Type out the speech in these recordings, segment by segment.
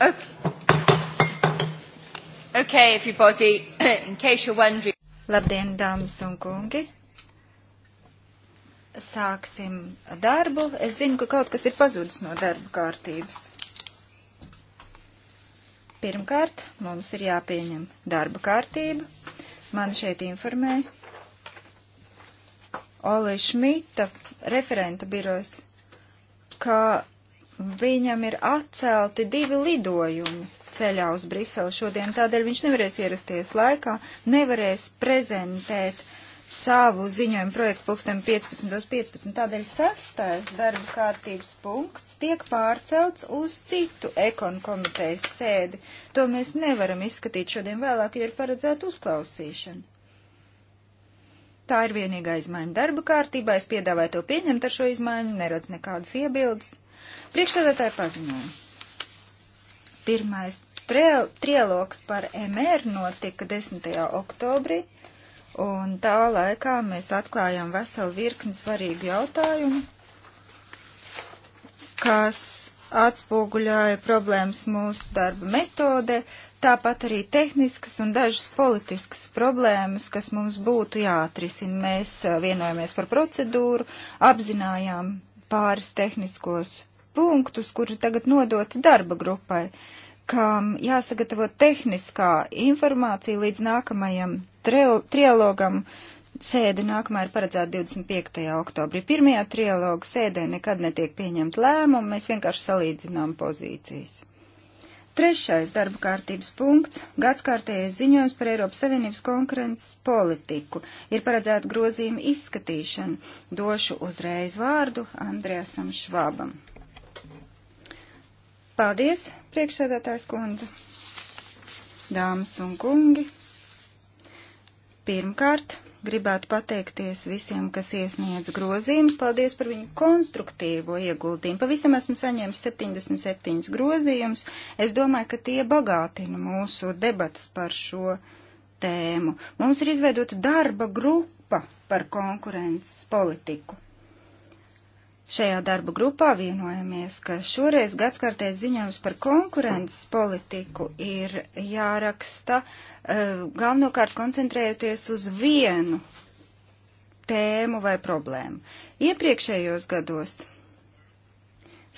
Okay. Okay, everybody, in case you're wondering. Labdien, dāmas un kungi! Sāksim darbu. Es zinu, ka kaut kas ir pazudis no darba kārtības. Pirmkārt, mums ir jāpieņem darba kārtība. Man šeit informēja Oli Šmita, referenta birojas, ka viņam ir atcelti divi lidojumi ceļā uz Briseli šodien, tādēļ viņš nevarēs ierasties laikā, nevarēs prezentēt savu ziņojumu projektu pulkstiem 15.15. 15. Tādēļ sastais darba kārtības punkts tiek pārcelts uz citu ekonu komitejas sēdi. To mēs nevaram izskatīt šodien vēlāk, jo ir paredzēta uzklausīšana. Tā ir vienīgā izmaiņa darba kārtībā. Es piedāvāju to pieņemt ar šo izmaiņu, neredz nekādas iebildes. Priekšsēdētāji paziņoja. Pirmais trialogs par MR notika 10. oktobrī, un tā laikā mēs atklājām veselu virkni svarīgu jautājumu, kas atspoguļoja problēmas mūsu darba metode, tāpat arī tehniskas un dažas politiskas problēmas, kas mums būtu jāatrisina. Mēs eh, vienojamies par procedūru, apzinājām pāris tehniskos punktus, kuri tagad nodoti darba grupai, kam jāsagatavo tehniskā informācija līdz nākamajam trialogam. Sēde nākamā ir paredzēta 25. oktobrī. Pirmajā trialoga sēdē nekad netiek pieņemt lēmumu, mēs vienkārši salīdzinām pozīcijas. Trešais darba kārtības punkts - gadskārtējais ziņojums par Eiropas Savienības konkurences politiku. Ir paredzēta grozījuma izskatīšana. Došu uzreiz vārdu Andrēsam Švābam. Paldies, priekšsēdētājs kundze, dāmas un kungi. Pirmkārt, gribētu pateikties visiem, kas iesniedz grozījumus. Paldies par viņu konstruktīvo ieguldījumu. Pavisam esmu saņēmis 77 grozījumus. Es domāju, ka tie bagātina mūsu debats par šo tēmu. Mums ir izveidota darba grupa par konkurences politiku. Šajā darbu grupā vienojamies, ka šoreiz gadskārtais ziņojums par konkurences politiku ir jāraksta eh, galvenokārt koncentrējoties uz vienu tēmu vai problēmu. Iepriekšējos gados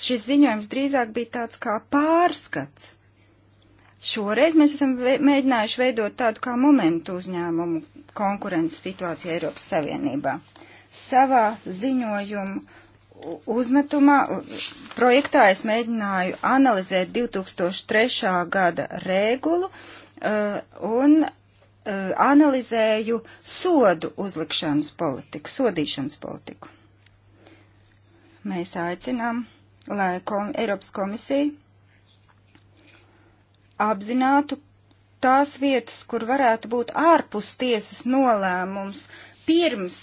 šis ziņojums drīzāk bija tāds kā pārskats. Šoreiz mēs esam mēģinājuši veidot tādu kā momentu uzņēmumu konkurences situāciju Eiropas Savienībā. Savā ziņojumu uzmetumā, projektā es mēģināju analizēt 2003. gada regulu uh, un uh, analizēju sodu uzlikšanas politiku, sodīšanas politiku. Mēs aicinām, lai kom Eiropas komisija apzinātu tās vietas, kur varētu būt ārpus tiesas nolēmums pirms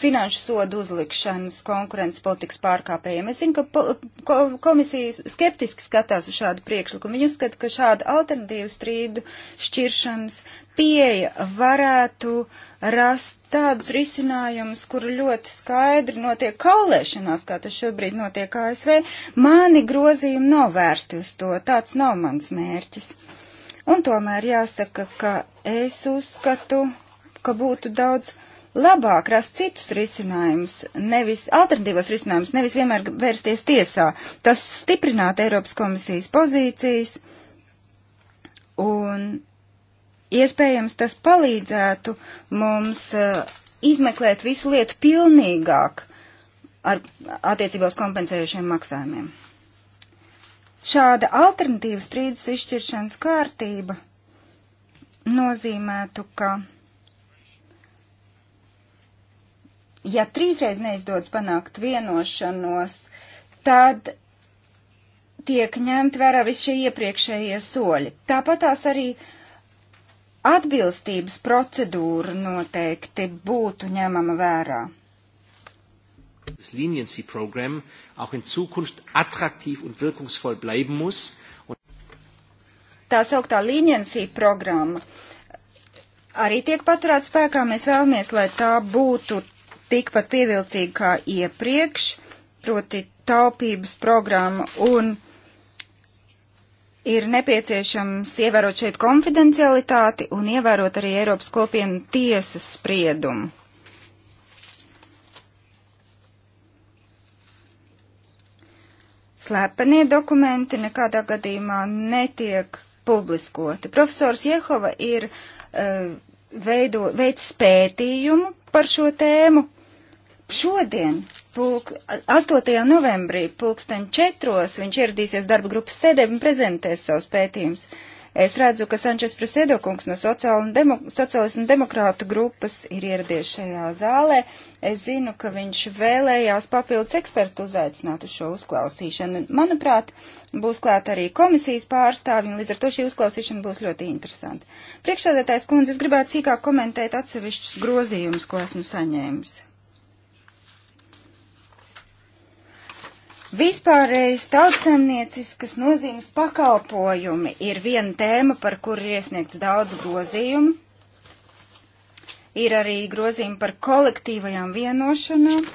finanšu sodu uzlikšanas konkurences politikas pārkāpējiem. Es zinu, ka po, ko, komisija skeptiski skatās uz šādu priekšlikumu. Viņi uzskata, ka šāda alternatīva strīdu šķiršanas pieeja varētu rast tādus risinājumus, kur ļoti skaidri notiek kaulēšanās, kā tas šobrīd notiek ASV. Mani grozījumi nav vērsti uz to. Tāds nav mans mērķis. Un tomēr jāsaka, ka es uzskatu, ka būtu daudz labāk rast citus risinājumus, nevis alternatīvos risinājumus, nevis vienmēr vērsties tiesā. Tas stiprinātu Eiropas komisijas pozīcijas un iespējams tas palīdzētu mums uh, izmeklēt visu lietu pilnīgāk ar attiecībā uz kompensējušiem maksājumiem. Šāda alternatīva strīdus izšķiršanas kārtība nozīmētu, ka ja trīsreiz neizdodas panākt vienošanos, tad tiek ņemt vērā visi šie iepriekšējie soļi. Tāpat tās arī atbilstības procedūra noteikti būtu ņemama vērā. Das Leniency-Programm auch in Zukunft attraktiv und wirkungsvoll bleiben muss. Un... Tā sauktā Leniency-Programma arī tiek paturēta spēkā. Mēs vēlamies, lai tā būtu tikpat pievilcīga kā iepriekš, proti taupības programma un ir nepieciešams ievērot šeit konfidencialitāti un ievērot arī Eiropas kopienu tiesas spriedumu. Slepenie dokumenti nekādā gadījumā netiek publiskoti. Profesors Jehova ir uh, veido, veids pētījumu par šo tēmu Šodien, pulk, 8. novembrī, pulksten 4. viņš ieradīsies darba grupas sēdē un prezentēs savus pētījumus. Es redzu, ka Sančes Presedo kungs no demo, sociālismu demokrātu grupas ir ieradies šajā zālē. Es zinu, ka viņš vēlējās papildus ekspertu uzaicināt uz šo uzklausīšanu. Manuprāt, būs klāt arī komisijas pārstāvji, un līdz ar to šī uzklausīšana būs ļoti interesanta. Priekšsēdētājs kundze, es gribētu sīkāk komentēt atsevišķus grozījumus, ko esmu saņēmis. Vispārējais tautsamnieciskas nozīmes pakalpojumi ir viena tēma, par kuru ir iesniegts daudz grozījumu. Ir arī grozījumi par kolektīvajām vienošanām,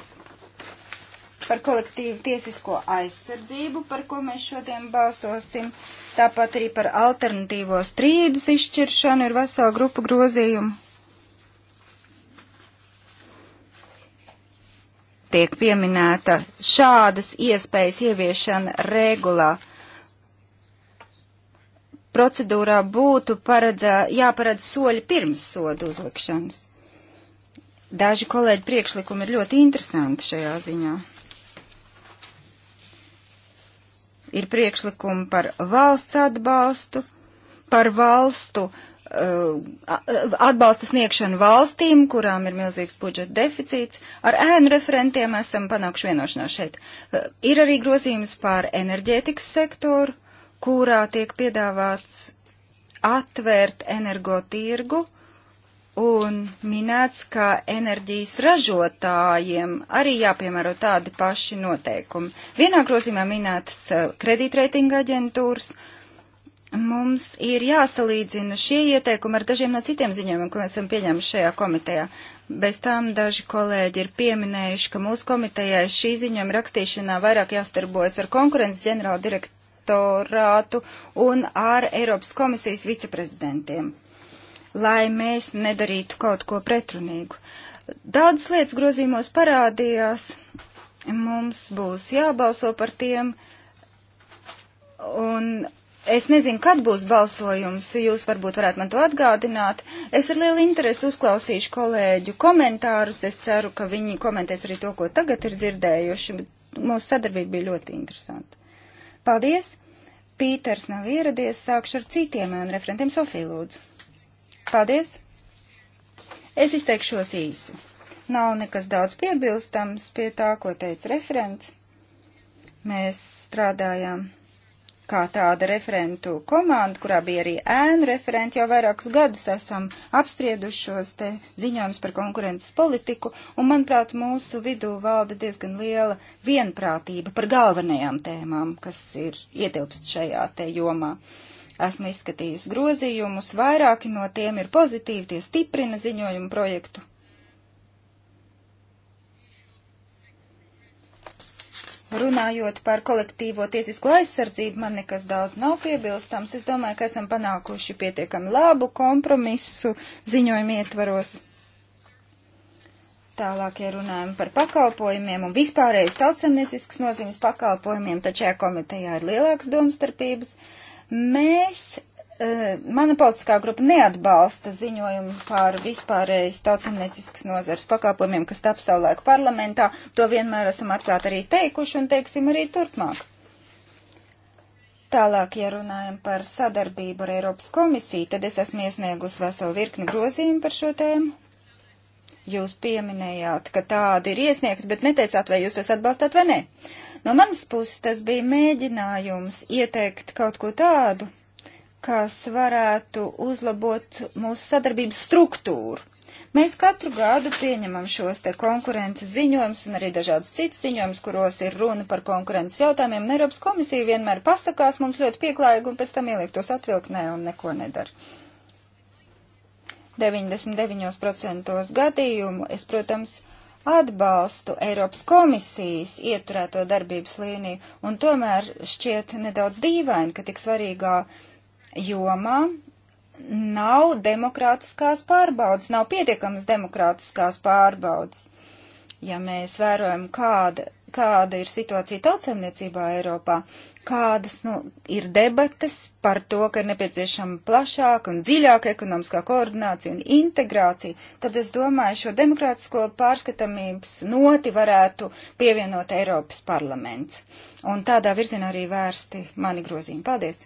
par kolektīvu tiesisko aizsardzību, par ko mēs šodien balsosim. Tāpat arī par alternatīvo strīdus izšķiršanu ir vesela grupa grozījumu. tiek pieminēta šādas iespējas ieviešana regulā. Procedūrā būtu paredzē, jāparedz soļi pirms sodu uzlikšanas. Daži kolēģi priekšlikumi ir ļoti interesanti šajā ziņā. Ir priekšlikumi par valsts atbalstu, par valstu uh, Uh, uh, atbalsta sniegšanu valstīm, kurām ir milzīgs budžeta deficīts. Ar ēnu referentiem esam panākuši vienošanās šeit. Uh, ir arī grozījums par enerģētikas sektoru, kurā tiek piedāvāts atvērt energotirgu un minēts, ka enerģijas ražotājiem arī jāpiemēro tādi paši noteikumi. Vienā grozījumā minētas kredītreitinga aģentūras, uh, Mums ir jāsalīdzina šie ieteikumi ar dažiem no citiem ziņojumiem, ko esam pieņēmuši šajā komitejā. Bez tām daži kolēģi ir pieminējuši, ka mūsu komitejai šī ziņojuma rakstīšanā vairāk jāstarbojas ar konkurences ģenerāla direktorātu un ar Eiropas komisijas viceprezidentiem, lai mēs nedarītu kaut ko pretrunīgu. Daudzas lietas grozīmos parādījās, mums būs jābalso par tiem, un Es nezinu, kad būs balsojums, jūs varbūt varētu man to atgādināt. Es ar lielu interesi uzklausīšu kolēģu komentārus. Es ceru, ka viņi komentēs arī to, ko tagad ir dzirdējuši. Mūsu sadarbība bija ļoti interesanta. Paldies! Pīters nav ieradies, sākšu ar citiem un referentiem Sofiju lūdzu. Paldies! Es izteikšos īsi. Nav nekas daudz piebilstams pie tā, ko teica referents. Mēs strādājām kā tāda referentu komanda, kurā bija arī ēnu referenti, jau vairākus gadus esam apsprieduši šos te ziņojumus par konkurences politiku, un, manuprāt, mūsu vidū valda diezgan liela vienprātība par galvenajām tēmām, kas ir ietilpst šajā te jomā. Esmu izskatījusi grozījumus, vairāki no tiem ir pozitīvi, tie stiprina ziņojumu projektu Runājot par kolektīvo tiesisko aizsardzību, man nekas daudz nav piebilstams. Es domāju, ka esam panākuši pietiekami labu kompromisu ziņojumu ietvaros. Tālāk, ja runājam par pakalpojumiem un vispārējais tautsemniecisks nozīmes pakalpojumiem, tad šajā komitejā ir lielākas domstarpības. Mēs Mana politiskā grupa neatbalsta ziņojumu par vispārējas tautsamnieciskas nozares pakalpojumiem, kas tap savulaik parlamentā. To vienmēr esam atklāt arī teikuši un teiksim arī turpmāk. Tālāk, ja runājam par sadarbību ar Eiropas komisiju, tad es esmu iesniegus veselu virkni grozījumu par šo tēmu. Jūs pieminējāt, ka tādi ir iesniegti, bet neteicāt, vai jūs tos atbalstāt vai nē. No manas puses tas bija mēģinājums ieteikt kaut ko tādu, kas varētu uzlabot mūsu sadarbības struktūru. Mēs katru gadu pieņemam šos te konkurences ziņojumus un arī dažādus citus ziņojumus, kuros ir runa par konkurences jautājumiem. Un Eiropas komisija vienmēr pasakās mums ļoti pieklājīgi un pēc tam ieliek tos atvilknē un neko nedara. 99% gadījumu es, protams, atbalstu Eiropas komisijas ieturēto darbības līniju, un tomēr šķiet nedaudz dīvaini, ka tik svarīgā uh, jomā nav demokrātiskās pārbaudas, nav pietiekamas demokrātiskās pārbaudas. Ja mēs vērojam, kāda, kāda ir situācija tautsēmniecībā Eiropā, kādas nu, ir debates par to, ka ir nepieciešama plašāka un dziļāka ekonomiskā koordinācija un integrācija, tad es domāju, šo demokrātisko pārskatāmības noti varētu pievienot Eiropas parlaments. Un tādā virzienā arī vērsti mani grozījumi. Paldies!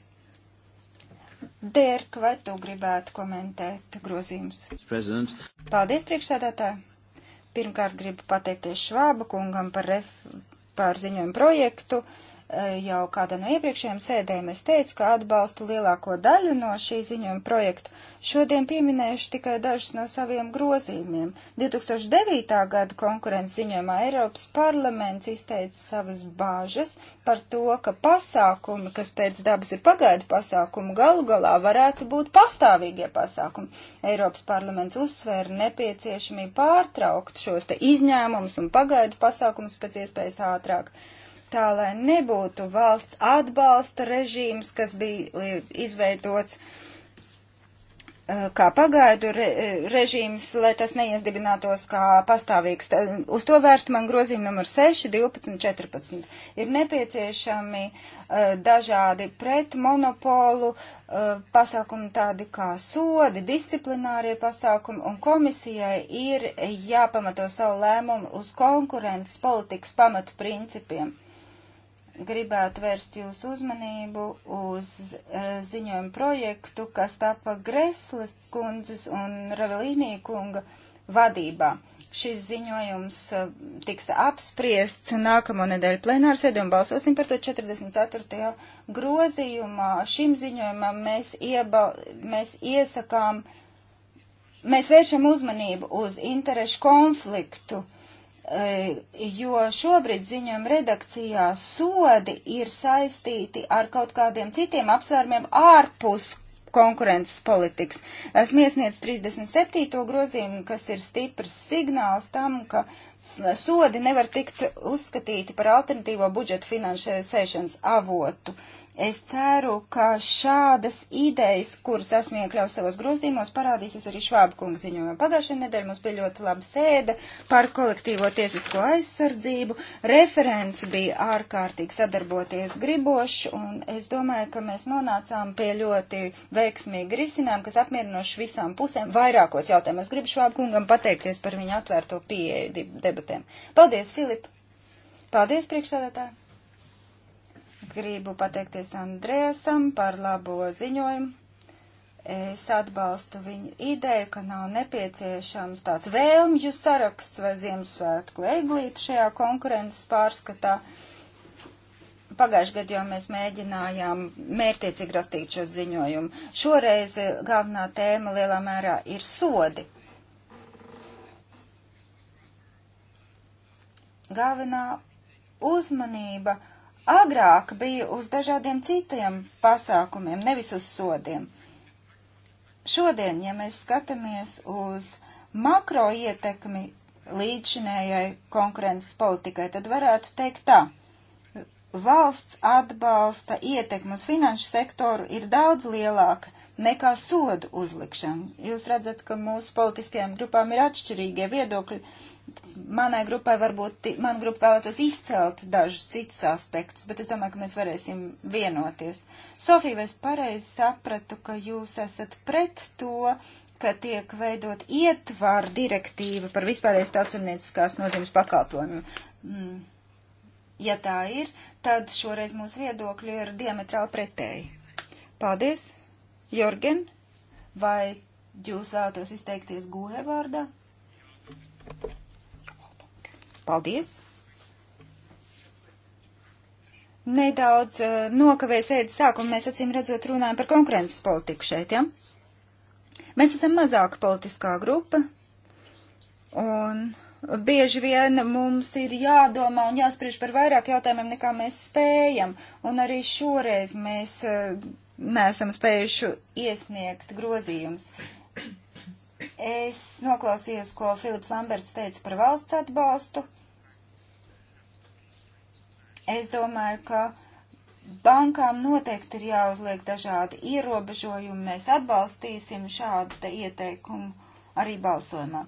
Dērk, vai tu gribētu komentēt grozījumus? Paldies, priekšsēdētāji! Pirmkārt, gribu pateikties Švāba kungam par, ref, par ziņojumu projektu. Uh, jau kāda no iepriekšējām sēdēm es teicu, ka atbalstu lielāko daļu no šī ziņojuma projektu. Šodien pieminējuši tikai dažus no saviem grozījumiem. 2009. gada konkurences ziņojumā Eiropas parlaments izteica savas bāžas par to, ka pasākumi, kas pēc dabas ir pagaidu pasākumi, galu galā varētu būt pastāvīgie pasākumi. Eiropas parlaments uzsvēra nepieciešamību pārtraukt šos te izņēmumus un pagaidu pasākumus pēc iespējas ātrāk. Uh, tā lai nebūtu valsts atbalsta režīms, kas bija izveidots eh, kā pagaidu re, eh, režīms, lai tas neiesdibinātos kā pastāvīgs. Uz to vērst man grozījumi numur 6, 12, 14. Ir nepieciešami eh, dažādi pretmonopolu pasākumi tādi kā sodi, disciplinārie pasākumi, un komisijai ir jāpamato savu lēmumu uz konkurences politikas pamatu principiem. Uh, gribētu vērst jūsu uzmanību uz eh, ziņojumu projektu, kas tapa Gresles kundzes un Ravelīnī kunga vadībā. Šis ziņojums eh, tiks apspriests nākamo nedēļu plenāru sēdē un balsosim par to 44. grozījumā. Šim ziņojumam mēs, iebal, mēs iesakām, mēs vēršam uzmanību uz interešu konfliktu uh, E, jo šobrīd ziņojuma redakcijā sodi ir saistīti ar kaut kādiem citiem apsvērumiem ārpus konkurences politikas. Esmu iesniedz 37. grozījumu, kas ir stiprs signāls tam, ka sodi nevar tikt uzskatīti par alternatīvo budžetu finansēšanas avotu. Es ceru, ka šādas idejas, kuras esmu iekļauts savos grozījumos, parādīsies arī Švāba kunga ziņojumā. Pagājušajā nedēļā mums bija ļoti laba sēde par kolektīvo tiesisko aizsardzību. Referents bija ārkārtīgi sadarboties gribošs, un es domāju, ka mēs nonācām pie ļoti veiksmīga risinājuma, kas apmierinoši visām pusēm vairākos jautājumos. Es gribu Švāba kungam pateikties par viņa atvērto pieeju debatēm. Paldies, Filip! Paldies, priekšsēdētāji! Gribu pateikties Andrēsam par labo ziņojumu. Es atbalstu viņu ideju, ka nav nepieciešams tāds vēlmju saraksts vai Ziemassvētku eglīte šajā konkurences pārskatā. Pagājušajā gadā jau mēs mēģinājām mērtiecīgi rastīt šo ziņojumu. Šoreiz galvenā tēma lielā mērā ir sodi. Galvenā uzmanība agrāk bija uz dažādiem citiem pasākumiem, nevis uz sodiem. Šodien, ja mēs skatāmies uz makro ietekmi līdzinējai konkurences politikai, tad varētu teikt tā. Valsts atbalsta ietekme uz finanšu sektoru ir daudz lielāka nekā sodu uzlikšana. Jūs redzat, ka mūsu politiskajām grupām ir atšķirīgie viedokļi. Uh, Manai grupai varbūt, man grupa vēlētos izcelt dažus citus aspektus, bet es domāju, ka mēs varēsim vienoties. Sofija, vai es pareizi sapratu, ka jūs esat pret to, ka tiek veidot ietvaru direktīva par vispārējais tautsamnieciskās nozīmes pakalpojumu? Mm. Ja tā ir, tad šoreiz mūsu viedokļi ir diametrāli pretēji. Paldies, Jorgen, vai jūs vēlaties izteikties guhe vārdā? Paldies! Nedaudz uh, eh, nokavēs ēdas sākumu, mēs acīm redzot runājam par konkurences politiku šeit, ja? Mēs esam mazāka politiskā grupa, un bieži vien mums ir jādomā un jāspriež par vairāk jautājumiem, nekā mēs spējam, un arī šoreiz mēs uh, neesam spējuši iesniegt grozījumus. Es noklausījos, ko Filips Lamberts teica par valsts atbalstu. Es domāju, ka bankām noteikti ir jāuzliek dažādi ierobežojumi. Mēs atbalstīsim šādu te ieteikumu arī balsojumā.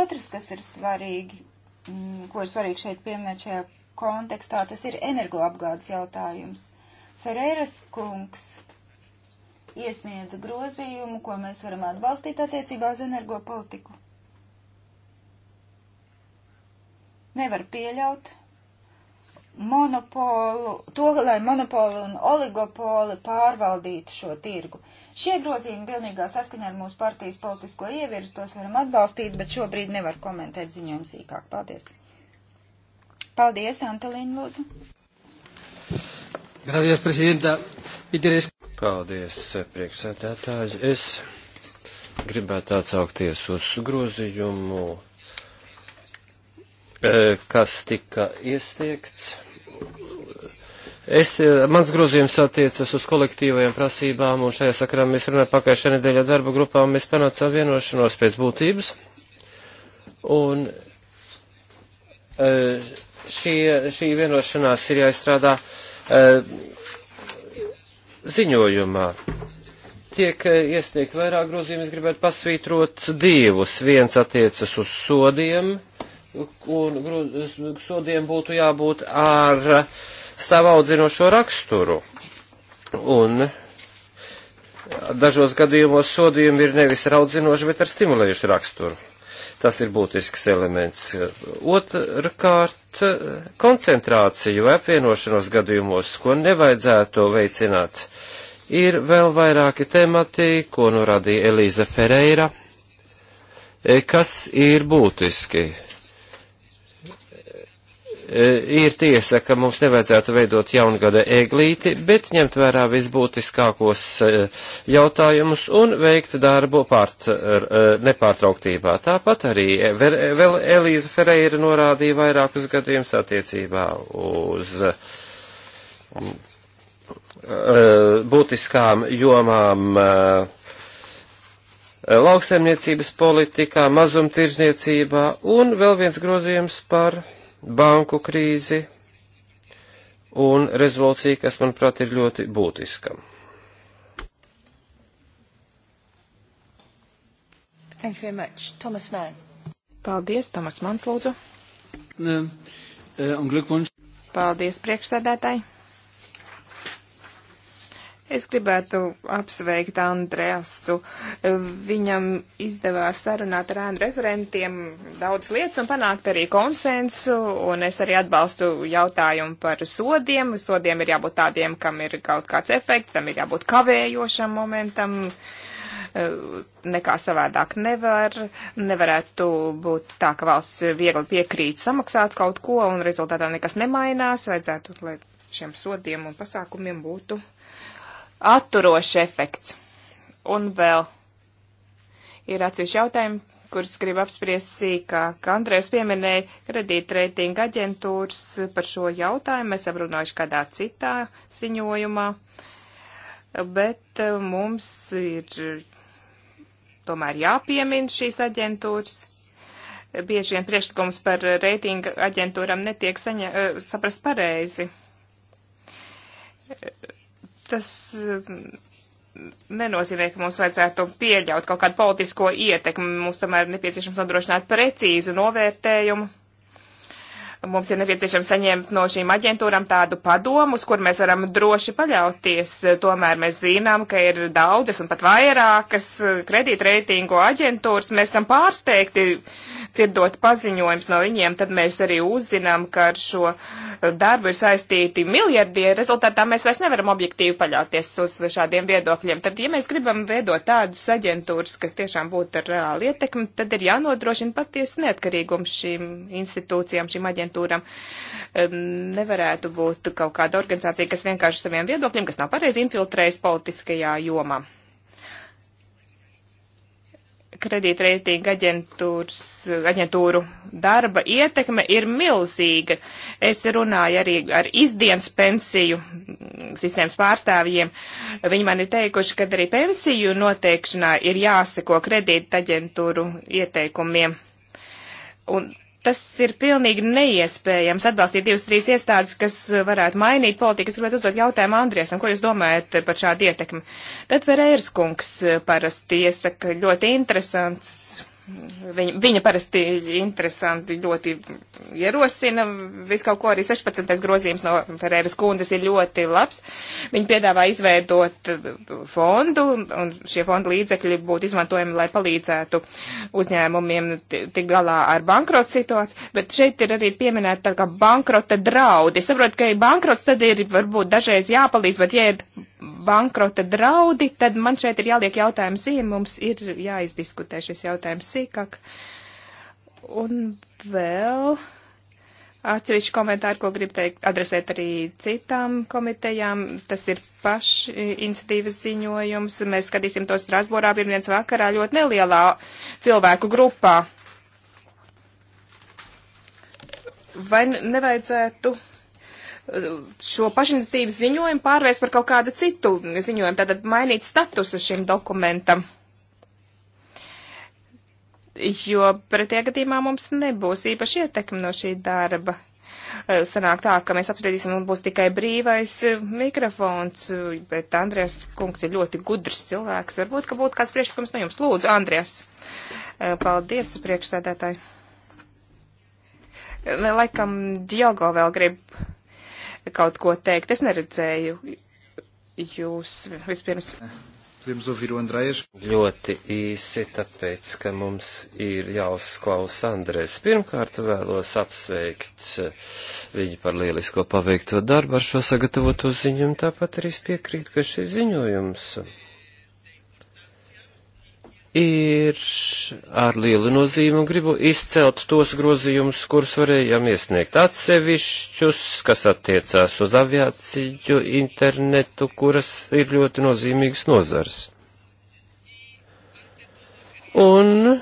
Otrs, kas ir svarīgi, mm, ko ir svarīgi šeit pieminēt šajā kontekstā, tas ir energoapgādes jautājums. Ferēras kungs iesniedza grozījumu, ko mēs varam atbalstīt attiecībā uz energopolitiku. Nevar pieļaut monopolu, to, lai monopoli un oligopoli pārvaldītu šo tirgu. Šie grozījumi pilnīgā saskaņā ar mūsu partijas politisko ievirus, tos varam atbalstīt, bet šobrīd nevar komentēt ziņojumu sīkāk. Paldies! Paldies, Antolīna Lūdzu! Gracias, Presidenta. Piteres. Paldies, priekšsēdētāji. Es gribētu atsaukties uz grozījumu, eh, kas tika iesniegts. Es, eh, mans grozījums attiecas uz kolektīvajām prasībām, un šajā sakarā mēs runājam pagājušajā nedēļā darba grupā, un mēs panācām vienošanos pēc būtības. Un eh, šie, šī vienošanās ir jāizstrādā ziņojumā tiek eh, iesniegt vairāk grozījumu, es gribētu pasvītrot divus. Viens attiecas uz sodiem, un sodiem būtu jābūt ar savaudzinošo raksturu. Un dažos gadījumos sodījumi ir nevis raudzinoši, bet ar stimulējušu raksturu. Tas ir būtisks elements. Otrkārt, koncentrāciju vai apvienošanos gadījumos, ko nevajadzētu veicināt, ir vēl vairāki temati, ko norādīja Elīza Ferreira, kas ir būtiski E, ir tiesa, ka mums nevajadzētu veidot jaungada eglīti, bet ņemt vērā visbūtiskākos e, jautājumus un veikt darbu pārt, er, e, nepārtrauktībā. Tāpat arī vēl Elīza Ferreira norādīja vairākus gadījumus attiecībā uz būtiskām jomām lauksaimniecības politikā, mazumtirzniecībā un vēl viens grozījums par banku krīzi un rezolūciju, kas, manuprāt, ir ļoti būtiska. Thank you very much. Thomas Mann. Paldies, Tomas Mans, lūdzu. Eh, un glückwunsch. Paldies, priekšsēdētāji. Es gribētu apsveikt Andreasu. Viņam izdevās sarunāt ar ēnu referentiem daudz lietas un panākt arī konsensu, un es arī atbalstu jautājumu par sodiem. Sodiem ir jābūt tādiem, kam ir kaut kāds efekts, tam ir jābūt kavējošam momentam nekā savādāk nevar. Nevarētu būt tā, ka valsts viegli piekrīt samaksāt kaut ko un rezultātā nekas nemainās. Vajadzētu, lai šiem sodiem un pasākumiem būtu atturošs efekts. Un vēl ir atsevišķi jautājumi, kurus grib apspriest sīkāk. Andrēs pieminēja kredītreitinga aģentūras par šo jautājumu. Mēs aprunājuši kādā citā ziņojumā, bet eh, mums ir tomēr jāpiemin šīs aģentūras. Bieži vien priekšlikums par reitinga aģentūram netiek saņa, eh, saprast pareizi tas mm, nenozīmē, ka mums vajadzētu pieļaut kaut kādu politisko ietekmi. Mums tomēr nepieciešams nodrošināt precīzu novērtējumu mums ir nepieciešams saņemt no šīm aģentūram tādu padomu, uz kur mēs varam droši paļauties. Tomēr mēs zinām, ka ir daudzas un pat vairākas kredītreitingu aģentūras. Mēs esam pārsteigti dzirdot paziņojums no viņiem, tad mēs arī uzzinām, ka ar šo darbu ir saistīti miljardie. Rezultātā mēs vairs nevaram objektīvi paļauties uz šādiem viedokļiem. Tad, ja mēs gribam veidot tādas aģentūras, kas tiešām būtu ar reāli ietekmi, tad ir jānodrošina patiesi neatkarīgums šīm institūcijām, šīm aģentūrām prokuratūram nevarētu būt kaut kāda organizācija, kas vienkārši saviem viedokļiem, kas nav pareizi infiltrējas politiskajā jomā. Kredītreitinga aģentūru darba ietekme ir milzīga. Es runāju arī ar izdienas pensiju sistēmas pārstāvjiem. Viņi man ir teikuši, ka arī pensiju noteikšanā ir jāseko kredīta aģentūru ieteikumiem. Un tas ir pilnīgi neiespējams atbalstīt divas, trīs iestādes, kas varētu mainīt politiku. Es gribētu uzdot jautājumu Andriesam, ko jūs domājat par šādu ietekmi. Tad Ferērs kungs parasti iesaka ļoti interesants Viņa, viņa parasti interesanti ļoti ierosina visu kaut ko, arī 16. grozījums no Ferēras kundas ir ļoti labs. Viņa piedāvā izveidot fondu, un šie fonda līdzekļi būtu izmantojami, lai palīdzētu uzņēmumiem tik galā ar bankrota situāciju, bet šeit ir arī pieminēta tā kā bankrota draudi. Es saprotu, ka ja bankrots tad ir varbūt dažreiz jāpalīdz, bet ja ir bankrota draudi, tad man šeit ir jāliek jautājums zīme, mums ir jāizdiskutē šis jautājums sīkāk. Un vēl atsevišķi komentāri, ko gribu teikt, adresēt arī citām komitejām. Tas ir paši iniciatīvas ziņojums. Mēs skatīsim to Strasbūrā pirmdienas vakarā ļoti nelielā cilvēku grupā. Vai nevajadzētu šo pašiniciatīvas ziņojumu pārvērst par kaut kādu citu ziņojumu, tātad mainīt statusu šim dokumentam. Jo pretējā gadījumā mums nebūs īpaši ietekmi no šī darba. Eh, sanāk tā, ka mēs apspriedīsim un būs tikai brīvais eh, mikrofons, eh, bet Andrēs kungs ir ļoti gudrs cilvēks. Varbūt, ka būtu kāds priekšlikums no jums. Lūdzu, Andrēs. Paldies, priekšsēdētāji. Laikam Diogo vēl grib kaut ko teikt. Es neredzēju jūs vispirms. Podemos ouvir o Andrés? Ļoti īsi, tāpēc, ka mums ir jāuzklausa Andrēs. Pirmkārt vēlos apsveikt viņu par lielisko paveikto darbu ar šo sagatavoto ziņu, un tāpat arī piekrīt, ka šis ziņojums ir ar lielu nozīmi un gribu izcelt tos grozījumus, kurus varējām iesniegt atsevišķus, kas attiecās uz aviāciju, internetu, kuras ir ļoti nozīmīgas nozars. Un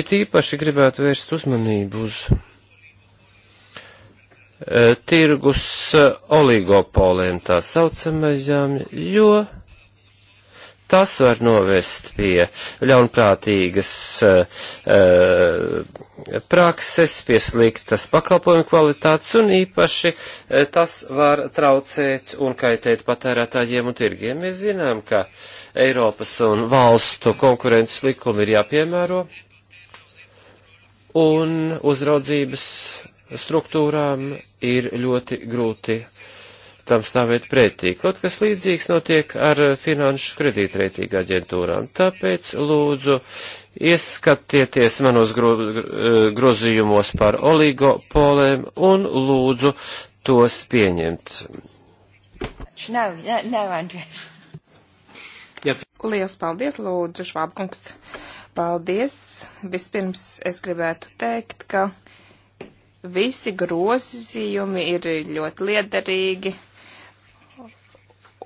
it īpaši gribētu vērst uzmanību uz eh, tirgus eh, oligopoliem tā saucamajām, jo tas var novest pie ļaunprātīgas uh, uh, prakses, pie sliktas pakalpojumu kvalitātes un īpaši uh, tas var traucēt un kaitēt patērētājiem un tirgiem. Mēs zinām, ka Eiropas un valstu konkurences likumi ir jāpiemēro un uzraudzības struktūrām ir ļoti grūti tam stāvēt pretī. Kaut kas līdzīgs notiek ar finanšu kredītreitīgu aģentūrām. Tāpēc lūdzu ieskatieties manos gro, grozījumos par oligopolēm un lūdzu tos pieņemt. No, no, no, Lielas paldies, lūdzu, Švābkungs. Paldies. Vispirms es gribētu teikt, ka visi grozījumi ir ļoti liederīgi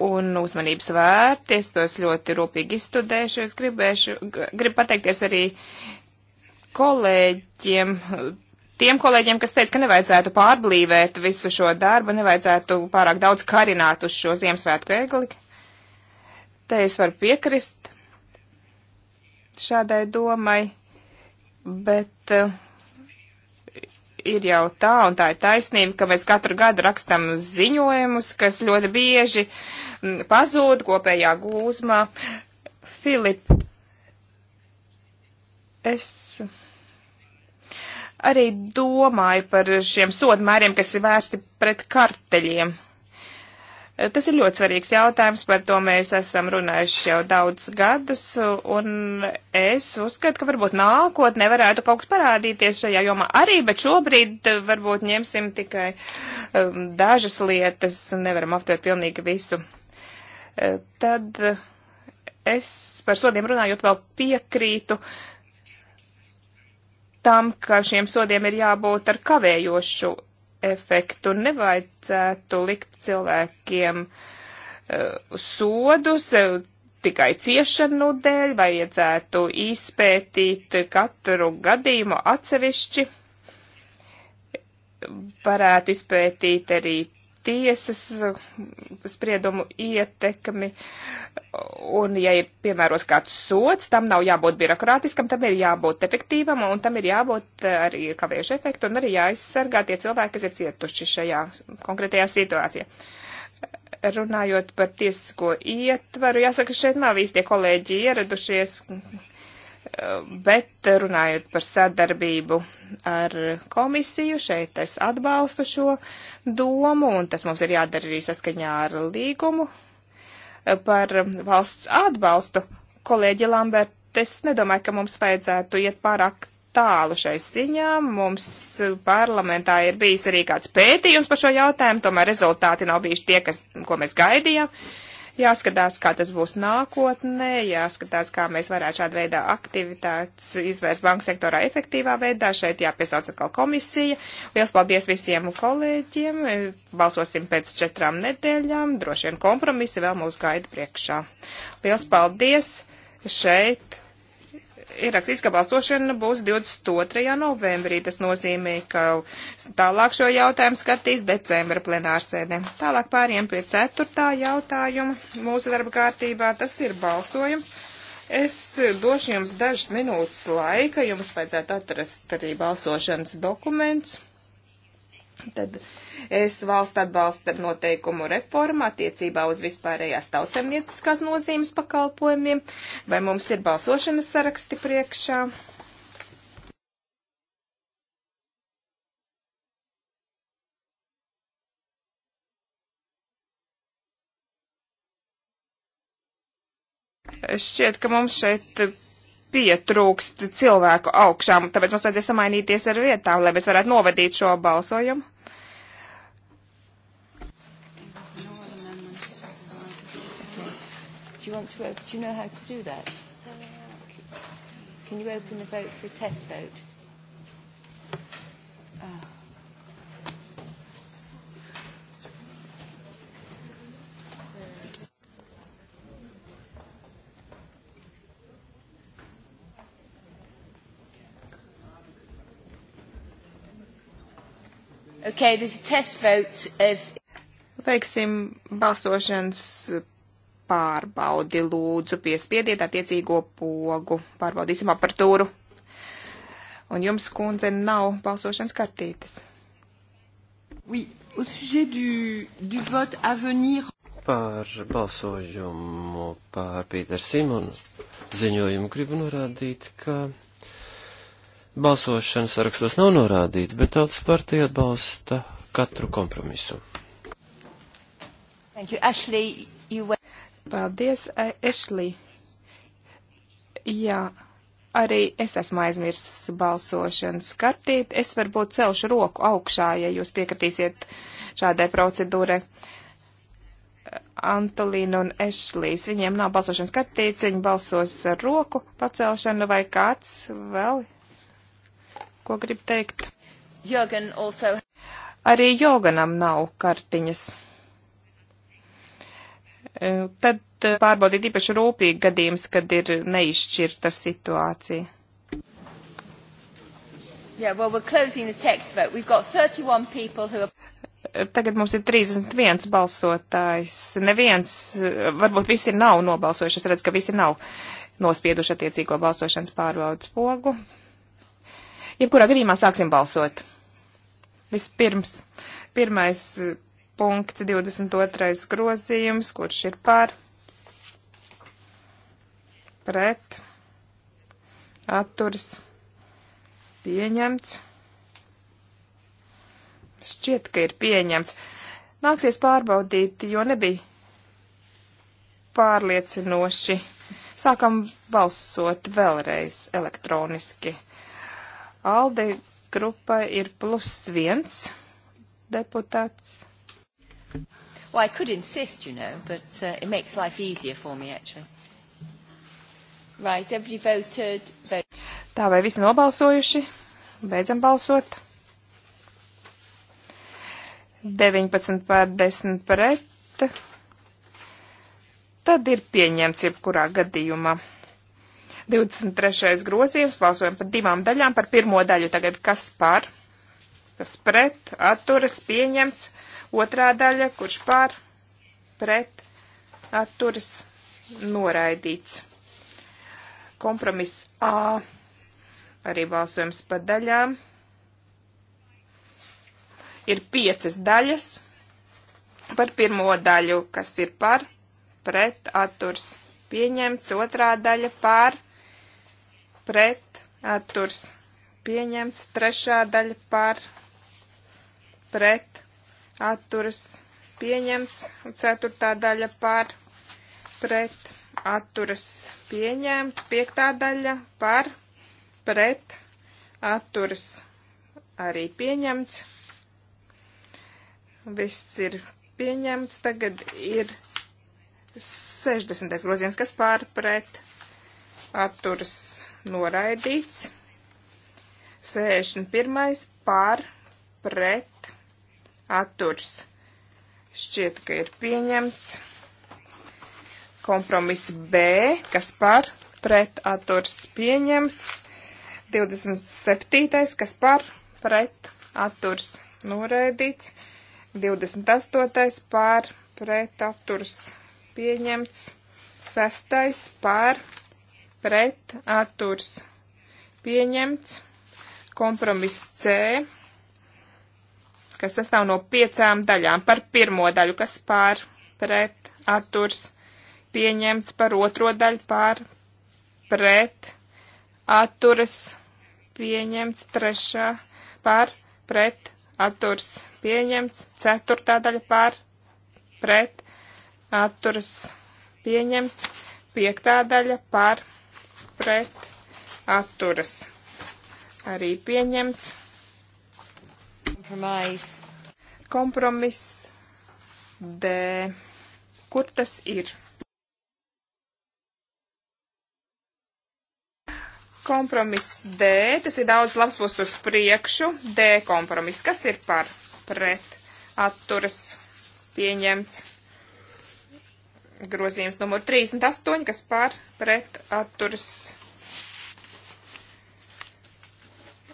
un uzmanības vērti. Es tos ļoti rūpīgi izstudēšu. Es gribēšu, gribu pateikties arī kolēģiem, tiem kolēģiem, kas teica, ka nevajadzētu pārblīvēt visu šo darbu, nevajadzētu pārāk daudz karināt uz šo Ziemassvētku egli. Te es varu piekrist šādai domai, bet uh, ir jau tā, un tā ir taisnība, ka mēs katru gadu rakstam ziņojumus, kas ļoti bieži mm, pazūd kopējā gūzmā. Filip, es arī domāju par šiem sodmēriem, kas ir vērsti pret karteļiem. Tas ir ļoti svarīgs jautājums, par to mēs esam runājuši jau daudz gadus, un es uzskatu, ka varbūt nākotnē varētu kaut kas parādīties šajā jomā arī, bet šobrīd eh, varbūt ņemsim tikai um, dažas lietas, nevaram aptvert pilnīgi visu. Uh, tad eh, es par sodiem runājot vēl piekrītu tam, ka šiem sodiem ir jābūt ar kavējošu efektu. Nevajadzētu likt cilvēkiem eh, sodus eh, tikai ciešanu dēļ, vajadzētu izpētīt katru gadījumu atsevišķi varētu izpētīt arī tiesas eh, spriedumu ietekmi, un ja ir piemēros kāds sots, tam nav jābūt birokrātiskam, tam ir jābūt efektīvam, un tam ir jābūt eh, arī kavējuši efektu, un arī jāizsargā tie cilvēki, kas ir cietuši šajā konkrētajā situācijā. Runājot par tiesisko ietvaru, jāsaka, šeit nav īsti kolēģi ieradušies, Bet runājot par sadarbību ar komisiju, šeit es atbalstu šo domu, un tas mums ir jādara arī saskaņā ar līgumu par valsts atbalstu. Kolēģi Lambert, es nedomāju, ka mums vajadzētu iet pārāk tālu šai ziņā. Mums parlamentā ir bijis arī kāds pētījums par šo jautājumu, tomēr rezultāti nav bijuši tie, kas, ko mēs gaidījām. Uh, Jāskatās, kā tas būs nākotnē, jāskatās, kā mēs varētu šāda veidā aktivitātes izvērst banku sektorā efektīvā veidā. Šeit jāpiesauc atkal komisija. Lielas paldies visiem kolēģiem. Balsosim pēc četrām nedēļām. Droši vien kompromisi vēl mūs gaida priekšā. Lielas paldies šeit ir rakstīts, ka balsošana būs 22. novembrī. Tas nozīmē, ka tālāk šo jautājumu skatīs decembra plenārsēdē. Tālāk pāriem pie 4. jautājuma mūsu darba kārtībā. Tas ir balsojums. Es došu jums dažas minūtes laika, jums vajadzētu atrast arī balsošanas dokumentus. Tad es valsts atbalsta noteikumu reformu attiecībā uz vispārējās tautsemnieciskās nozīmes pakalpojumiem. Vai mums ir balsošanas saraksti priekšā? Šķiet, ka mums šeit pietrūkst cilvēku augšām, tāpēc mums vajadzēs samainīties ar vietām, lai mēs varētu novadīt šo balsojumu. Do you want to, uh, do you know how to do that? Can you open the vote for a test vote? Oh. Okay, there's a test vote of... Veiksim balsošanas pārbaudi lūdzu, piespiediet attiecīgo pogu, pārbaudīsim aparatūru. Un jums, kundze, nav balsošanas kartītes. Oui, au sujet du, du vote à venir. Par balsojumu par Pīter Simonu ziņojumu gribu norādīt, ka balsošanas sarakstos nav norādīts, bet tautas partija atbalsta katru kompromisu. Thank you, Ashley, you were... Paldies, Ešlī. Jā, arī es esmu aizmirsis balsošanas kartīt. Es varbūt celšu roku augšā, ja jūs piekritīsiet šādai procedūrai. Antolīna un Ešlīs. Viņiem nav balsošanas kartītes, viņi balsos ar roku pacelšanu vai kāds vēl ko grib teikt? Jorgen also... Arī Joganam nav kartiņas. E, tad e, pārbaudīt īpaši rūpīgi gadījums, kad ir neizšķirta situācija. Yeah, well, we're closing the text vote. We've got 31 people who are e, tagad mums ir 31 balsotājs. Neviens, varbūt visi nav nobalsojuši. Es redzu, ka visi nav nospieduši attiecīgo balsošanas pārbaudas pogu. Jebkurā gadījumā sāksim balsot. Vispirms, pirmais eh, punkts, 22. grozījums, kurš ir par, pret, atturis, pieņemts. Šķiet, ka ir pieņemts. Nāksies pārbaudīt, jo nebija pārliecinoši. Sākam balsot vēlreiz elektroniski. Alde grupai ir plus viens deputāts. Well, I could insist, you know, but uh, it makes life easier for me, actually. Right, everybody voted. Vote. Tā vai visi nobalsojuši? Beidzam balsot. 19 pār 10 pret. Tad ir pieņemts jebkurā gadījumā. 23. grozījums, balsojam par divām daļām, par pirmo daļu tagad, kas par, kas pret, atturas, pieņemts, otrā daļa, kurš par, pret, atturas, noraidīts. Kompromiss A, arī balsojums par daļām, ir piecas daļas par pirmo daļu, kas ir par, pret, atturs, pieņemts, otrā daļa par, pret atturs pieņemts. Trešā daļa par pret atturs pieņemts. Ceturtā daļa par pret atturas pieņemts. Piektā daļa par pret atturas arī pieņemts. Viss ir pieņemts. Tagad ir 60. grozījums, kas pārpret atturas noraidīts. 61. pār pret atturs. Šķiet, ka ir pieņemts kompromiss B, kas par pret atturs pieņemts. 27. kas par pret atturs noraidīts. 28. pār pret atturs pieņemts. 6. pār pret atturs pret atturs pieņemts. Kompromiss C, kas sastāv no piecām daļām. Par pirmo daļu, kas pār pret atturs pieņemts, par otro daļu pār pret atturas pieņemts, trešā pār pret atturs pieņemts, ceturtā daļa pār pret atturs pieņemts, piektā daļa pār pret pret atturas arī pieņemts. Kompromis. Kompromis D. Kur tas ir? kompromiss D, tas ir daudz labs būs uz priekšu, D kompromiss, kas ir par pret atturas pieņemts grozījums numur 38, kas pār pret atturs.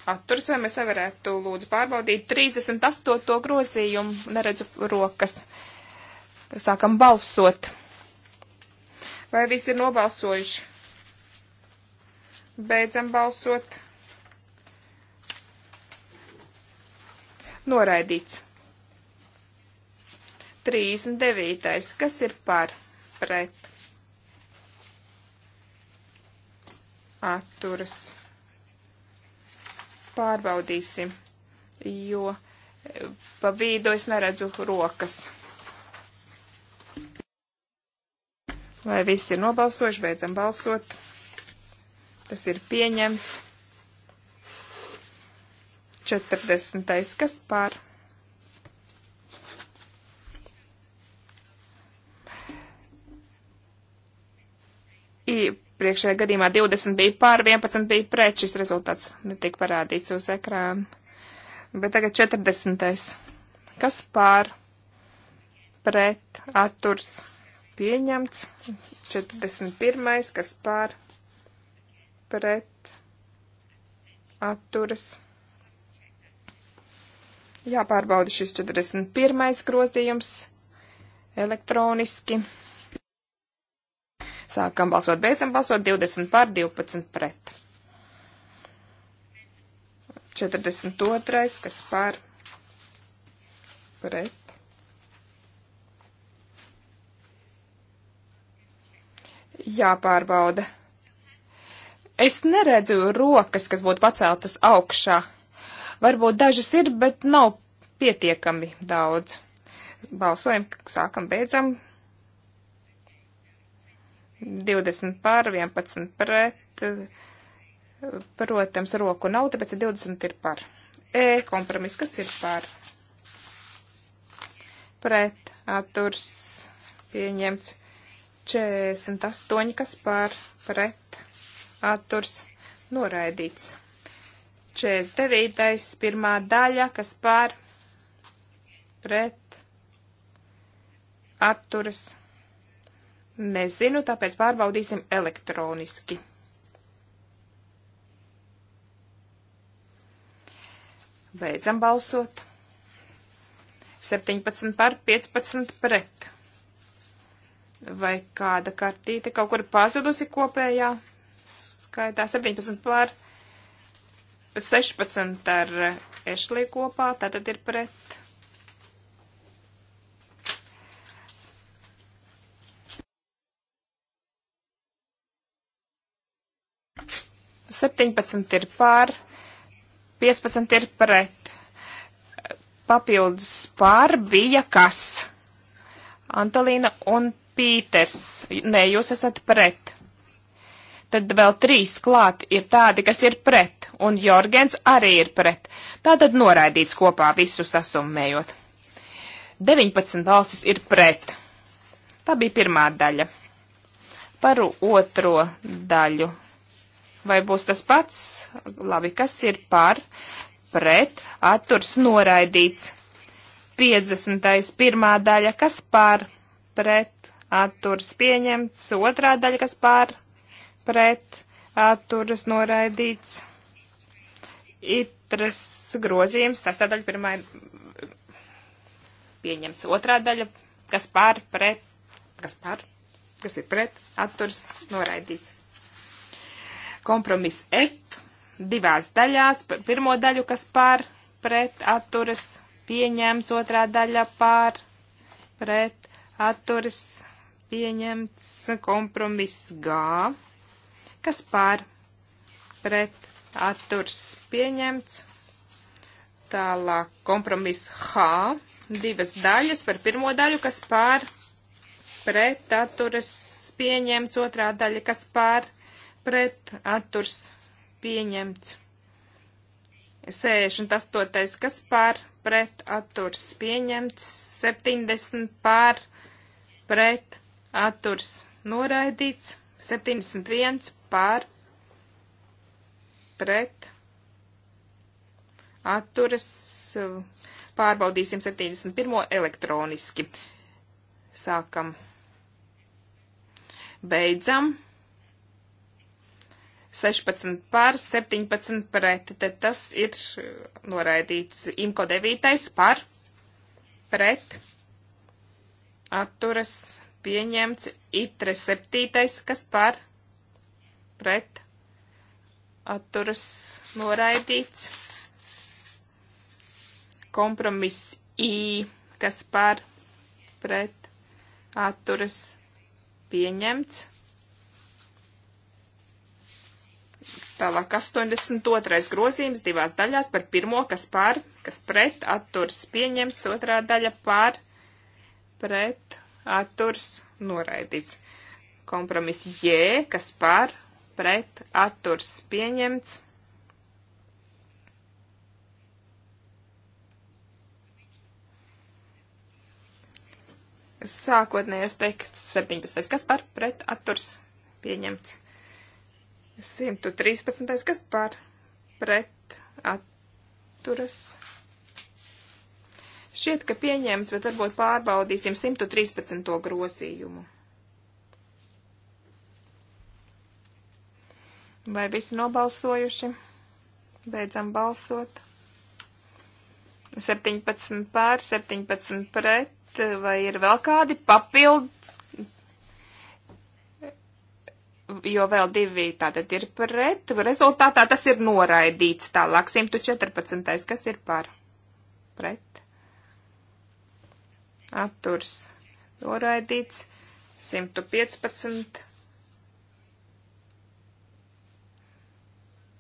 Atturs, vai mēs nevarētu lūdzu pārbaudīt 38. grozījumu, neredzu rokas. Sākam balsot. Vai visi ir nobalsojuši? Beidzam balsot. Noraidīts. 39. Kas ir par? pret atturas. Pārbaudīsim, jo pa vīdu es neredzu rokas. Vai viss ir nobalsojuši, beidzam balsot. Tas ir pieņemts. 40. kas pār? Iepriekšējā gadījumā 20 bija pār, 11 bija pret, šis rezultāts netika parādīts uz ekrāna. Bet tagad 40. Kas pār, pret, atturs, pieņemts. 41. Kas pār, pret, atturas. Jāpārbauda šis 41. grozījums elektroniski. Sākam balsot, beidzam balsot, 20 pār, 12 pret. 42. kas pār, pret. Jāpārbauda. Es neredzu rokas, kas būtu paceltas augšā. Varbūt dažas ir, bet nav pietiekami daudz. Balsojam, sākam, beidzam. 20 pār 11 pret. Protams, roku nav, tāpēc 20 ir par. E kompromiss, kas ir par? Pret atturs pieņemts 48, kas par pret atturs noraidīts. 49. pirmā daļa, kas par pret atturs noraidīts Nezinu, tāpēc pārbaudīsim elektroniski. Beidzam balsot. 17 par 15 pret. Vai kāda kartīte kaut kur pazudusi kopējā skaitā? 17 par 16 ar ešlī kopā, tātad ir pret. 17 ir pār, 15 ir pret. Papildus pār bija kas? Antolīna un Pīters. Nē, jūs esat pret. Tad vēl trīs klāt ir tādi, kas ir pret, un Jorgens arī ir pret. Tātad noraidīts kopā visu sasummējot. 19 valstis ir pret. Tā bija pirmā daļa par otro daļu. Vai būs tas pats? Labi, kas ir par, pret, atturs noraidīts. 50. pirmā daļa, kas par, pret, atturs pieņemts. Otrā daļa, kas par, pret, atturs noraidīts. Itras grozījums, sastādaļa pirmā ir pieņemts. Otrā daļa, kas par, pret, kas par, kas ir pret, atturs noraidīts. Kompromiss F divās daļās. Pirmo daļu, kas pār pret atturas pieņemts, otrā daļa pār pret atturas pieņemts kompromiss G, kas pār pret atturs pieņemts. Tālāk kompromiss H, divas daļas par pirmo daļu, kas pār pret atturas pieņemts, otrā daļa, kas pār pret pret atturs pieņemts. 68. kas par pret atturs pieņemts. 70 par pret atturs noraidīts. 71 par pret atturas. Pārbaudīsim 71. elektroniski. Sākam. Beidzam. 16 par, 17 pret, tad tas ir noraidīts. Imko 9 par, pret, atturas, pieņemts. Itre 7, kas par, pret, atturas, noraidīts. Kompromiss I, kas par, pret, atturas, pieņemts. Tālāk 82. grozījums divās daļās par pirmo, kas pār, kas pret atturs pieņemts, otrā daļa pār, pret atturs noraidīts. Kompromiss J, kas pār, pret atturs pieņemts. Sākotnējais teksts 17. kas par pret atturs pieņemts. 113. kas par pret atturas. Šķiet, ka pieņemts, bet varbūt pārbaudīsim 113. grozījumu. Vai visi nobalsojuši? Beidzam balsot. 17 pār, 17 pret, vai ir vēl kādi papildus jo vēl divi tātad ir pret, rezultātā tas ir noraidīts tālāk, 114. kas ir par pret, atturs noraidīts, 115.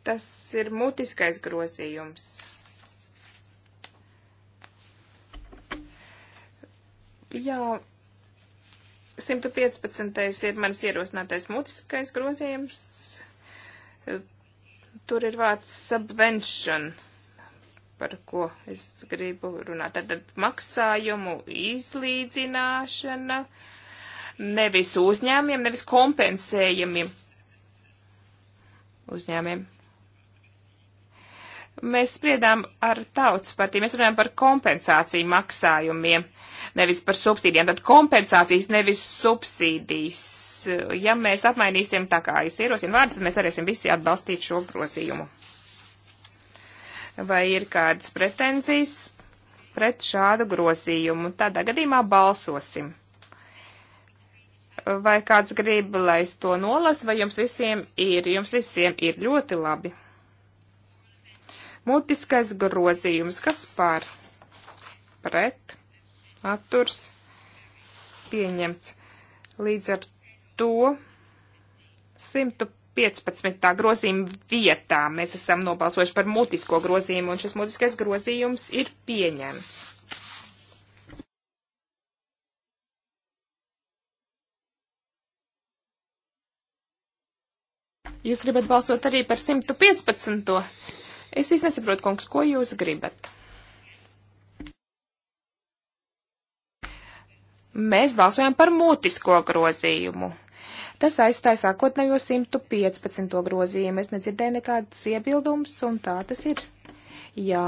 Tas ir mutiskais grozījums. Jā, 115. ir manis ierosinātais mutiskais grozījums. Tur ir vārds subvention, par ko es gribu runāt. Tad maksājumu izlīdzināšana nevis uzņēmiem, nevis kompensējumiem uzņēmiem mēs spriedām ar tautas partiju, mēs runājam par kompensāciju maksājumiem, nevis par subsīdijām. Tad kompensācijas, nevis subsīdijas. Ja mēs apmainīsim tā kā es ierosinu vārdu, tad mēs varēsim visi atbalstīt šo grozījumu. Vai ir kādas pretenzijas pret šādu grozījumu? Tādā gadījumā balsosim. Vai kāds grib, lai es to nolasu, vai jums visiem ir? Jums visiem ir ļoti labi. Mutiskais grozījums, kas par pret atturs pieņemts. Līdz ar to 115. grozījuma vietā mēs esam nobalsojuši par mutisko grozījumu, un šis mutiskais grozījums ir pieņemts. Jūs gribat balsot arī par 115. Es īsti nesaprotu, kungs, ko jūs gribat. Mēs balsojam par mutisko grozījumu. Tas aizstāja sākotnējo 115. grozījumu. Es nedzirdēju nekādas iebildums, un tā tas ir. Jā.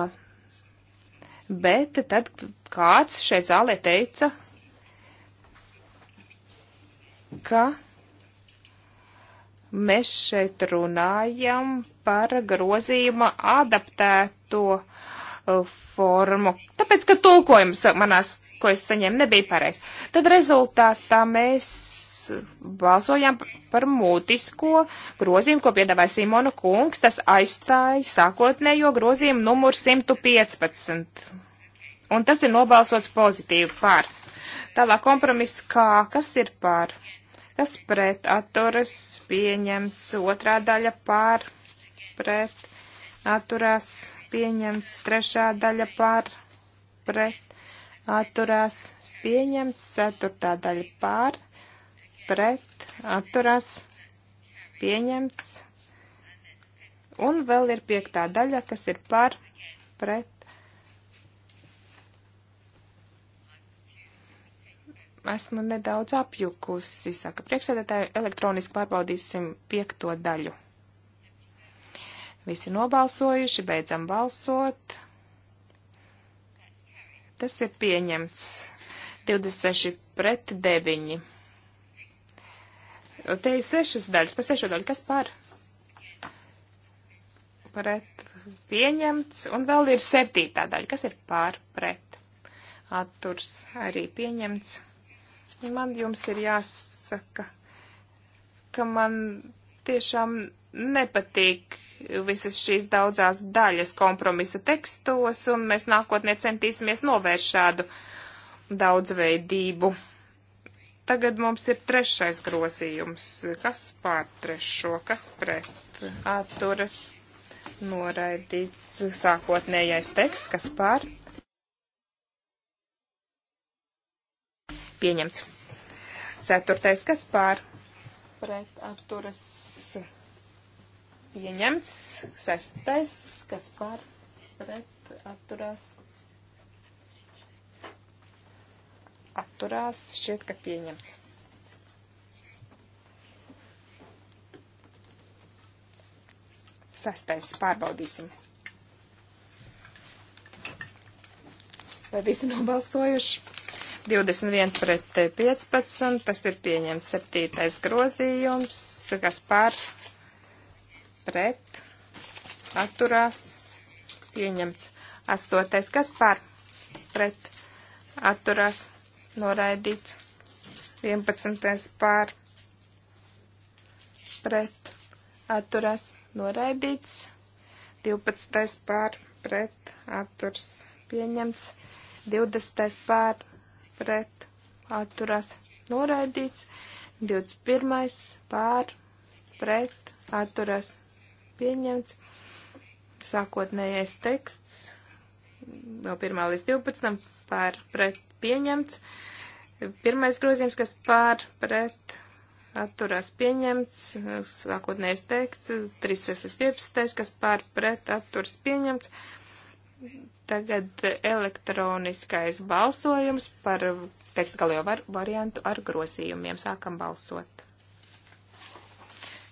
Bet tad kāds šeit zālē teica, ka mēs šeit runājam par grozījuma adaptēto uh, formu, tāpēc, ka tulkojums manās, ko es saņēmu, nebija pareizs. Tad rezultātā mēs balsojām par mutisko grozījumu, ko piedāvāja Simona Kungs. Tas aizstāja sākotnējo grozījumu numuru 115. Un tas ir nobalsots pozitīvi par. Tālāk kompromiss kā, kas ir par, kas pret atturas pieņemts, otrā daļa par, pret, atturās, pieņemts. Trešā daļa par, pret, atturās, pieņemts. Ceturtā daļa par, pret, atturās, pieņemts. Un vēl ir piektā daļa, kas ir par, pret. Esmu nedaudz apjukusi, saka priekšsēdētāji, elektroniski pārbaudīsim piekto daļu. Visi nobalsojuši, beidzam balsot. Tas ir pieņemts. 26 pret 9. Te ir sešas daļas, pa sešo daļu, kas par? Pret pieņemts, un vēl ir septītā daļa, kas ir par pret. Atturs arī pieņemts. Man jums ir jāsaka, ka man tiešām nepatīk visas šīs daudzās daļas kompromisa tekstos, un mēs nākotnē centīsimies novērst šādu daudzveidību. Tagad mums ir trešais grozījums. Kas pār trešo, kas pret atturas noraidīts sākotnējais teksts, kas pār pieņemts. Ceturtais, kas pār pret atturas pieņemts. Sestais, kas par pret atturās. Atturās, šķiet, ka pieņemts. Sestais, pārbaudīsim. Vai visi nobalsojuši? 21 pret 15, tas ir pieņemts septītais grozījums, kas pār pret, atturās, pieņemts. Astotais, kas par, pret, atturās, noraidīts. Vienpadsmitais par, pret, atturās, noraidīts. Divpadsmitais par, pret, atturs, pieņemts. Divdesmitais par, pret, atturās, noraidīts. 21. pār, pret, atturas, pieņemts. Sākotnējais teksts no 1 līdz 12 pār pret pieņemts. Pirmais grozījums, kas pār pret atturās pieņemts, sākotnējais teksts, 315, kas pār pret atturas pieņemts. Tagad elektroniskais balsojums par teksta galējo var variantu ar grozījumiem. Sākam balsot.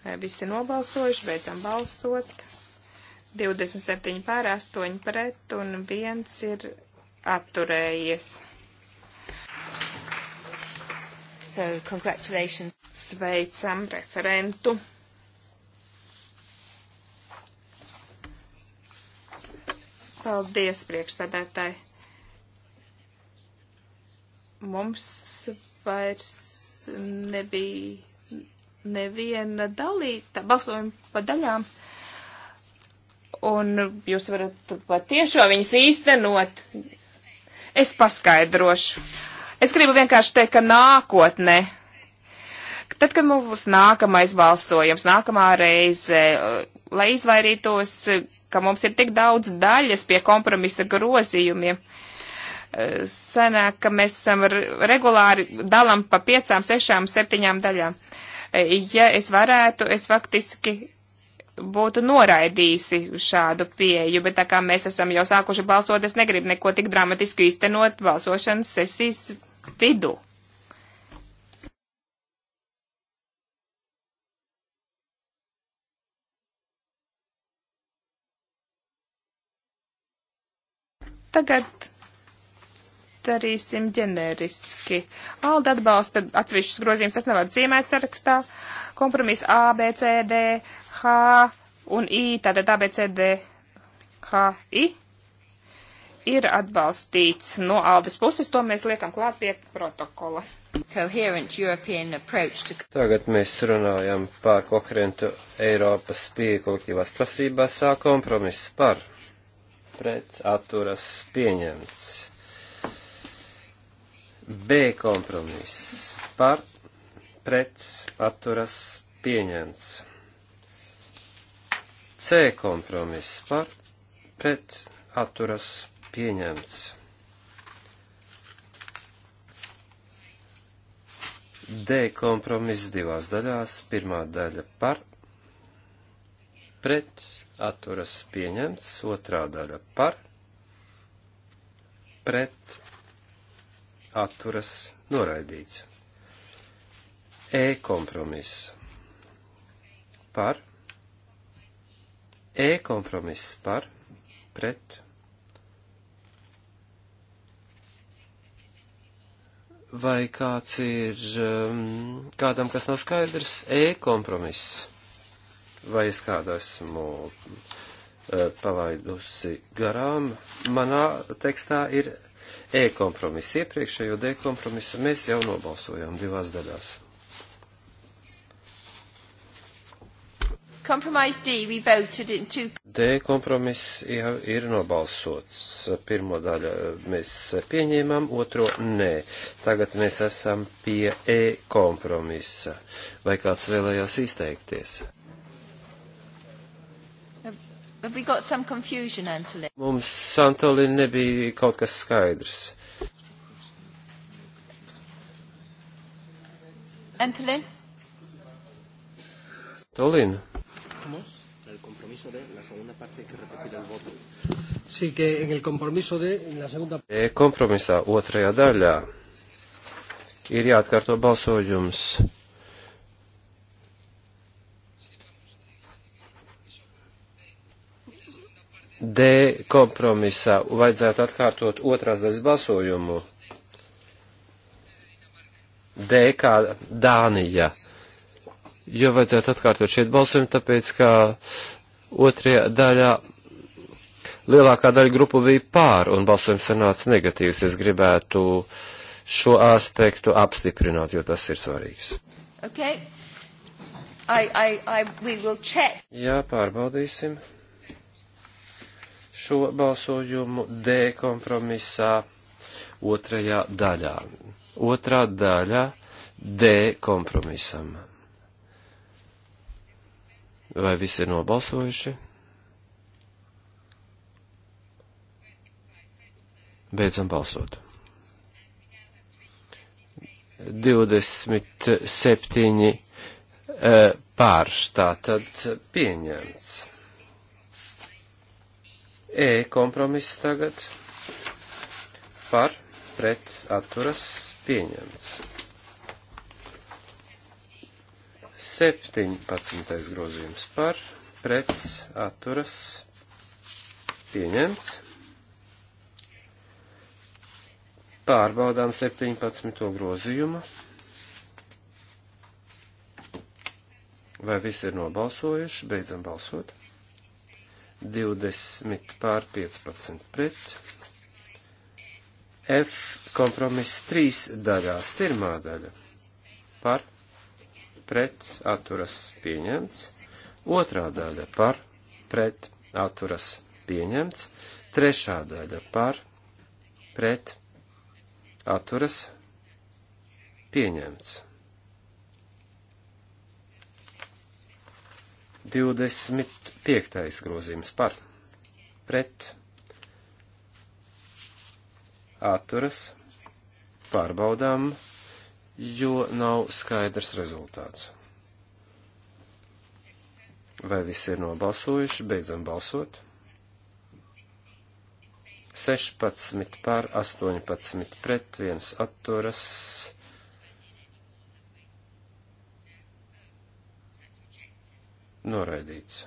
Vai visi nobalsojuši? Beidzam balsot. 27 pār 8 pret un viens ir atturējies. So, congratulations. Sveicam referentu. Paldies, priekšsādātāji. Mums vairs nebija neviena dalīta balsojuma pa daļām. Un jūs varat patiešo viņas īstenot. Es paskaidrošu. Es gribu vienkārši teikt, ka nākotnē, tad, kad mums būs nākamais balsojums, nākamā reize, lai izvairītos, ka mums ir tik daudz daļas pie kompromisa grozījumiem, senāk, ka mēs esam regulāri dalam pa piecām, sešām, septiņām daļām. Uh, Ja es varētu, es faktiski būtu noraidījusi šādu pieju, bet tā kā mēs esam jau sākuši balsot, es negribu neko tik dramatisku īstenot balsošanas sesijas vidu. Tagad darīsim ģeneriski. Alda atbalsta atsevišķus grozījumus, tas nav atzīmēts sarakstā. Kompromis A, B, C, D, H un I, tātad A, B, C, D, H, I ir atbalstīts no Aldas puses, to mēs liekam klāt pie protokola. To... Tagad mēs runājam par koherentu Eiropas pieeja kolektīvās prasībās, sā kompromiss par pret atturas pieņemts. B kompromiss par pret atturas pieņemts. C kompromiss par pret atturas pieņemts. D kompromiss divās daļās. Pirmā daļa par pret atturas pieņemts, otrā daļa par pret atturas noraidīts. E kompromiss par, E kompromiss par, pret, vai kāds ir um, kādam, kas nav skaidrs, E kompromiss, vai es kādu esmu uh, palaidusi garām, manā tekstā ir E kompromisu. Iepriekšējo D kompromisu mēs jau nobalsojām divās daļās. D kompromiss jau ir nobalsots. Pirmo daļu mēs pieņēmām, otro nē. Tagad mēs esam pie E kompromisa. Vai kāds vēlējās izteikties? Confusion, Mums Santolin nebija kaut kas skaidrs. Antolin? Antolin. El compromiso de la segunda parte que repetir el voto. Sí, que en el compromiso de en la segunda parte. Kompromisā otrajā daļā ir jāatkārto balsojums. D kompromisā vajadzētu atkārtot otrās daļas balsojumu. D kā Dānija. Jo vajadzētu atkārtot šeit balsojumu, tāpēc kā otrajā daļā lielākā daļa grupu bija pār un balsojums sanāca negatīvs. Es gribētu šo aspektu apstiprināt, jo tas ir svarīgs. Okay. I, I, I, Jā, pārbaudīsim šo balsojumu D kompromisā otrajā daļā. Otrā daļa D kompromisam. Vai visi ir nobalsojuši? Beidzam balsot. 27 eh, pār, tātad pieņemts. E kompromiss tagad par pret atturas pieņemts. 17. grozījums par pret atturas pieņemts. Pārbaudām 17. grozījumu. Vai visi ir nobalsojuši? Beidzam balsot. 20 pār 15 pret. F kompromiss trīs daļās. Pirmā daļa par pret atturas pieņemts. Otrā daļa par pret atturas pieņemts. Trešā daļa par pret atturas pieņemts. 25. grozījums par pret atturas pārbaudām, jo nav skaidrs rezultāts. Vai visi ir nobalsojuši? Beidzam balsot. 16 pār 18 pret 1 atturas Noraidīts.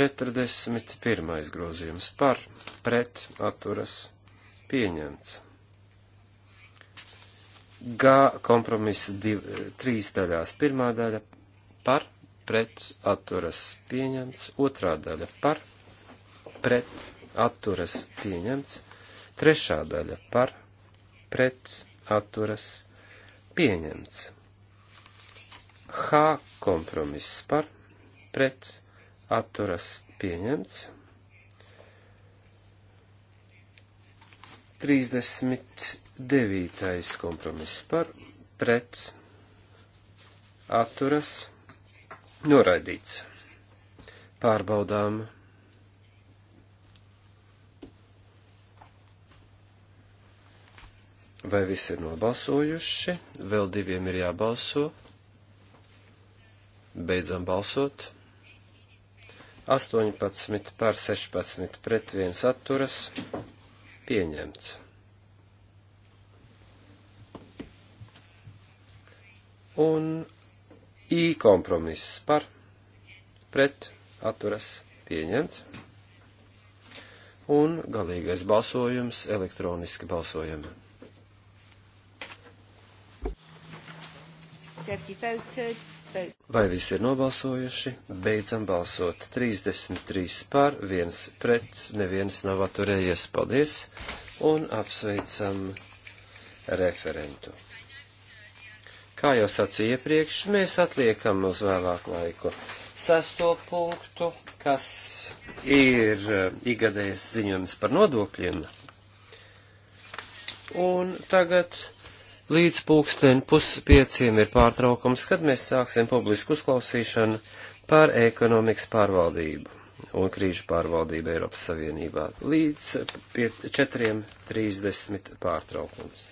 Četrdesmit pirmais grozījums par, pret, atturas, pieņemts. G kompromiss div, trīs daļās. Pirmā daļa par, pret, atturas, pieņemts. Otrā daļa par, pret, atturas pieņemts, trešā daļa par, pret, atturas pieņemts. H kompromiss par, pret, atturas pieņemts. 39. kompromiss par, pret, atturas noraidīts. Pārbaudām Vai visi ir nobalsojuši? Vēl diviem ir jābalso. Beidzam balsot. 18 pār 16 pret 1 atturas. Pieņemts. Un I kompromiss par pret atturas pieņemts. Un galīgais balsojums elektroniski balsojam. Vai visi ir nobalsojuši? Beidzam balsot. 33 pār, 1 pret, neviens nav atturējies. Paldies! Un apsveicam referentu. Kā jau sacīju iepriekš, mēs atliekam uz vēlāku laiku sesto punktu, kas ir eh, igadējas ziņojums par nodokļiem. Un tagad Līdz pulksten puspieciem ir pārtraukums, kad mēs sāksim publisku uzklausīšanu par ekonomikas pārvaldību un krīžu pārvaldību Eiropas Savienībā. Līdz 4.30 pārtraukums.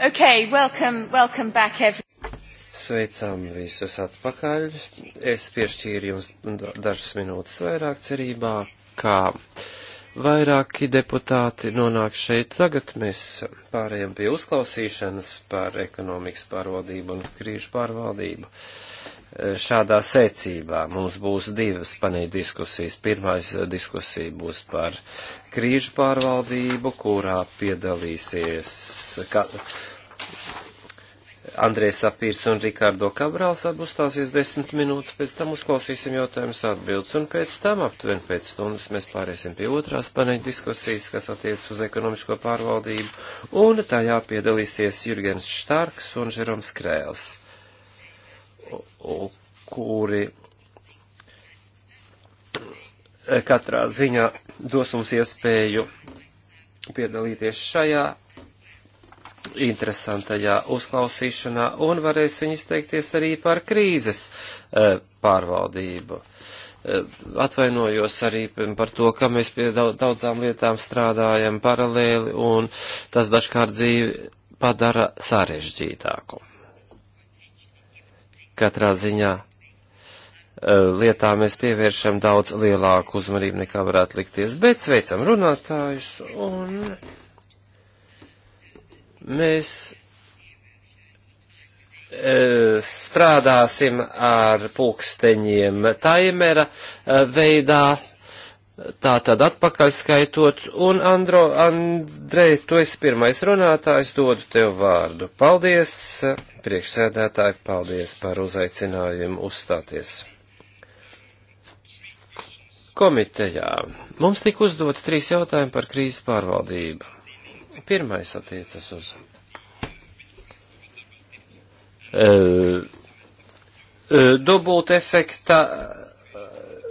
Okay, welcome, welcome back every... Sveicam visus atpakaļ. Es piešķīru jums dažas minūtes vairāk cerībā, kā vairāki deputāti nonāk šeit. Tagad mēs pārējām pie uzklausīšanas par ekonomikas pārvaldību un krīžu pārvaldību. Uh, šādā secībā. Mums būs divas panīt diskusijas. Pirmais eh, diskusija būs par krīžu pārvaldību, kurā piedalīsies ka... Andrēs Sapīrs un Rikārdo Kabrāls atbūstāsies desmit minūtes, pēc tam uzklausīsim jautājumus atbildes, un pēc tam aptuveni pēc stundas mēs pāriesim pie otrās paneļa diskusijas, kas attiec uz ekonomisko pārvaldību, un tajā piedalīsies Jurgens Štārks un Žeroms Krēls kuri katrā ziņā dos mums iespēju piedalīties šajā interesantajā uzklausīšanā un varēs viņi izteikties arī par krīzes e, pārvaldību. E, atvainojos arī par to, ka mēs pie daudzām lietām strādājam paralēli un tas dažkārt dzīvi padara sarežģītāku. Katrā ziņā eh, lietā mēs pievēršam daudz lielāku uzmanību nekā varētu likties, bet sveicam runātājus un mēs eh, strādāsim ar pulksteņiem taimera eh, veidā Tā tad atpakaļ skaitot, un Andro, Andrei, tu esi pirmais runātājs, dodu tev vārdu. Paldies, priekšsēdētāji, paldies par uzaicinājumu uzstāties. Komitejā mums tika uzdots trīs jautājumi par krīzes pārvaldību. Pirmais attiecas uz. Uh, eh, e, uh, e, dubult efekta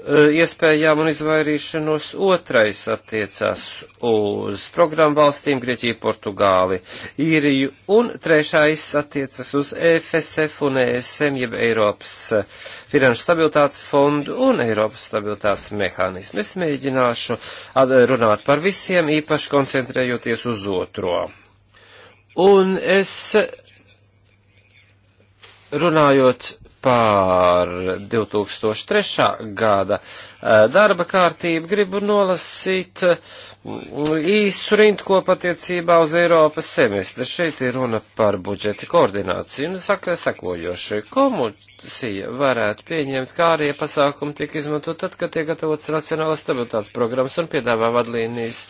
Eh, iespējām un izvairīšanos. Otrais attiecās uz programmu valstīm Grieķiju, Portugāli, Īriju un trešais attiecas uz EFSF un ESM, jeb Eiropas eh, Finanšu stabilitātes fondu un Eiropas stabilitātes mehānismu. Es mēģināšu eh, runāt par visiem, īpaši koncentrējoties uz otro. Un es runājot par 2003. gada eh, darba kārtību gribu nolasīt uh, īsu rindkopu attiecībā uz Eiropas semestri. Šeit ir runa par budžeta koordināciju. Nu, saka, sekojoši, komisija varētu pieņemt, kā arī pasākumi tiek izmantot tad, kad tiek gatavots Nacionālās stabilitātes programmas un piedāvā vadlīnijas,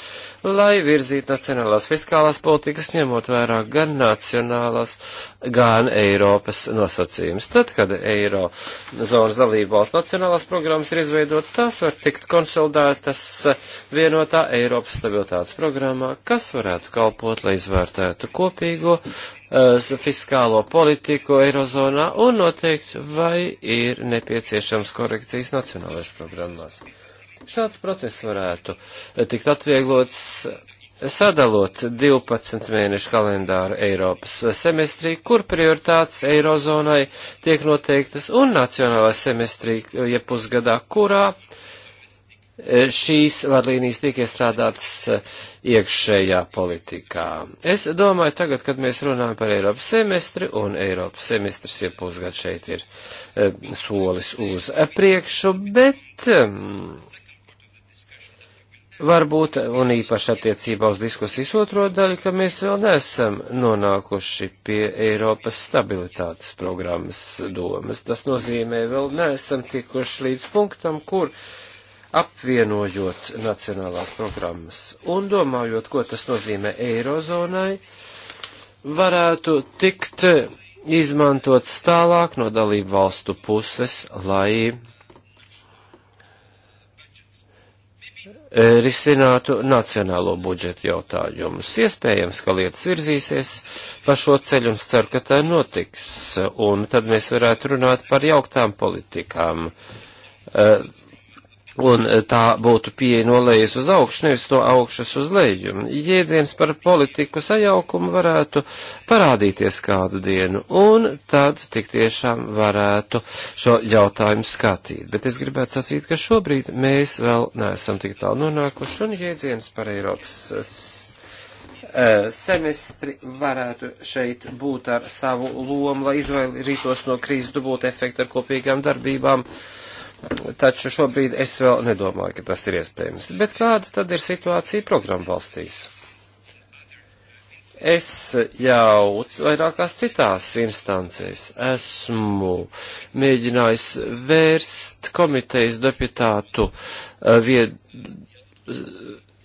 lai virzītu nacionālās fiskālās politikas, ņemot vērā gan nacionālās, gan Eiropas nosacījumus. Tad, kad Eiro zonas dalībvalsts nacionālās programmas ir izveidotas, tās var tikt konsolidētas vienotā Eiropas Eiropas stabilitātes programmā, kas varētu kalpot, lai izvērtētu kopīgo eh, fiskālo politiku Eirozonā un noteikti, vai ir nepieciešams korekcijas nacionālais programmās. Šāds process varētu eh, tikt atvieglots sadalot 12 mēnešu kalendāru Eiropas semestrī, kur prioritātes Eirozonai tiek noteiktas, un nacionālā semestrī, eh, ja pusgadā, kurā uh, šīs vadlīnijas tiek iestrādātas eh, iekšējā politikā. Es domāju, tagad, kad mēs runājam par Eiropas semestri, un Eiropas semestris jau pusgad šeit ir eh, solis uz priekšu, bet ehm, varbūt, un īpaši attiecībā uz diskusijas otro daļu, ka mēs vēl neesam nonākuši pie Eiropas stabilitātes programmas domas. Tas nozīmē, vēl neesam tikuši līdz punktam, kur uh, apvienojot nacionālās programmas un domājot, ko tas nozīmē Eirozonai, varētu tikt izmantots tālāk no dalību valstu puses, lai e, risinātu nacionālo budžetu jautājumus. Iespējams, ka lietas virzīsies pa šo ceļu un ceru, ka tā notiks. Un tad mēs varētu runāt par jauktām politikām. Uh, un eh, tā būtu pieeja no lejas uz augšu, nevis no augšas uz leju. Jēdziens par politiku sajaukumu varētu parādīties kādu dienu, un tad tik tiešām varētu šo jautājumu skatīt. Bet es gribētu sacīt, ka šobrīd mēs vēl neesam tik tālu nonākuši, un jēdziens par Eiropas eh, eh, semestri varētu šeit būt ar savu lomu, lai izvairītos no krīzes dubulta efekta ar kopīgām darbībām. Uh, taču šobrīd es vēl nedomāju, ka tas ir iespējams. Bet kāda tad ir situācija programmu valstīs? Es jau vairākās citās instancēs esmu mēģinājis vērst komitejas deputātu uh, vied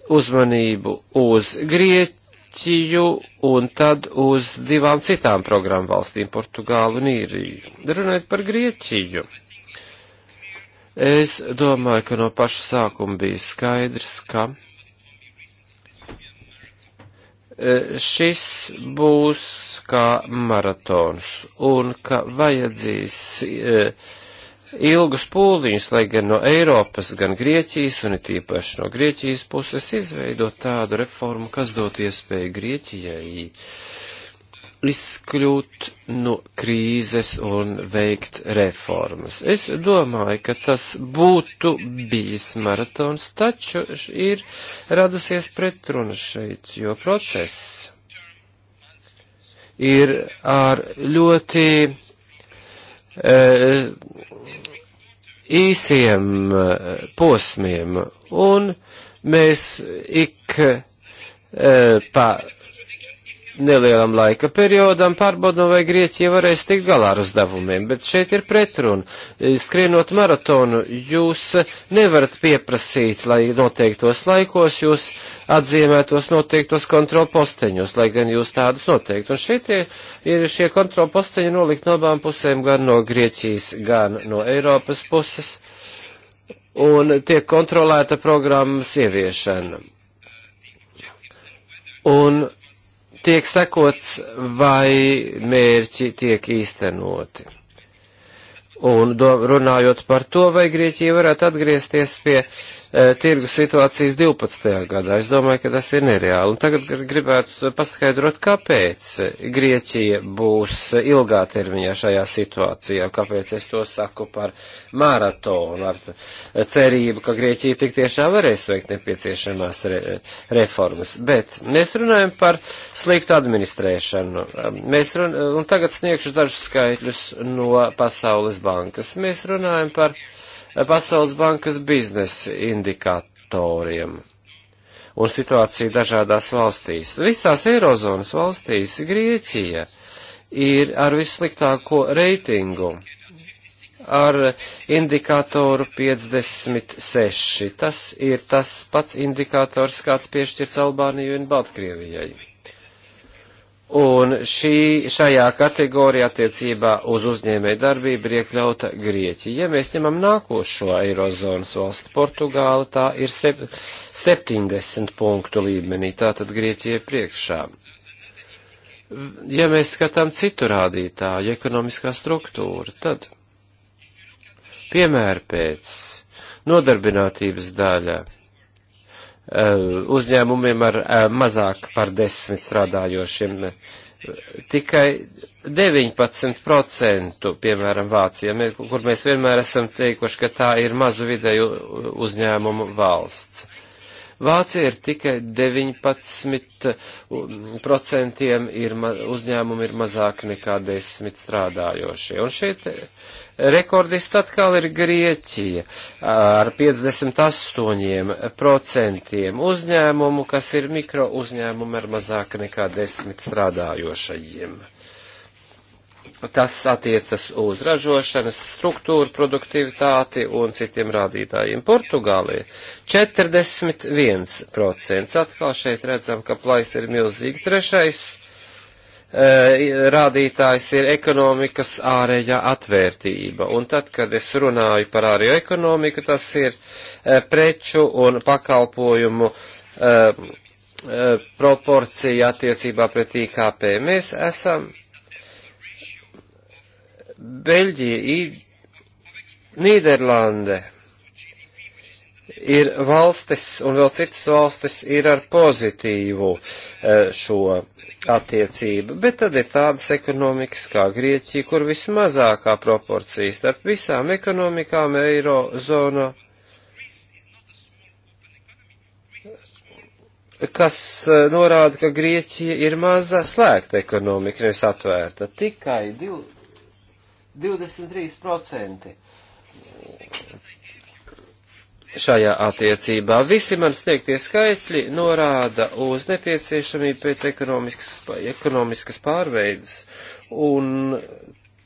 uzmanību uz Grieķiju un tad uz divām citām programmu valstīm - Portugālu un Īriju. Runājot par Grieķiju Es domāju, ka no paša sākuma bija skaidrs, ka e, šis būs kā maratons un ka vajadzīs e, ilgus pūliņus, lai gan no Eiropas, gan Grieķijas un it īpaši no Grieķijas puses izveidot tādu reformu, kas dot iespēju Grieķijai izkļūt no krīzes un veikt reformas. Es domāju, ka tas būtu bijis maratons, taču ir radusies pretruna šeit, jo process ir ar ļoti e, īsiem eh, posmiem, un mēs ik e, pa nelielam laika periodam pārbaudam, vai Grieķija varēs tikt galā ar uzdevumiem, bet šeit ir pretruna. Eh, skrienot maratonu, jūs nevarat pieprasīt, lai noteiktos laikos jūs atzīmētos noteiktos kontrolposteņos, lai gan jūs tādus noteikti. Un šeit ir šie kontrolposteņi nolikt no abām pusēm, gan no Grieķijas, gan no Eiropas puses, un tiek kontrolēta programmas ieviešana. Un tiek sekots, vai mērķi tiek īstenoti. Un do, runājot par to, vai Grieķija varētu atgriezties pie uh, Eh, tirgu situācijas 12. gadā. Es domāju, ka tas ir nereāli. Un tagad gribētu paskaidrot, kāpēc Grieķija būs ilgā termiņā šajā situācijā, kāpēc es to saku par maratonu, ar cerību, ka Grieķija tik tiešām varēs veikt nepieciešamās re reformas. Bet mēs runājam par sliktu administrēšanu. Mēs run un tagad sniegšu dažus skaitļus no Pasaules bankas. Mēs runājam par. Pasaules bankas biznesa indikatoriem un situācija dažādās valstīs. Visās Eirozonas valstīs Grieķija ir ar vissliktāko reitingu ar indikātoru 56. Tas ir tas pats indikators, kāds piešķirts Albānijai un Baltkrievijai. Un šī, šajā kategorijā attiecībā uz uzņēmēju darbību ir iekļauta Grieķija. Ja mēs ņemam nākošo Eirozonas valsti Portugāli, tā ir sep 70 punktu līmenī, tātad Grieķija priekšā. Ja mēs skatām citu rādītāju, ekonomiskā struktūra, tad, piemēram, pēc nodarbinātības daļa Eh, uzņēmumiem ar eh, mazāk par desmit strādājošiem. Tikai 19%, piemēram, Vācija, kur mēs vienmēr esam teikuši, ka tā ir mazu vidēju uzņēmumu valsts. Vācija ir tikai 19% ir uzņēmumi ir mazāk nekā 10 strādājošie. Un šeit rekordists atkal ir Grieķija ar 58% uzņēmumu, kas ir mikro uzņēmumi ar mazāk nekā 10 strādājošajiem. Tas attiecas uz ražošanas struktūru, produktivitāti un citiem rādītājiem. Portugālija 41%. Atkal šeit redzam, ka plais ir milzīgi. Trešais eh, rādītājs ir ekonomikas ārējā atvērtība. Un tad, kad es runāju par ārējo ekonomiku, tas ir eh, preču un pakalpojumu eh, proporcija attiecībā pret IKP. Mēs esam Beļģija, Nīderlande ir valstis un vēl citas valstis ir ar pozitīvu eh, šo attiecību, bet tad ir tādas ekonomikas kā Grieķija, kur vismazākā proporcija starp visām ekonomikām eirozona, kas eh, norāda, ka Grieķija ir maza slēgta ekonomika, nevis atvērta. Tikai div, 23% šajā attiecībā. Visi man sniegtie skaitļi norāda uz nepieciešamību pēc ekonomiskas, ekonomiskas pārveidas, un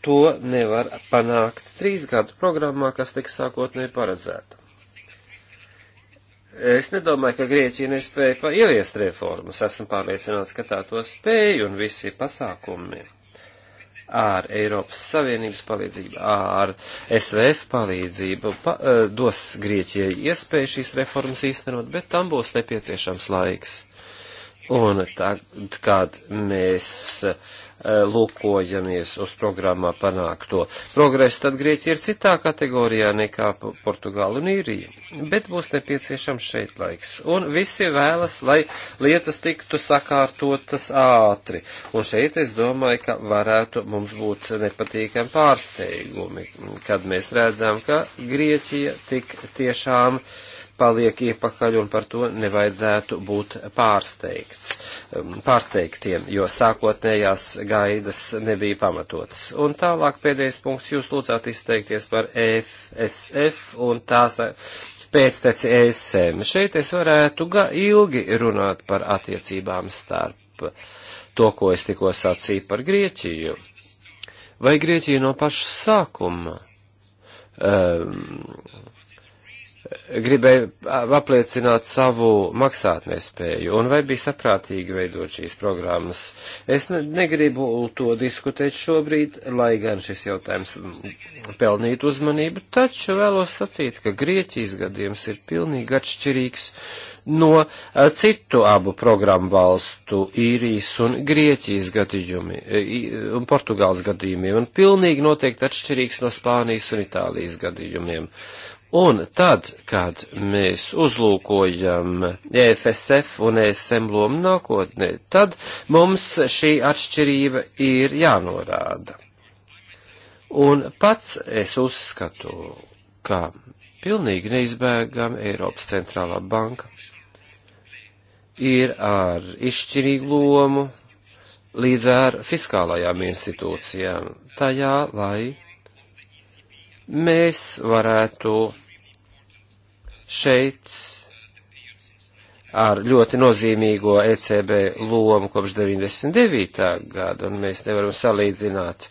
to nevar panākt trīs gadu programmā, kas tiks sākotnēji paredzēta. Es nedomāju, ka Grieķija nespēja ieviest reformas. Esmu pārliecināts, ka tā to spēja un visi pasākumi ar Eiropas Savienības palīdzību, ar SVF palīdzību pa, eh, dos Grieķijai iespēju šīs reformas īstenot, bet tam būs nepieciešams laiks. Un tagad, kad mēs e, lūkojamies uz programmā panākto progresu, tad Grieķija ir citā kategorijā nekā Portugāla un Īrija. Bet būs nepieciešams šeit laiks. Un visi vēlas, lai lietas tiktu sakārtotas ātri. Un šeit es domāju, ka varētu mums būt nepatīkami pārsteigumi, kad mēs redzam, ka Grieķija tik tiešām uh, paliek iepakaļ un par to nevajadzētu būt pārsteigts, um, pārsteigtiem, jo sākotnējās gaidas nebija pamatotas. Un tālāk pēdējais punkts, jūs lūdzāt izteikties par FSF un tās uh, pēcteci ESM. Šeit es varētu ga ilgi runāt par attiecībām starp to, ko es tikko sacīju par Grieķiju. Vai Grieķija no paša sākuma? Um, gribēja apliecināt savu maksātnespēju, un vai bija saprātīgi veidot šīs programmas. Es ne, negribu to diskutēt šobrīd, lai gan šis jautājums pelnītu uzmanību, taču vēlos sacīt, ka Grieķijas gadījums ir pilnīgi atšķirīgs no citu abu programmu valstu īrijas un Grieķijas gadījumi e, un Portugāles gadījumiem, un pilnīgi noteikti atšķirīgs no Spānijas un Itālijas gadījumiem. Un tad, kad mēs uzlūkojam EFSF un ESM lomu nākotnē, tad mums šī atšķirība ir jānorāda. Un pats es uzskatu, ka pilnīgi neizbēgami Eiropas centrālā banka ir ar izšķirīgu lomu līdz ar fiskālajām institūcijām tajā, lai mēs varētu šeit ar ļoti nozīmīgo ECB lomu kopš 99. gada, un mēs nevaram salīdzināt,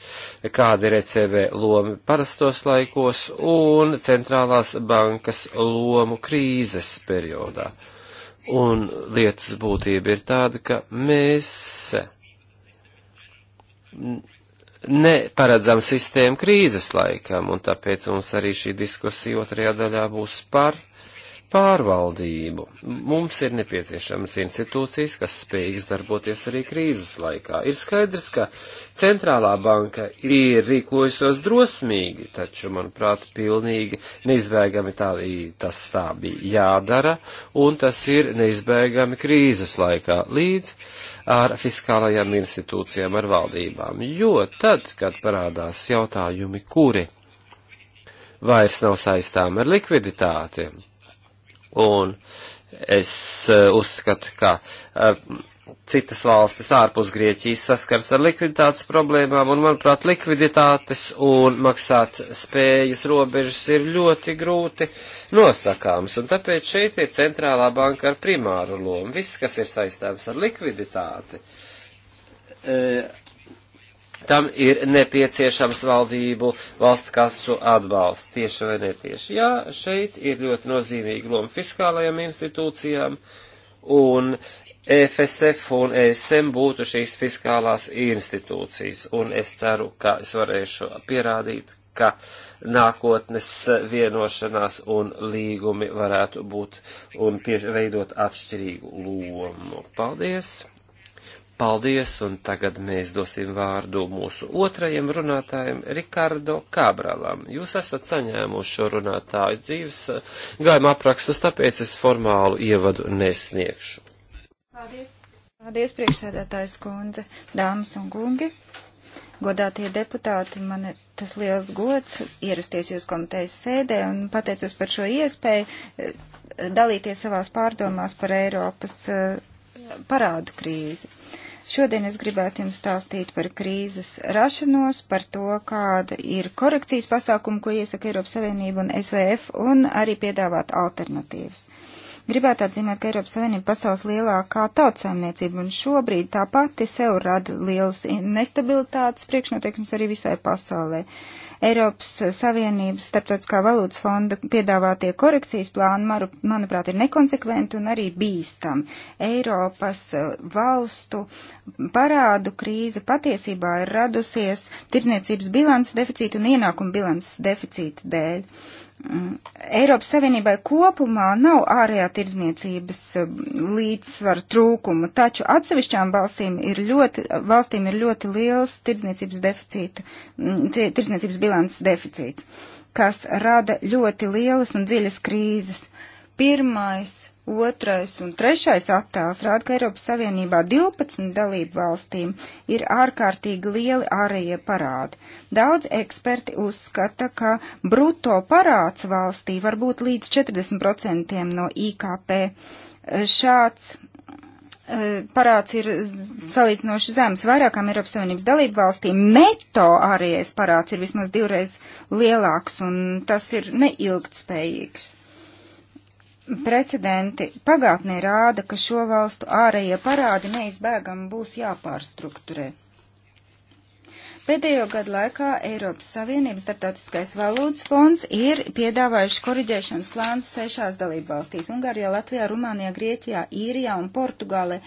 kāda ir ECB loma parastos laikos un centrālās bankas lomu krīzes periodā. Un lietas būtība ir tāda, ka mēs neparedzama sistēma krīzes laikam, un tāpēc mums arī šī diskusija otrajā daļā būs par pārvaldību. Mums ir nepieciešamas institūcijas, kas spējīgas darboties arī krīzes laikā. Ir skaidrs, ka centrālā banka ir rīkojusies drosmīgi, taču, manuprāt, pilnīgi neizbēgami tā, tas tā bija jādara, un tas ir neizbēgami krīzes laikā. Līdz ar fiskālajām institūcijām, ar valdībām. Jo tad, kad parādās jautājumi, kuri vairs nav saistām ar likviditāti, un es eh, uzskatu, ka eh, citas valstis ārpus Grieķijas saskars ar likviditātes problēmām, un, manuprāt, likviditātes un maksāt spējas robežas ir ļoti grūti nosakāms, un tāpēc šeit ir centrālā banka ar primāru lomu. Viss, kas ir saistāms ar likviditāti, e, tam ir nepieciešams valdību valsts kasu atbalsts, tieši vai netieši. Jā, šeit ir ļoti nozīmīga loma fiskālajām institūcijām, un FSF e un ESM būtu šīs fiskālās institūcijas, un es ceru, ka es varēšu pierādīt, ka nākotnes vienošanās un līgumi varētu būt un veidot atšķirīgu lomu. Paldies! Paldies, un tagad mēs dosim vārdu mūsu otrajam runātājam, Rikardo Kabralam. Jūs esat saņēmuši šo runātāju dzīves gājuma aprakstus, tāpēc es formālu ievadu nesniegšu. Paldies. Paldies, priekšsēdētājs kundze, dāmas un kungi. Godātie deputāti, man ir tas liels gods ierasties jūs komitejas sēdē un pateicos par šo iespēju eh, dalīties savās pārdomās par Eiropas eh, parādu krīzi. Šodien es gribētu jums stāstīt par krīzes rašanos, par to, kāda ir korekcijas pasākuma, ko iesaka Eiropas Savienība un SVF, un arī piedāvāt alternatīvas. Gribētu atzīmēt, ka Eiropas Savienība pasaules lielākā tautsēmniecība un šobrīd tā pati sev rada liels nestabilitātes priekšnoteikums arī visai pasaulē. Eiropas Savienības starptautiskā valūtas fonda piedāvātie korekcijas plāni, maru, manuprāt, ir nekonsekventi un arī bīstami. Eiropas eh, valstu parādu krīze patiesībā ir radusies tirdzniecības bilances deficīta un ienākuma bilances deficīta dēļ. Uh, Eiropas Savienībai kopumā nav ārējā tirdzniecības eh, līdzsvara trūkuma, taču atsevišķām valstīm ir ļoti, valstīm ir ļoti liels tirdzniecības deficīta, mm, tirdzniecības bilances deficīts, kas rada ļoti lielas un dziļas krīzes. Pirmais Otrais un trešais attēls rāda, ka Eiropas Savienībā 12 dalību valstīm ir ārkārtīgi lieli ārējie parādi. Daudz eksperti uzskata, ka bruto parāds valstī var būt līdz 40% no IKP. Šāds eh, parāds ir salīdzinoši zems. Vairākām Eiropas Savienības dalību valstīm neto ārējais parāds ir vismaz divreiz lielāks, un tas ir neilgtspējīgs. Precedenti pagātnē rāda, ka šo valstu ārējie parādi neizbēgami būs jāpārstrukturē. Pēdējo gadu laikā Eiropas Savienības starptautiskais valūtas fonds ir piedāvājuši koriģēšanas plāns sešās dalību valstīs - Ungārijā, Latvijā, Rumānijā, Grieķijā, Īrijā un Portugālē.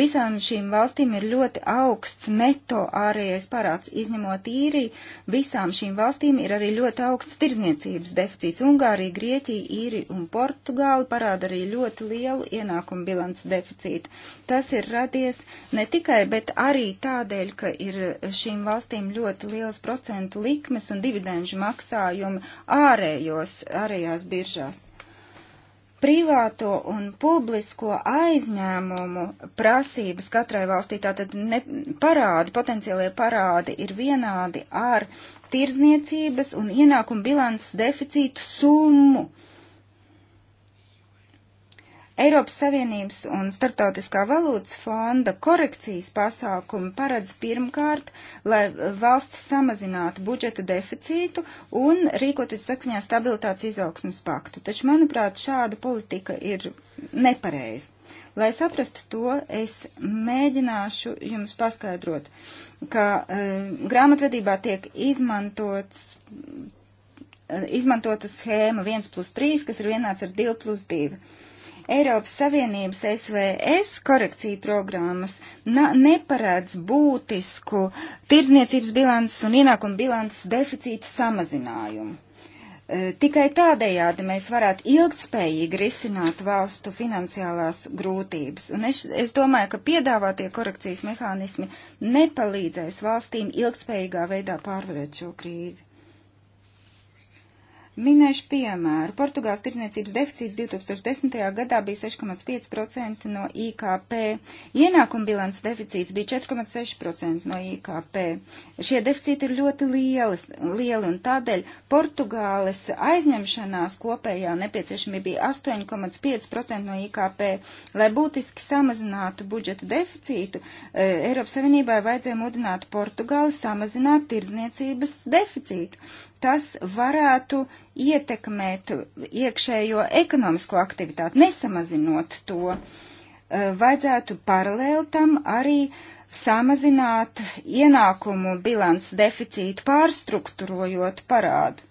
Visām šīm valstīm ir ļoti augsts neto ārējais parāds, izņemot Īriju. Visām šīm valstīm ir arī ļoti augsts tirzniecības deficīts. Ungārija, Grieķija, Īrija un Portugāla parāda arī ļoti lielu ienākumu bilants deficītu. Tas ir radies ne tikai, bet arī tādēļ, ka ir šīm valstīm redzam ļoti liels procentu likmes un dividendžu maksājumu ārējos, ārējās biržās. Privāto un publisko aizņēmumu prasības katrai valstī, tātad ne, parādi, potenciālie parādi ir vienādi ar tirdzniecības un ienākumu bilances deficītu summu. Uh, Eiropas Savienības un Startautiskā valūtas fonda korekcijas pasākumi paredz pirmkārt, lai valsts samazinātu budžeta deficītu un rīkoties saksņā stabilitātes izaugsmas paktu. Taču, manuprāt, šāda politika ir nepareiza. Lai saprastu to, es mēģināšu jums paskaidrot, ka e, grāmatvedībā tiek izmantots e, izmantota schēma 1 plus 3, kas ir vienāds ar 2 plus 2. Eiropas Savienības SVS korekciju programmas neparādz būtisku tirdzniecības bilances un ienākumu bilances deficīta samazinājumu. E, tikai tādējādi mēs varētu ilgtspējīgi risināt valstu finansiālās grūtības. Un es, es domāju, ka piedāvātie korekcijas mehānismi nepalīdzēs valstīm ilgtspējīgā veidā pārvarēt šo krīzi. Minēšu piemēru. Portugāles tirdzniecības deficīts 2010. gadā bija 6,5% no IKP. Ienākuma bilants deficīts bija 4,6% no IKP. Šie deficīti ir ļoti lielis, lieli un tādēļ Portugāles aizņemšanās kopējā nepieciešamība bija 8,5% no IKP. Lai būtiski samazinātu budžeta deficītu, e, Eiropas Savienībai vajadzēja mudināt Portugāli samazināt tirdzniecības deficītu tas varētu ietekmēt iekšējo ekonomisko aktivitāti, nesamazinot to. Eh, vajadzētu paralēli tam arī samazināt ienākumu bilants deficītu, pārstruktūrojot parādu.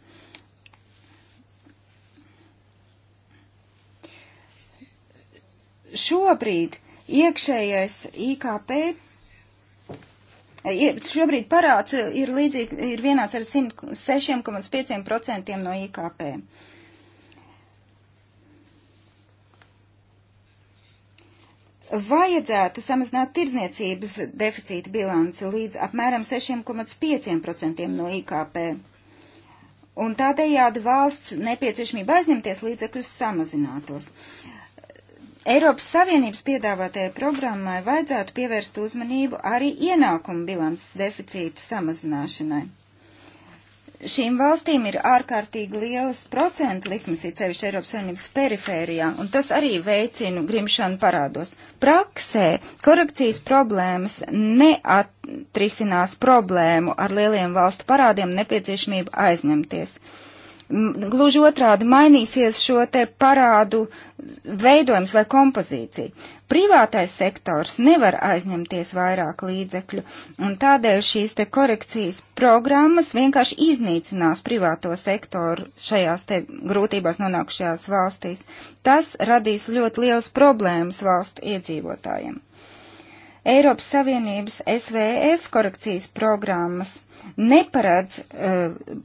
Šobrīd iekšējais IKP Šobrīd parāds ir, līdzīgi, ir vienāds ar 106,5% no IKP. Vajadzētu samazināt tirdzniecības deficīta bilanci līdz apmēram 6,5% no IKP. Un tādējādi valsts nepieciešamība aizņemties līdzekļus samazinātos. Uh, Eiropas Savienības piedāvātajai programmai vajadzētu pievērst uzmanību arī ienākumu bilances deficīta samazināšanai. Šīm valstīm ir ārkārtīgi lielas procentu likmes, it sevišķi Eiropas Savienības perifērijā, un tas arī veicina grimšanu parādos. Praksē korekcijas problēmas neatrisinās problēmu ar lieliem valstu parādiem nepieciešamību aizņemties. Uh, Gluži otrādi mainīsies šo te parādu veidojums vai kompozīcija. Privātais sektors nevar aizņemties vairāk līdzekļu, un tādēļ šīs te korekcijas programmas vienkārši iznīcinās privāto sektoru šajās te grūtībās nonākušajās valstīs. Tas radīs ļoti liels problēmas valstu iedzīvotājiem. Eiropas Savienības SVF korekcijas programmas neparedz uh,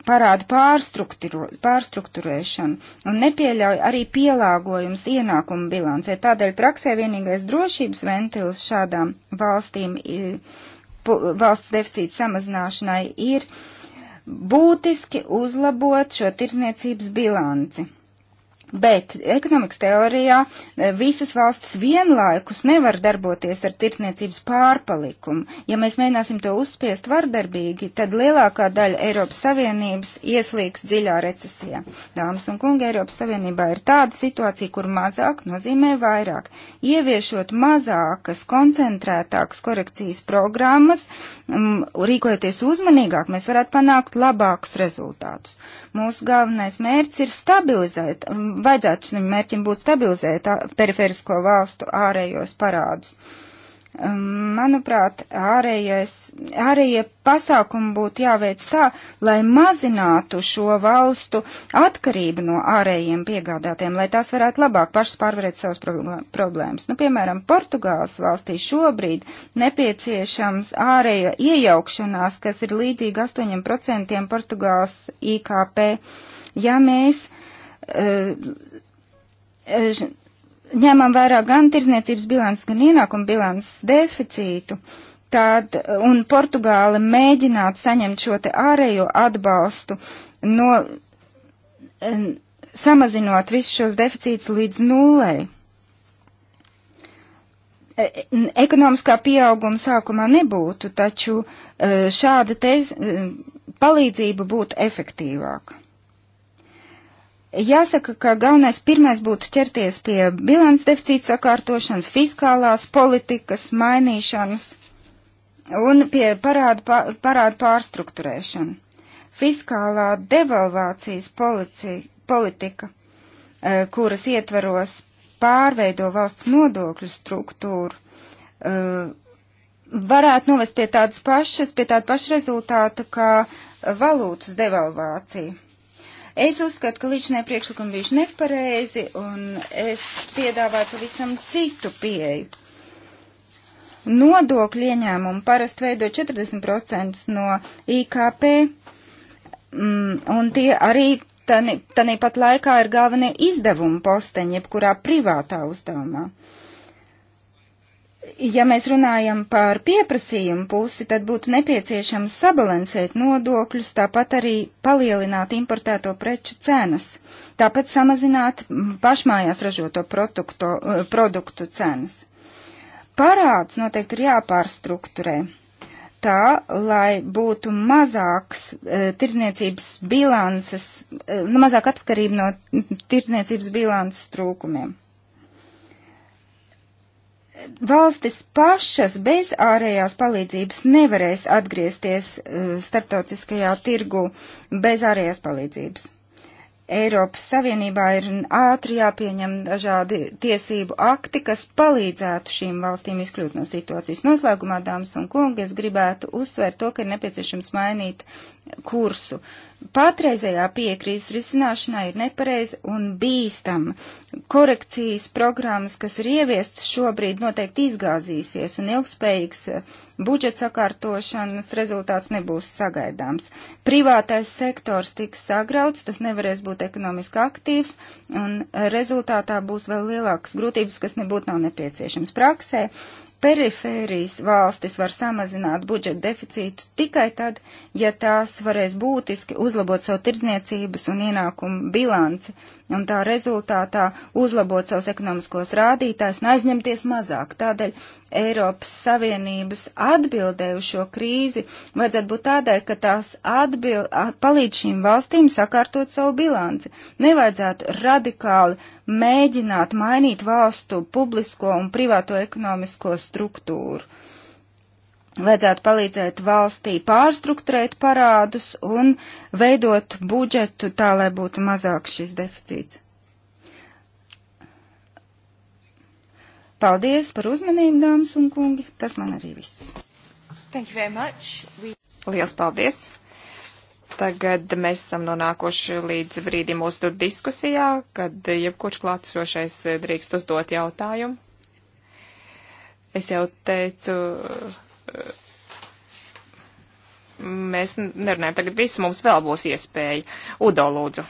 parādu pārstruktūrēšanu un nepieļauj arī pielāgojums ienākumu bilancē. Tādēļ praksē vienīgais drošības ventils šādām valstīm, valsts deficīta samazināšanai ir būtiski uzlabot šo tirzniecības bilanci bet ekonomikas teorijā e, visas valstis vienlaikus nevar darboties ar tirsniecības pārpalikumu. Ja mēs mēģināsim to uzspiest vardarbīgi, tad lielākā daļa Eiropas Savienības ieslīgs dziļā recesijā. Dāmas un kungi, Eiropas Savienībā ir tāda situācija, kur mazāk nozīmē vairāk. Ieviešot mazākas, koncentrētākas korekcijas programmas, um, rīkojoties uzmanīgāk, mēs varētu panākt labākus rezultātus. Mūsu galvenais mērķis ir stabilizēt vajadzētu šim mērķim būt stabilizēt periferisko valstu ārējos parādus. Um, manuprāt, ārējais, ārējie pasākumi būtu jāveic tā, lai mazinātu šo valstu atkarību no ārējiem piegādātiem, lai tās varētu labāk pašas pārvarēt savas problēmas. Nu, piemēram, Portugāles valstī šobrīd nepieciešams ārēja iejaukšanās, kas ir līdzīga 8% Portugāles IKP. Ja mēs uh, Eh, eh, ņemam vērā gan tirzniecības bilants, gan ienākumu bilants deficītu, tad, eh, un Portugāla mēģinātu saņemt šo te ārējo atbalstu no, samazinot visus šos deficītus līdz nulē. Ekonomiskā pieauguma sākumā nebūtu, taču šāda te palīdzība būtu efektīvāka. Jāsaka, ka galvenais pirmais būtu ķerties pie bilants deficīta sakārtošanas, fiskālās politikas mainīšanas un pie parādu, pār, parādu pārstruktūrēšanu. Fiskālā devalvācijas policija, politika, eh, kuras ietveros pārveido valsts nodokļu struktūru, eh, varētu novest pie tādas pašas, pie tāda paša rezultāta kā valūtas devalvācija Es uzskatu, ka līdšanai priekšlikumi bijuši nepareizi, un es piedāvāju pavisam citu pieeju. Nodokļu ieņēmumu parasti veido 40% no IKP, mm, un tie arī tanī pat laikā ir galvenie izdevumu posteņi, jebkurā privātā uzdevumā. Uh, ja mēs runājam par pieprasījumu pusi, tad būtu nepieciešams sabalansēt nodokļus, tāpat arī palielināt importēto preču cenas, tāpat samazināt pašmājās ražoto produkto, eh, produktu cenas. Parāds noteikti ir jāpārstrukturē tā, lai būtu mazāks e, eh, tirzniecības bilances, e, mazāk atkarība no tirzniecības bilances trūkumiem valstis pašas bez ārējās palīdzības nevarēs atgriezties e, starptautiskajā tirgu bez ārējās palīdzības. Eiropas Savienībā ir ātri jāpieņem dažādi tiesību akti, kas palīdzētu šīm valstīm izkļūt no situācijas. Noslēgumā, dāmas un kungi, es gribētu uzsvērt to, ka ir nepieciešams mainīt kursu. Uh, patreizējā piekrīzes risināšanā ir nepareiza un bīstama. Korekcijas programmas, kas ir ieviestas šobrīd, noteikti izgāzīsies, un ilgspējīgs eh, budžets sakārtošanas rezultāts nebūs sagaidāms. Privātais sektors tiks sagrauts, tas nevarēs būt ekonomiski aktīvs, un rezultātā būs vēl lielākas grūtības, kas nebūtu nav nepieciešams praksē perifērijas valstis var samazināt budžeta deficītu tikai tad, ja tās varēs būtiski uzlabot savu tirdzniecības un ienākumu bilanci un tā rezultātā uzlabot savus ekonomiskos rādītājus un aizņemties mazāk. Tādēļ Eiropas Savienības atbildē uz šo krīzi vajadzētu būt tādai, ka tās atbil, palīdz šīm valstīm sakārtot savu bilanci. Nevajadzētu radikāli mēģināt mainīt valstu publisko un privāto ekonomisko struktūru. Vajadzētu palīdzēt valstī pārstruktūrēt parādus un veidot budžetu tā, lai būtu mazāk šis deficīts. Paldies par uzmanību, dāmas un kungi. Tas man arī viss. Thank you very much. We... Liels paldies. Tagad mēs esam nonākuši līdz brīdim mūsu diskusijā, kad jebkurš klātsošais drīkst uzdot jautājumu. Es jau teicu, mēs nerunājam, tagad visu mums vēl būs iespēja. Udo, lūdzu.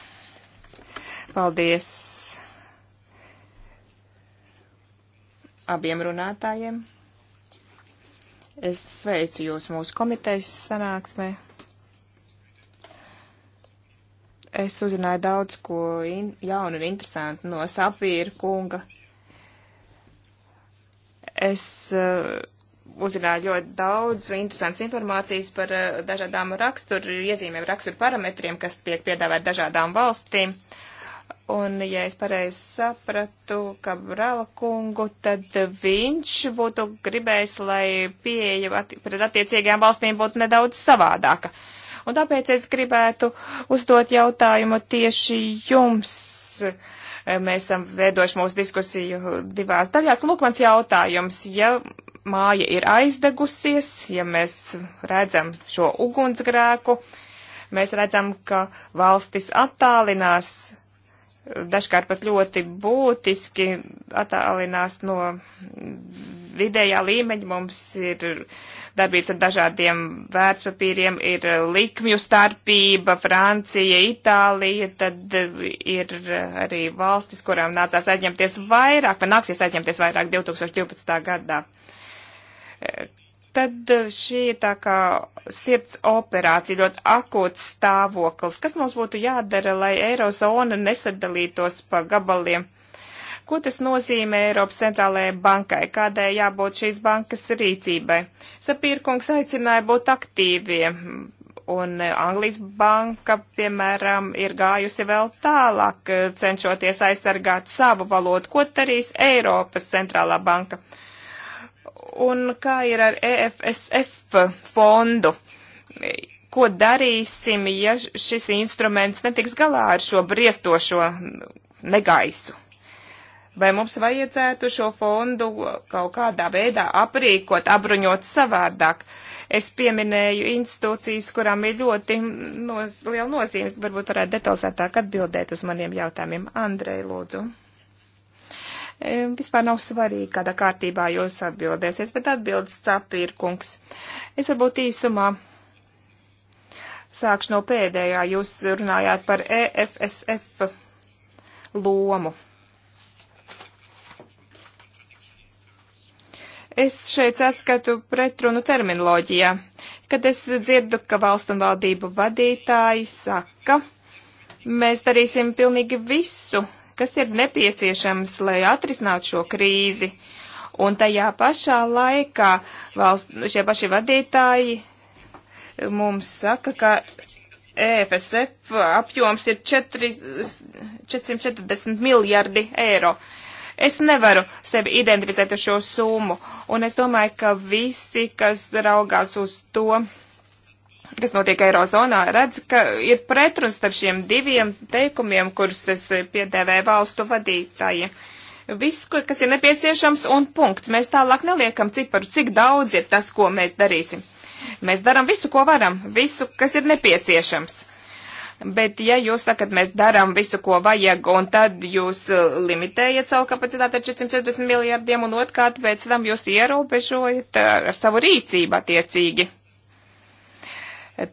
Paldies abiem runātājiem. Es sveicu jūs mūsu komitejas sanāksmē. Es uzzināju daudz ko in, jaunu un interesantu no sapīra kunga. Es uh, uzzināju ļoti daudz interesantas informācijas par uh, dažādām raksturu iezīmēm, raksturu parametriem, kas tiek piedāvāt dažādām valstīm. Uh, Un, ja es pareizi sapratu, ka Brava kungu, tad viņš būtu gribējis, lai pieeja atti pret attiecīgajām valstīm būtu nedaudz savādāka. Un tāpēc es gribētu uzdot jautājumu tieši jums. Mēs esam veidojuši mūsu diskusiju divās daļās. Lūk, mans jautājums. Ja māja ir aizdegusies, ja mēs redzam šo ugunsgrēku, mēs redzam, ka valstis attālinās dažkārt pat ļoti būtiski attālinās no vidējā līmeņa. Mums ir darbības ar dažādiem vērtspapīriem, ir likmju starpība, Francija, Itālija, tad ir arī valstis, kurām nācās aizņemties vairāk, vai nāksies aizņemties vairāk 2012. gadā Tad e, šī ir tā kā sirds operācija, ļoti akūts stāvoklis. Kas mums būtu jādara, lai Eirozona nesadalītos pa gabaliem? Ko tas nozīmē Eiropas centrālajai bankai? Kādai jābūt šīs bankas rīcībai? Sapīrkungs aicināja būt aktīviem. Un e, Anglijas banka, piemēram, ir gājusi vēl tālāk, e, cenšoties aizsargāt savu valodu. Ko darīs Eiropas centrālā banka? Uh, Un kā ir ar EFSF fondu? Ko darīsim, ja šis instruments netiks galā ar šo briestošo negaisu? Vai mums vajadzētu šo fondu kaut kādā veidā aprīkot, apbruņot savādāk? Es pieminēju institūcijas, kurām ir ļoti noz, liela nozīmes, varbūt varētu detalizētāk atbildēt uz maniem jautājumiem. Andrei, lūdzu. E, vispār nav svarīgi, kādā kārtībā jūs atbildēsiet, bet atbildes sapirkungs. Es varbūt īsumā sākšu no pēdējā. Jūs runājāt par EFSF lomu. Es šeit saskatu pretrunu terminoloģijā, kad es dzirdu, ka valstu un valdību vadītāji saka, mēs darīsim pilnīgi visu, kas ir nepieciešams, lai atrisinātu šo krīzi. Un tajā pašā laikā valst, šie paši vadītāji mums saka, ka EFSF apjoms ir 4, 440 miljardi eiro. Es nevaru sevi identificēt ar šo summu, un es domāju, ka visi, kas raugās uz to, kas notiek Eirozonā, redz, ka ir pretruns starp šiem diviem teikumiem, kurus es piedēvēju valstu vadītājiem. Viss, kas ir nepieciešams, un punkts. Mēs tālāk neliekam ciparu, cik daudz ir tas, ko mēs darīsim. Mēs darām visu, ko varam, visu, kas ir nepieciešams. Bet, ja jūs sakat, mēs darām visu, ko vajag, un tad jūs uh, limitējat savu kapacitāti ar 440 miljardiem, un otrkārt pēc tam jūs ierobežojat uh, ar savu rīcību attiecīgi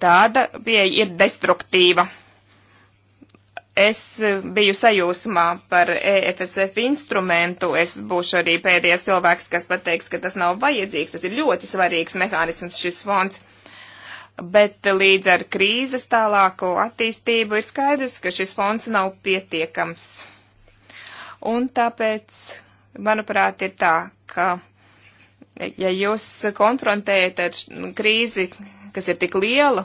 tāda pieeja ir destruktīva. Es biju sajūsmā par EFSF instrumentu. Es būšu arī pēdējais cilvēks, kas pateiks, ka tas nav vajadzīgs. Tas ir ļoti svarīgs mehānisms šis fonds. Bet līdz ar krīzes tālāko attīstību ir skaidrs, ka šis fonds nav pietiekams. Un tāpēc, manuprāt, ir tā, ka ja jūs konfrontējat ar krīzi kas ir tik liela,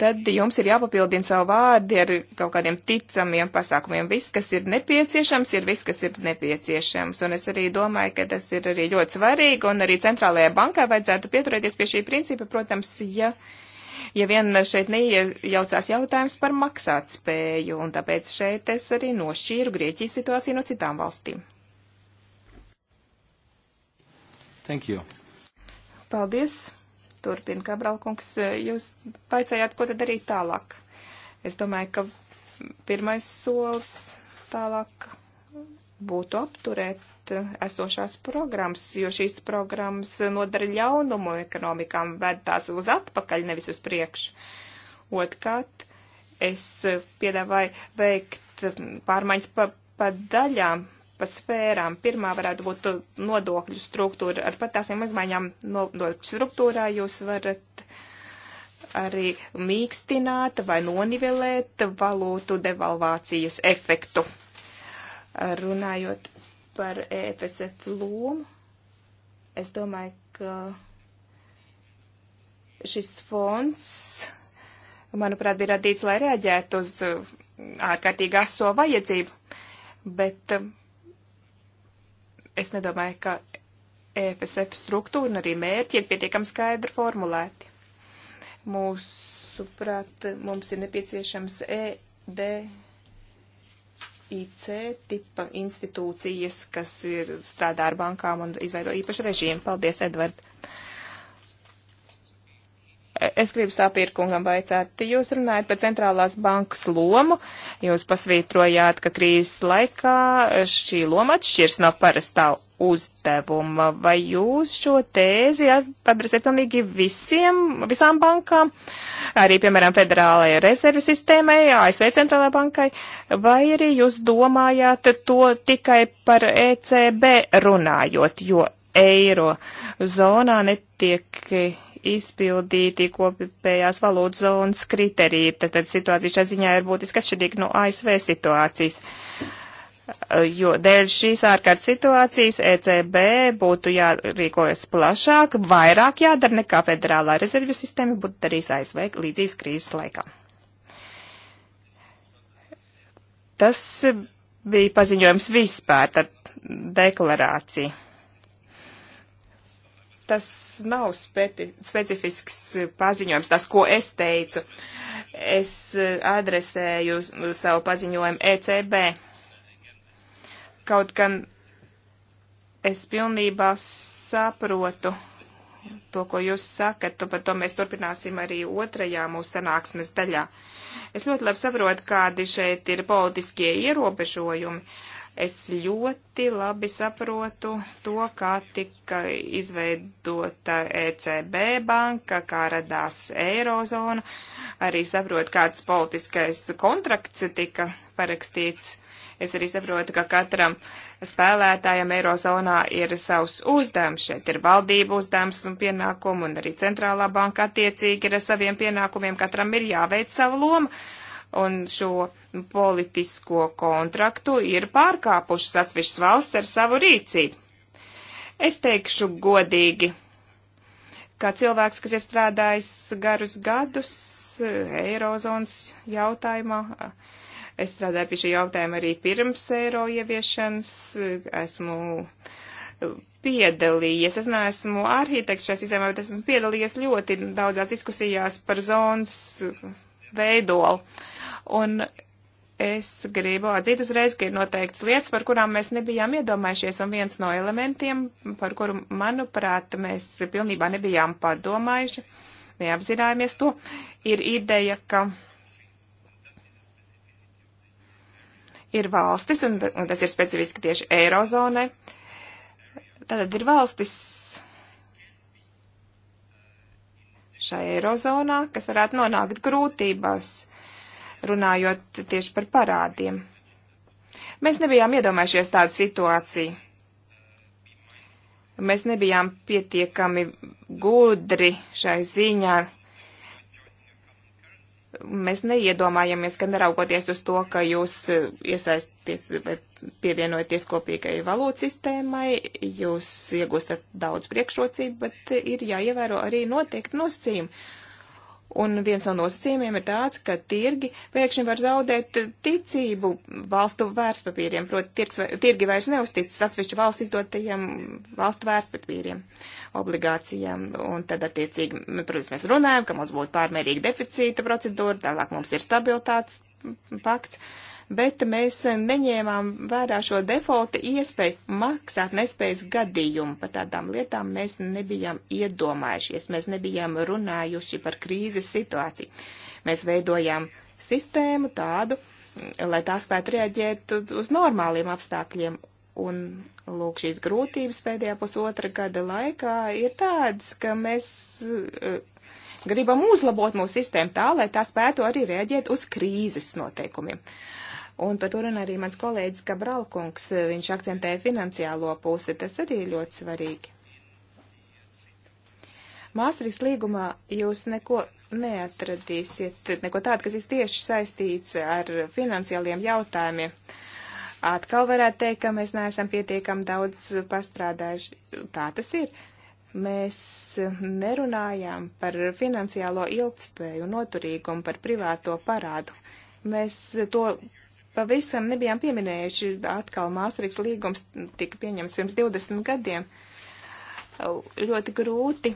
tad jums ir jāpapildina savu vārdu ar kaut kādiem ticamiem pasākumiem. Viss, kas ir nepieciešams, ir viss, kas ir nepieciešams. Un es arī domāju, ka tas ir arī ļoti svarīgi, un arī centrālajai bankai vajadzētu pieturēties pie šī principa, protams, ja. Ja vien šeit neiejaucās jautājums par maksātspēju, un tāpēc šeit es arī nošķīru Grieķijas situāciju no citām valstīm. Thank you. Paldies. Turpina Kabralkungs, jūs paicējāt, ko tad darīt tālāk. Es domāju, ka pirmais solis tālāk būtu apturēt esošās programmas, jo šīs programmas nodara ļaunumu ekonomikām, ved tās uz atpakaļ, nevis uz priekšu. Otkārt, es piedāvāju veikt pārmaiņas pa, pa daļām pa sfērām. Pirmā varētu būt nodokļu struktūra. Ar pat tās izmaiņām nodokļu struktūrā jūs varat arī mīkstināt vai nonivelēt valūtu devalvācijas efektu. Runājot par EFSF lomu, es domāju, ka šis fonds, manuprāt, bija radīts, lai reaģētu uz ārkārtīgi aso vajadzību, bet es nedomāju, ka EFSF struktūra un arī mērķi ir pietiekami skaidri formulēti. Mūsuprāt, mums ir nepieciešams EDIC tipa institūcijas, kas ir strādā ar bankām un izveido īpašu režīmu. Paldies, Edvard! Es gribu sapirkungam vaicāt, jūs runājat par centrālās bankas lomu, jūs pasvītrojāt, ka krīzes laikā šī loma atšķirs no parastā uzdevuma. Vai jūs šo tēzi adresēt pilnīgi visiem, visām bankām, arī, piemēram, Federālajai rezerves sistēmai, ASV centrālajai bankai, vai arī jūs domājāt to tikai par ECB runājot, jo eiro zonā netiek izpildīti kopējās valūtas zonas kriteriji, tad, tad situācija šajā ziņā ir būtiski atšķirīga no ASV situācijas. Jo dēļ šīs ārkārtas situācijas ECB būtu jārīkojas plašāk, vairāk jādara nekā federālā rezervju sistēma būtu darījis ASV līdzīs krīzes laikā. Tas bija paziņojums vispār, tad deklarācija tas nav speci specifisks paziņojums, tas, ko es teicu. Es eh, adresēju savu paziņojumu ECB. Kaut gan es pilnībā saprotu to, ko jūs sakat, un par to mēs turpināsim arī otrajā mūsu sanāksmes daļā. Es ļoti labi saprotu, kādi šeit ir politiskie ierobežojumi. Uh, Es ļoti labi saprotu to, kā tika izveidota ECB banka, kā radās Eirozona. Arī saprotu, kāds politiskais kontrakts tika parakstīts. Es arī saprotu, ka katram spēlētājam Eirozonā ir savs uzdevums. Šeit ir valdība uzdevums un pienākumu, un arī centrālā banka attiecīgi ir ar saviem pienākumiem. Katram ir jāveic sava loma un šo politisko kontraktu ir pārkāpušas atsevišķas valsts ar savu rīcību. Es teikšu godīgi, kā cilvēks, kas ir strādājis garus gadus eh, eirozonas jautājumā, eh, es strādāju pie šī jautājuma arī pirms eiro ieviešanas, eh, esmu piedalījies. Es neesmu arhitekts šajā sistēmā, bet esmu piedalījies ļoti daudzās diskusijās par zonas veidolu. Uh, Un es gribu atzīt uzreiz, ka ir noteikts lietas, par kurām mēs nebijām iedomājušies, un viens no elementiem, par kuru, manuprāt, mēs pilnībā nebijām padomājuši, neapzinājāmies to, ir ideja, ka ir valstis, un tas ir specifiski tieši Eirozonai, tātad ir valstis šai Eirozonā, kas varētu nonākt grūtībās runājot tieši par parādiem. Mēs nebijām iedomājušies tādu situāciju. Mēs nebijām pietiekami gudri šai ziņā. Mēs neiedomājamies, ka neraugoties uz to, ka jūs iesaisties vai pievienojaties kopīgai valūtas sistēmai, jūs iegūstat daudz priekšrocību, bet ir jāievēro arī noteikti nosacījumi. Un viens no nosacījumiem ir tāds, ka tirgi pēkšņi var zaudēt ticību valstu vērtspapīriem, proti tirgs, tirgi vairs neuzticas atsevišķu valsts izdotajiem valstu vērtspapīriem, obligācijām. Un tad, attiecīgi, protams, mēs runājam, ka mums būtu pārmērīga deficīta procedūra, tālāk mums ir stabilitātes pakts. Uh, bet mēs neņēmām vērā šo defaulta iespēju maksāt nespējas gadījumu. Par tādām lietām mēs nebijām iedomājušies, mēs nebijām runājuši par krīzes situāciju. Mēs veidojām sistēmu tādu, lai tā spētu reaģēt uz normāliem apstākļiem. Un lūk, šīs grūtības pēdējā pusotra gada laikā ir tādas, ka mēs e, gribam uzlabot mūsu sistēmu tā, lai tā spētu arī reaģēt uz krīzes noteikumiem. Uh, Un par to runā arī mans kolēģis Gabralkungs. Viņš akcentēja finansiālo pusi. Tas arī ir ļoti svarīgi. Māsrīgas līgumā jūs neko neatradīsiet, neko tādu, kas ir tieši saistīts ar finansiāliem jautājumiem. Atkal varētu teikt, ka mēs neesam pietiekami daudz pastrādājuši. Tā tas ir. Mēs nerunājām par finansiālo ilgspēju, noturīgumu, par privāto parādu mēs to pavisam nebijām pieminējuši. Atkal Māsarīgs līgums tika pieņemts pirms 20 gadiem. Ļoti grūti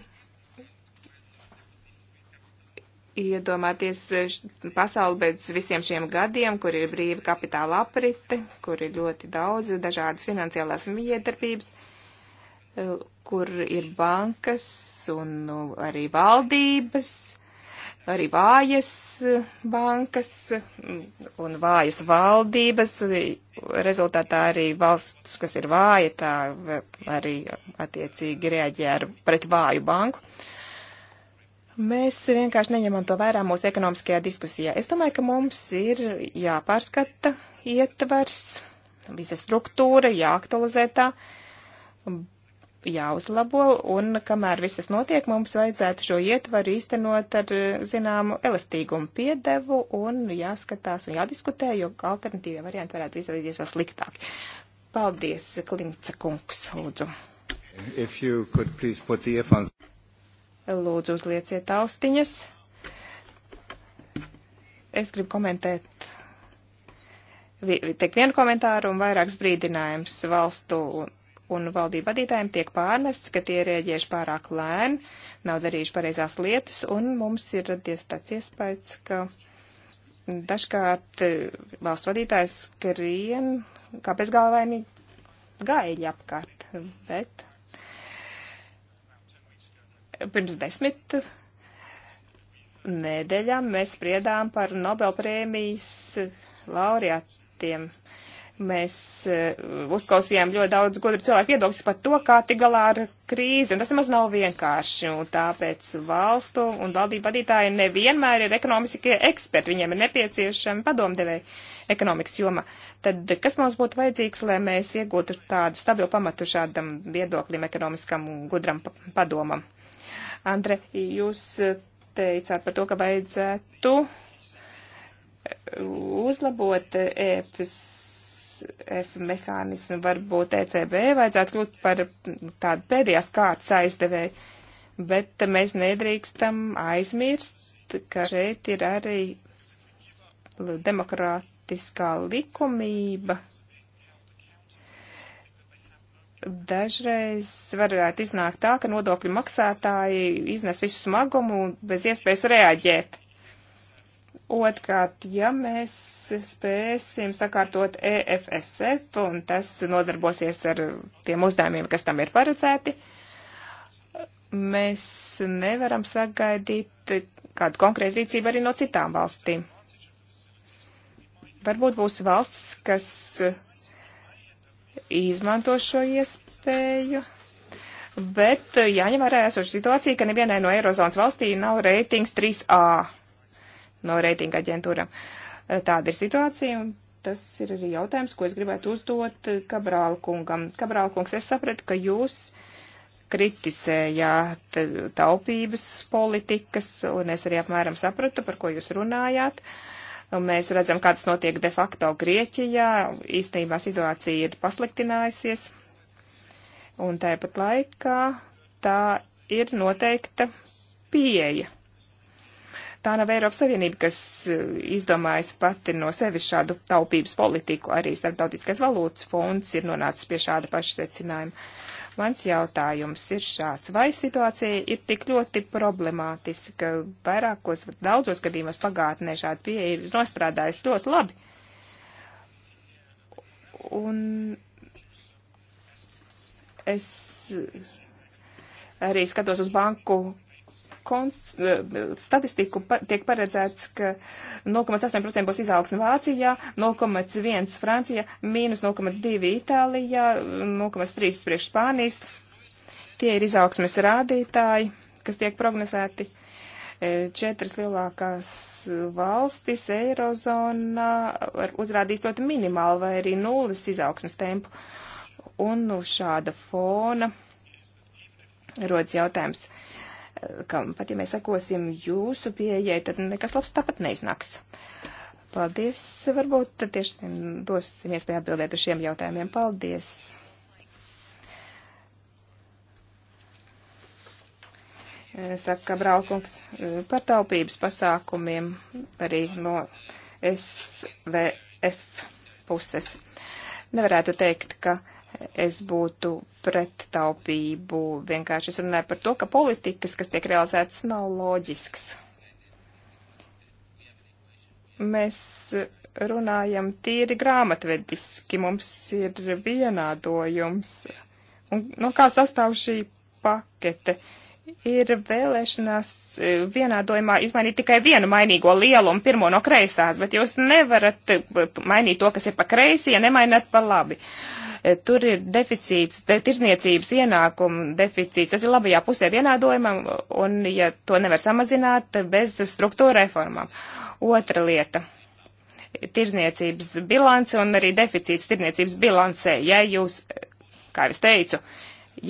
iedomāties pasauli pēc visiem šiem gadiem, kur ir brīva kapitāla aprite, kur ir ļoti daudz dažādas finansiālās miedarbības, kur ir bankas un nu, arī valdības arī vājas eh, bankas un vājas valdības. Rezultātā arī valsts, kas ir vāja, tā arī attiecīgi reaģē ar pret vāju banku. Mēs vienkārši neņemam to vērā mūsu ekonomiskajā diskusijā. Es domāju, ka mums ir jāpārskata ietvers, visa struktūra, jāaktualizē tā, jāuzlabo, un kamēr viss tas notiek, mums vajadzētu šo ietvaru īstenot ar zināmu elastīgumu piedevu un jāskatās un jādiskutē, jo alternatīvie varianti varētu izrādīties vēl sliktāk. Paldies, Klimca kungs, lūdzu. Lūdzu, uzlieciet austiņas. Es gribu komentēt tiek vienu komentāru un vairākas brīdinājums valstu un un valdību vadītājiem tiek pārmests, ka tie rēģējuši pārāk lēni, nav darījuši pareizās lietas, un mums ir radies tāds iespējas, ka dažkārt eh, valsts vadītājs skrien kā bezgalvaini gaļi apkārt, bet pirms desmit nedēļām mēs spriedām par Nobelprēmijas laureātiem. Uh, Mēs e, uzklausījām ļoti daudz gudru cilvēku viedokļus par to, kā tik galā ar krīzi, un tas nemaz nav vienkārši, un tāpēc valstu un valdību vadītāji nevienmēr ir ekonomiskie eksperti, viņiem ir nepieciešami padomdevēji ekonomikas joma. Tad kas mums būtu vajadzīgs, lai mēs iegūtu tādu stabilu pamatu šādam viedoklim, ekonomiskam un gudram padomam? Andre, jūs teicāt par to, ka vajadzētu uzlabot EFS ESF mehānismu, varbūt ECB vajadzētu kļūt par tādu pēdējās kārtas aizdevēju, bet mēs nedrīkstam aizmirst, ka šeit ir arī demokrātiskā likumība. Dažreiz varētu iznākt tā, ka nodokļu maksātāji iznes visu smagumu bez iespējas reaģēt Otkārt, ja mēs spēsim sakārtot EFSF un tas nodarbosies ar tiem uzdevumiem, kas tam ir paredzēti, mēs nevaram sagaidīt kādu konkrētu rīcību arī no citām valstīm. Varbūt būs valsts, kas izmanto šo iespēju, bet jāņem vērā esoša situācija, ka nevienai no Eirozonas valstī nav reitings 3A no reitinga aģentūram. Eh, Tāda ir situācija, un tas ir arī jautājums, ko es gribētu uzdot eh, Kabrāla kungam. Kabrāla kungs, es sapratu, ka jūs kritisējāt eh, taupības politikas, un es arī apmēram sapratu, par ko jūs runājāt. Un mēs redzam, kā tas notiek de facto Grieķijā. Īstenībā situācija ir pasliktinājusies. Un tāpat laikā tā ir noteikta pieeja Tā nav Eiropas Savienība, kas eh, izdomājas pati no sevis šādu taupības politiku. Arī Startautiskais valūtas fonds ir nonācis pie šāda paša secinājuma. Mans jautājums ir šāds. Vai situācija ir tik ļoti problemātiska, ka vairākos, daudzos gadījumos pagātnē šāda pieeja ir nostrādājusi ļoti labi? Un es arī skatos uz banku konst, eh, statistiku pa, tiek paredzēts, ka 0,8% būs izaugsme Vācijā, 0,1% Francijā, mīnus 0,2% Itālijā, 0,3% priekš Spānijas. Tie ir izaugsmes rādītāji, kas tiek prognozēti. Eh, četras lielākās valstis Eirozonā uzrādīs ļoti minimālu vai arī nulles izaugsmes tempu. Un nu šāda fona rodas jautājums. Uh, kam pat ja mēs sekosim jūsu pieejai, tad nekas labs tāpat neiznāks. Paldies, varbūt tieši dosim iespēju atbildēt uz šiem jautājumiem. Paldies! Saka Braukungs par taupības pasākumiem arī no SVF puses. Nevarētu teikt, ka uh, es būtu pret taupību. Vienkārši es runāju par to, ka politikas, kas tiek realizētas, nav loģisks. Mēs runājam tīri grāmatvediski, mums ir vienādojums. Un no kā sastāv šī pakete? Ir vēlēšanās e, vienādojumā izmainīt tikai vienu mainīgo lielumu, pirmo no kreisās, bet jūs nevarat e, mainīt to, kas ir pa kreisi, ja nemainat pa labi. Uh, E, tur ir deficīts, te, tirzniecības ienākuma deficīts. Tas ir labajā pusē vienādojumam, un ja to nevar samazināt bez struktūra reformām. Otra lieta tirzniecības bilance un arī deficīts tirzniecības bilancē. Ja jūs, kā jau es teicu,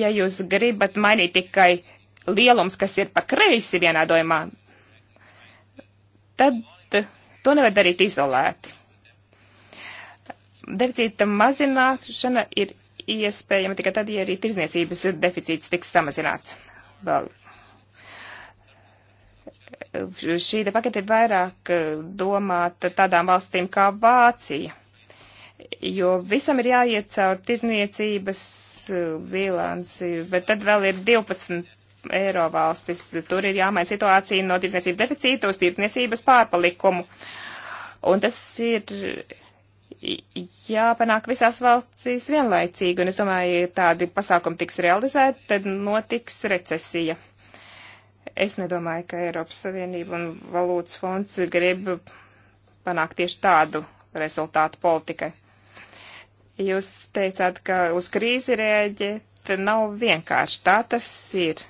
ja jūs gribat mainīt tikai lielums, kas ir pa kreisi vienādojumā, tad to nevar darīt izolēti deficīta mazināšana ir iespējama tikai tad, ja arī tirzniecības deficīts tiks samazināts. Vēl. Šī te pakete ir vairāk eh, domāta tādām valstīm kā Vācija, jo visam ir jāiet caur tirzniecības eh, bilanci, bet tad vēl ir 12 eiro valstis. Tur ir jāmaina situācija no tirzniecības deficīta uz tirzniecības pārpalikumu. Un tas ir jāpanāk visās valstīs vienlaicīgi, un es domāju, ja tādi pasākumi tiks realizēti, tad notiks recesija. Es nedomāju, ka Eiropas Savienība un valūtas fonds grib panākt tieši tādu rezultātu politikai. Jūs teicāt, ka uz krīzi rēģēt nav vienkārši. Tā tas ir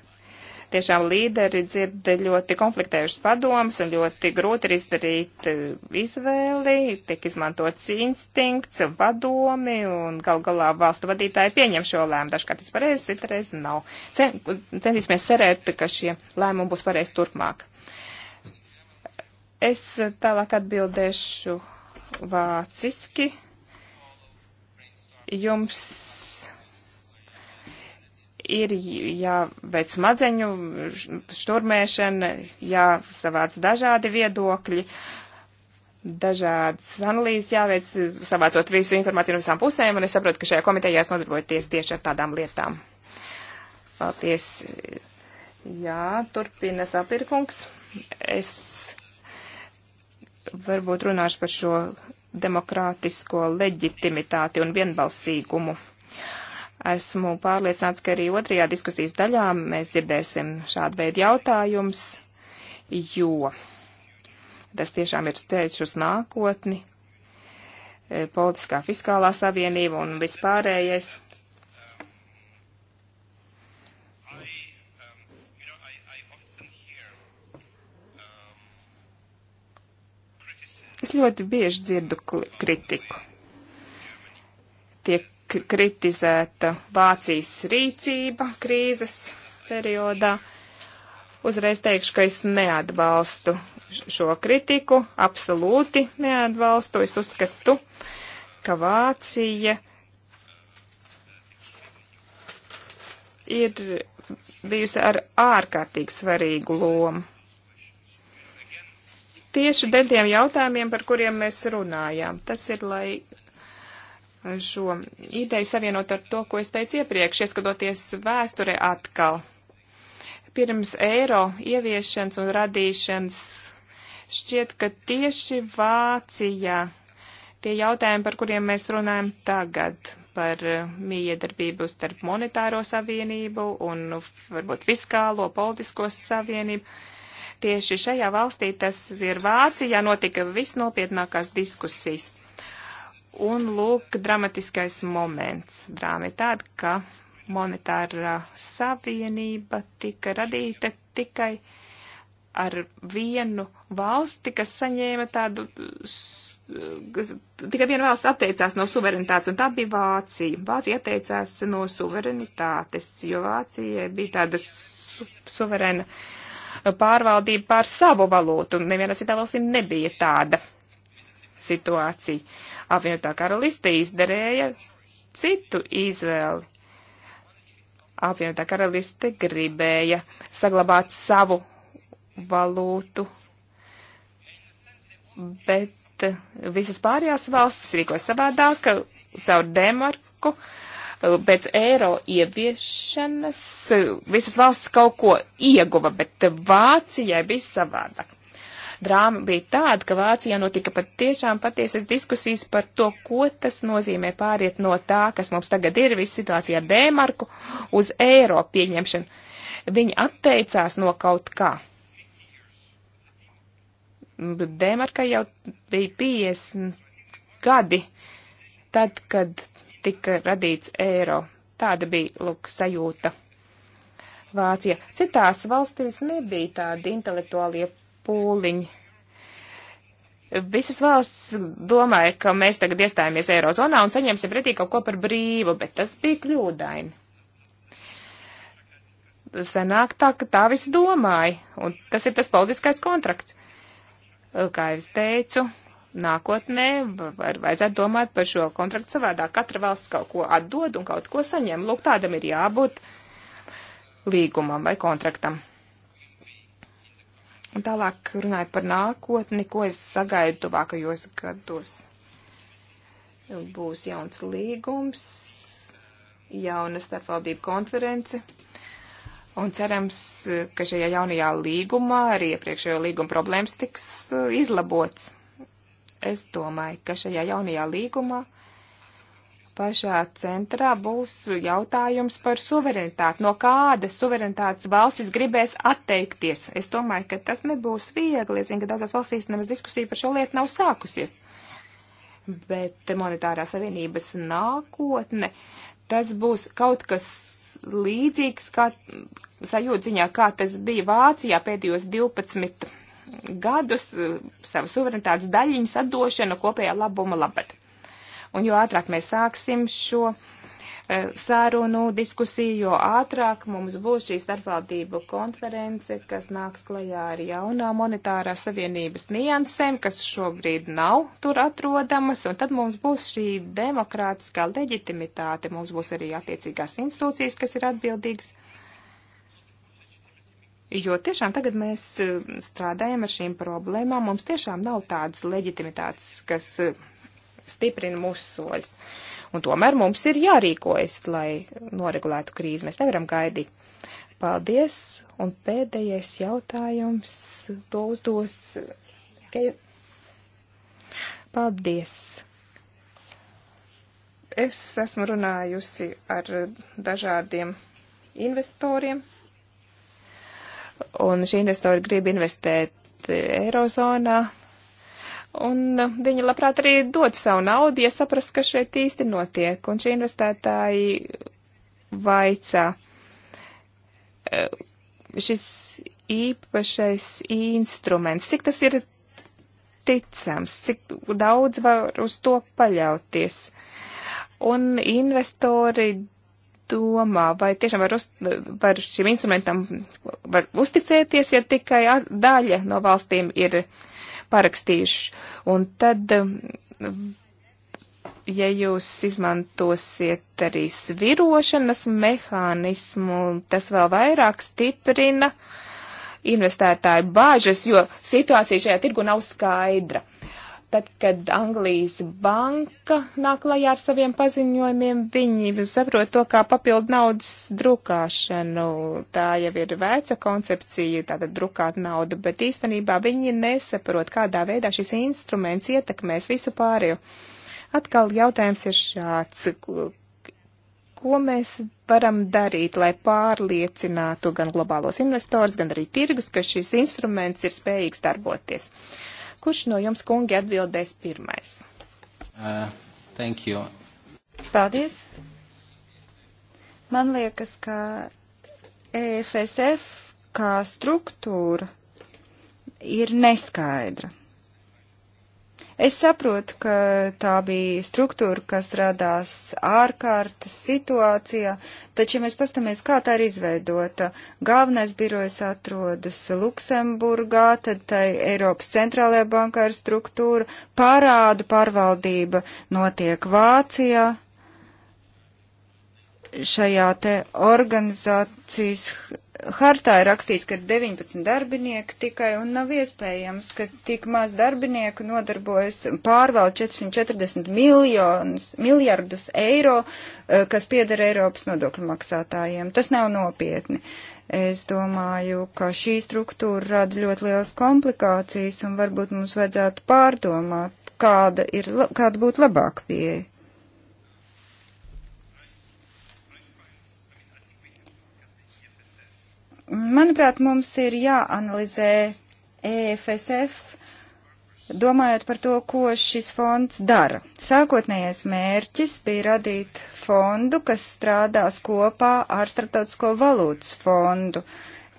tiešām līderi dzird ļoti konfliktējušas padomas un ļoti grūti ir izdarīt e, izvēli, tiek izmantots instinkts un padomi un gal galā valstu vadītāji pieņem šo lēmumu. Dažkārt tas pareizi, citreiz nav. Cen, centīsimies cerēt, ka šie lēmumi būs pareizi turpmāk. Es tālāk atbildēšu vāciski. Jums ir jāveic smadzeņu šturmēšana, jāsavāc dažādi viedokļi, dažādas analīzes jāveic, savācot visu informāciju no visām pusēm, un es saprotu, ka šajā komitejā es nodarbojos tieši ar tādām lietām. Paldies. Jā, turpina sapirkungs. Es varbūt runāšu par šo demokrātisko leģitimitāti un vienbalsīgumu. Uh, Esmu pārliecināts, ka arī otrajā diskusijas daļā mēs dzirdēsim šādu veidu jautājumus, jo tas tiešām ir steidz uz nākotni, e, politiskā fiskālā savienība un vispārējais. Es ļoti bieži dzirdu kritiku. Tiek kritizēta Vācijas rīcība krīzes periodā. Uzreiz teikšu, ka es neatbalstu šo kritiku, absolūti neatbalstu. Es uzskatu, ka Vācija ir bijusi ar ārkārtīgi svarīgu lomu. Tieši dēļ tiem jautājumiem, par kuriem mēs runājām, tas ir, lai šo ideju savienot ar to, ko es teicu iepriekš, ieskatoties vēsturē atkal. Pirms eiro ieviešanas un radīšanas šķiet, ka tieši Vācijā tie jautājumi, par kuriem mēs runājam tagad, par eh, miedarbību starp monetāro savienību un nu, varbūt fiskālo, politisko savienību. Tieši šajā valstī, tas ir Vācijā, notika visnopietnākās diskusijas. Un lūk, dramatiskais moments. Drāma ir tāda, ka monetārā savienība tika radīta tikai ar vienu valsti, kas saņēma tādu, tikai viena valsts atteicās no suverenitātes, un tā bija Vācija. Vācija atteicās no suverenitātes, jo Vācijai bija tāda su suverena pārvaldība pār savu valūtu, un nevienā citā valstī nebija tāda situāciju. Apvienotā karaliste izdarīja citu izvēli. Apvienotā karaliste gribēja saglabāt savu valūtu, bet visas pārējās valstis rīkojas savādāk caur demarku. Pēc eiro ieviešanas visas valstis kaut ko ieguva, bet Vācijai bija savādāk drāma bija tāda, ka Vācijā notika pat tiešām patiesas diskusijas par to, ko tas nozīmē pāriet no tā, kas mums tagad ir, viss situācijā D-marku, uz eiro pieņemšanu. Viņi atteicās no kaut kā. D-markai jau bija 50 gadi, tad, kad tika radīts eiro. Tāda bija, lūk, sajūta. Vācija. Citās valstīs nebija tādi intelektuālie pūliņi. Visas valsts domāja, ka mēs tagad iestājāmies Eirozonā un saņemsim pretī kaut ko par brīvu, bet tas bija kļūdaini. Senāk tā, ka tā visi domāja, un tas ir tas politiskais kontrakts. Kā es teicu, nākotnē var, vajadzētu domāt par šo kontraktu savādāk. Katra valsts kaut ko atdod un kaut ko saņem. Lūk, tādam ir jābūt līgumam vai kontraktam. Tālāk runājot par nākotni, ko es sagaidu tuvākajos gados. Būs jauns līgums, jauna starpvaldību konference, un cerams, ka šajā jaunajā līgumā arī iepriekšējo līguma problēmas tiks uh, izlabots. Es domāju, ka šajā jaunajā līgumā uh, pašā centrā būs jautājums par suverenitāti. No kādas suverenitātes valstis gribēs atteikties? Es domāju, ka tas nebūs viegli. Es zinu, ka daudzās valstīs nemaz diskusija par šo lietu nav sākusies. Bet monetārā savienības nākotne, tas būs kaut kas līdzīgs, kā sajūtziņā, kā tas bija Vācijā pēdējos 12 gadus, savas suverenitātes daļiņas atdošana kopējā labuma labad. Un jo ātrāk mēs sāksim šo e, sārunu diskusiju, jo ātrāk mums būs šī starpvaldību konference, kas nāks klajā ar jaunā monetārā savienības niansēm, kas šobrīd nav tur atrodamas, un tad mums būs šī demokrātiskā leģitimitāte, mums būs arī attiecīgās institūcijas, kas ir atbildīgas. Jo tiešām tagad mēs e, strādājam ar šīm problēmām, mums tiešām nav tādas leģitimitātes, kas e, stiprina mūsu soļus. Un tomēr mums ir jārīkojas, lai noregulētu krīzi. Mēs nevaram gaidīt. Paldies. Un pēdējais jautājums to uzdos. Paldies. Es esmu runājusi ar dažādiem investoriem, un šie investori grib investēt Eirozonā, un uh, viņi labprāt arī dod savu naudu, ja saprast, kas šeit īsti notiek. Un šie investētāji vaicā. Uh, šis īpašais instruments, cik tas ir ticams, cik daudz var uz to paļauties. Un investori domā, vai tiešām var, uz, var šim instrumentam var uzticēties, ja tikai daļa no valstīm ir uh, parakstījuši. Un tad, ja jūs izmantosiet arī svirošanas mehānismu, tas vēl vairāk stiprina investētāju bāžas, jo situācija šajā tirgu nav skaidra. Uh, Tad, kad Anglijas banka nāk lajā ar saviem paziņojumiem, viņi saprot to kā papildu naudas drukāšanu. Tā jau ir veca koncepcija, tātad drukāt naudu, bet īstenībā viņi nesaprot, kādā veidā šis instruments ietekmēs visu pārējo. Atkal jautājums ir šāds, ko mēs varam darīt, lai pārliecinātu gan globālos investors, gan arī tirgus, ka šis instruments ir spējīgs darboties. Kurš no jums, kungi, atbildēs pirmais? Uh, thank you. Paldies. Man liekas, ka EFSF kā struktūra ir neskaidra. Es saprotu, ka tā bija struktūra, kas radās ārkārtas situācijā, taču, ja mēs pastamies, kā tā ir izveidota, galvenais birojas atrodas Luksemburgā, tad tai Eiropas centrālajā bankā ir struktūra, pārādu pārvaldība notiek Vācijā šajā te organizācijas Hartā ir rakstīts, ka ir 19 darbinieki tikai un nav iespējams, ka tik maz darbinieku nodarbojas pārvalda 440 miljonus, miljardus eiro, eh, kas piedara Eiropas nodokļu maksātājiem. Tas nav nopietni. Es domāju, ka šī struktūra rada ļoti lielas komplikācijas un varbūt mums vajadzētu pārdomāt, kāda, ir, kāda būtu labāka pieeja. Manuprāt, mums ir jāanalizē EFSF domājot par to, ko šis fonds dara. Sākotnējais mērķis bija radīt fondu, kas strādās kopā ar Startautisko valūtas fondu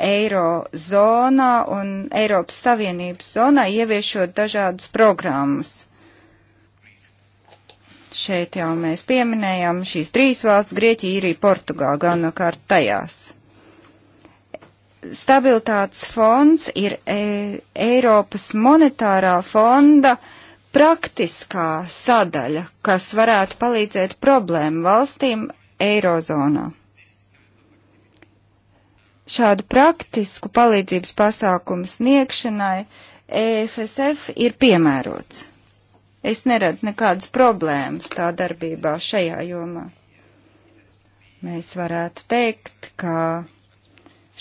eiro zonā un Eiropas Savienības zonā, ieviešot dažādas programmas. Šeit jau mēs pieminējām šīs trīs valsts - Grieķija, Īrija, Portugāla galvenokārt tajās stabilitātes fonds ir e, Eiropas monetārā fonda praktiskā sadaļa, kas varētu palīdzēt problēmu valstīm Eirozonā. Šādu praktisku palīdzības pasākumu sniegšanai EFSF ir piemērots. Es neredzu nekādas problēmas tā darbībā šajā jomā. Mēs varētu teikt, ka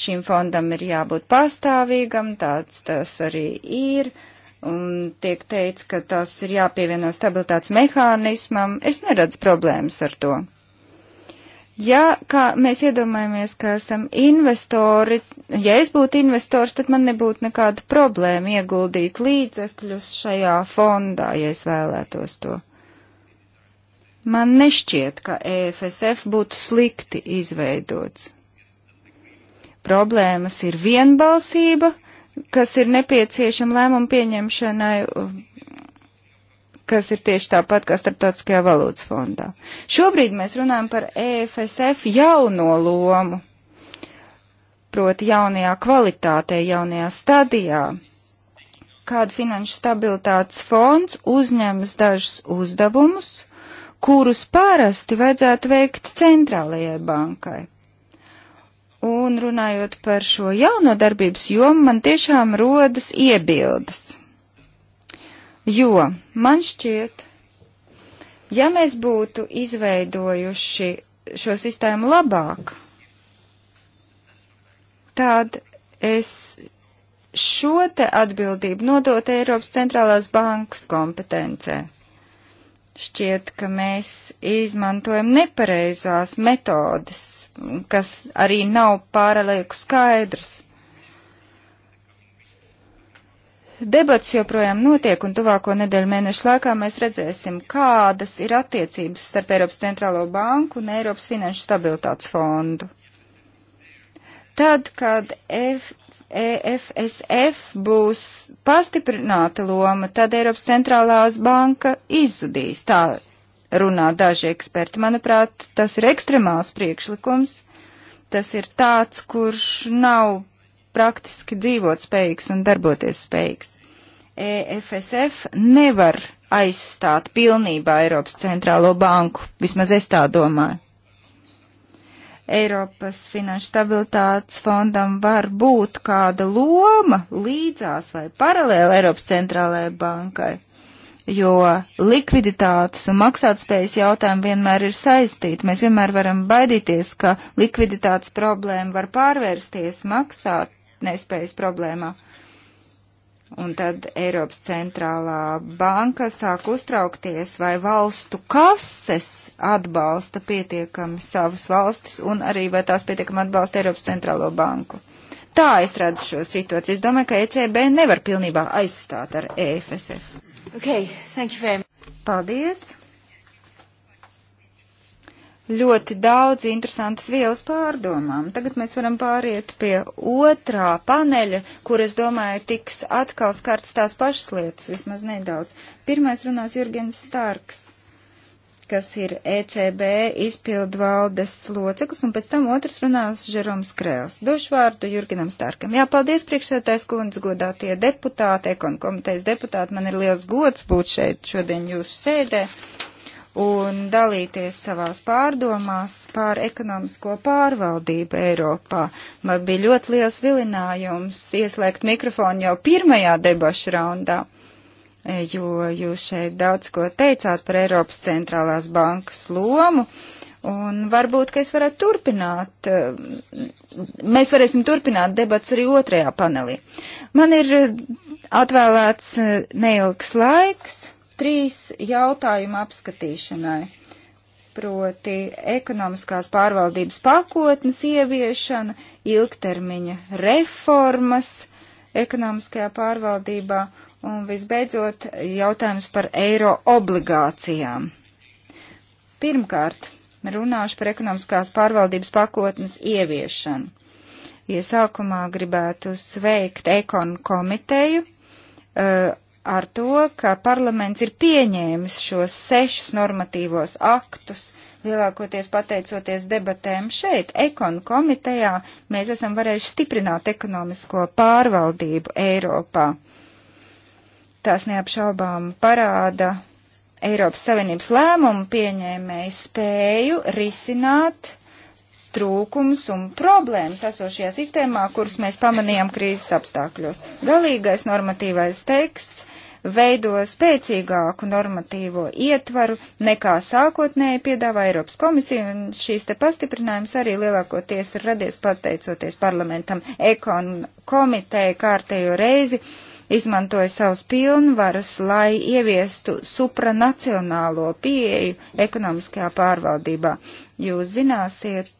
Šim fondam ir jābūt pastāvīgam, tāds tas arī ir. Un tiek teikts, ka tas ir jāpievieno stabilitātes mehānismam. Es neredzu problēmas ar to. Ja kā mēs iedomājamies, ka esam investori, ja es būtu investors, tad man nebūtu nekāda problēma ieguldīt līdzekļus šajā fondā, ja es vēlētos to. Man nešķiet, ka EFSF būtu slikti izveidots. Problēmas ir vienbalsība, kas ir nepieciešama lēmumu pieņemšanai, kas ir tieši tāpat kā starptautiskajā valūtas fondā. Šobrīd mēs runājam par EFSF jauno lomu, proti jaunajā kvalitātē, jaunajā stadijā kāda finanšu stabilitātes fonds uzņemas dažus uzdevumus, kurus parasti vajadzētu veikt centrālajai bankai. Un runājot par šo jauno darbības jomu, man tiešām rodas iebildes. Jo man šķiet, ja mēs būtu izveidojuši šo sistēmu labāk, tad es šo te atbildību nodot Eiropas centrālās bankas kompetencē. Šķiet, ka mēs izmantojam nepareizās metodas, kas arī nav pārlieku skaidrs. Debats joprojām notiek, un tuvāko nedēļu mēnešu laikā mēs redzēsim, kādas ir attiecības starp Eiropas centrālo banku un Eiropas finanšu stabilitātes fondu tad, kad F EFSF būs pastiprināta loma, tad Eiropas centrālās banka izzudīs. Tā runā daži eksperti. Manuprāt, tas ir ekstremāls priekšlikums. Tas ir tāds, kurš nav praktiski dzīvot spējīgs un darboties spējīgs. EFSF nevar aizstāt pilnībā Eiropas centrālo banku. Vismaz es tā domāju. Eiropas finanšu stabilitātes fondam var būt kāda loma līdzās vai paralēli Eiropas centrālajai bankai, jo likviditātes un maksātspējas jautājumi vienmēr ir saistīti. Mēs vienmēr varam baidīties, ka likviditātes problēma var pārvērsties maksāt nespējas problēmā. Un tad Eiropas centrālā banka sāk uztraukties, vai valstu kases atbalsta pietiekami savas valstis un arī vai tās pietiekami atbalsta Eiropas centrālo banku. Tā es redzu šo situāciju. Es domāju, ka ECB nevar pilnībā aizstāt ar EFSF. Okay, thank you very much. Paldies. Ļoti daudz interesantas vielas pārdomām. Tagad mēs varam pāriet pie otrā paneļa, kur, es domāju, tiks atkal skarts tās pašas lietas, vismaz nedaudz. Pirmais runās Jurgens Starks kas ir ECB izpildvaldes loceklis, un pēc tam otrs runās Žeroms Krēls. Došu vārdu Jurginam Stārkam. Jā, paldies priekšsētājs kundze, godātie deputāti, ekonkomitejas deputāti. Man ir liels gods būt šeit šodien jūsu sēdē un dalīties savās pārdomās par ekonomisko pārvaldību Eiropā. Man bija ļoti liels vilinājums ieslēgt mikrofonu jau pirmajā debašu raundā jo jūs šeit daudz ko teicāt par Eiropas centrālās bankas lomu. Un varbūt, ka es varētu turpināt, eh, mēs varēsim turpināt debats arī otrajā panelī. Man ir atvēlēts eh, neilgs laiks trīs jautājumu apskatīšanai. Proti ekonomiskās pārvaldības pakotnes ieviešana, ilgtermiņa reformas ekonomiskajā pārvaldībā Un visbeidzot, jautājums par eiro obligācijām. Pirmkārt, runāšu par ekonomiskās pārvaldības pakotnes ieviešanu. Iesākumā gribētu sveikt ekonu komiteju uh, ar to, ka parlaments ir pieņēmis šos sešus normatīvos aktus, lielākoties pateicoties debatēm šeit, ekonu komitejā, mēs esam varējuši stiprināt ekonomisko pārvaldību Eiropā. Tās neapšaubām parāda Eiropas Savienības lēmumu pieņēmēju spēju risināt trūkums un problēmas esošajā sistēmā, kurus mēs pamanījām krīzes apstākļos. Galīgais normatīvais teksts veido spēcīgāku normatīvo ietvaru nekā sākotnēji piedāvā Eiropas komisija, un šīs te pastiprinājums arī lielākoties ir radies pateicoties parlamentam ekon komiteja kārtējo reizi. Uh, izmantoja savas pilnvaras, lai ieviestu supranacionālo pieeju ekonomiskajā pārvaldībā. Jūs zināsiet,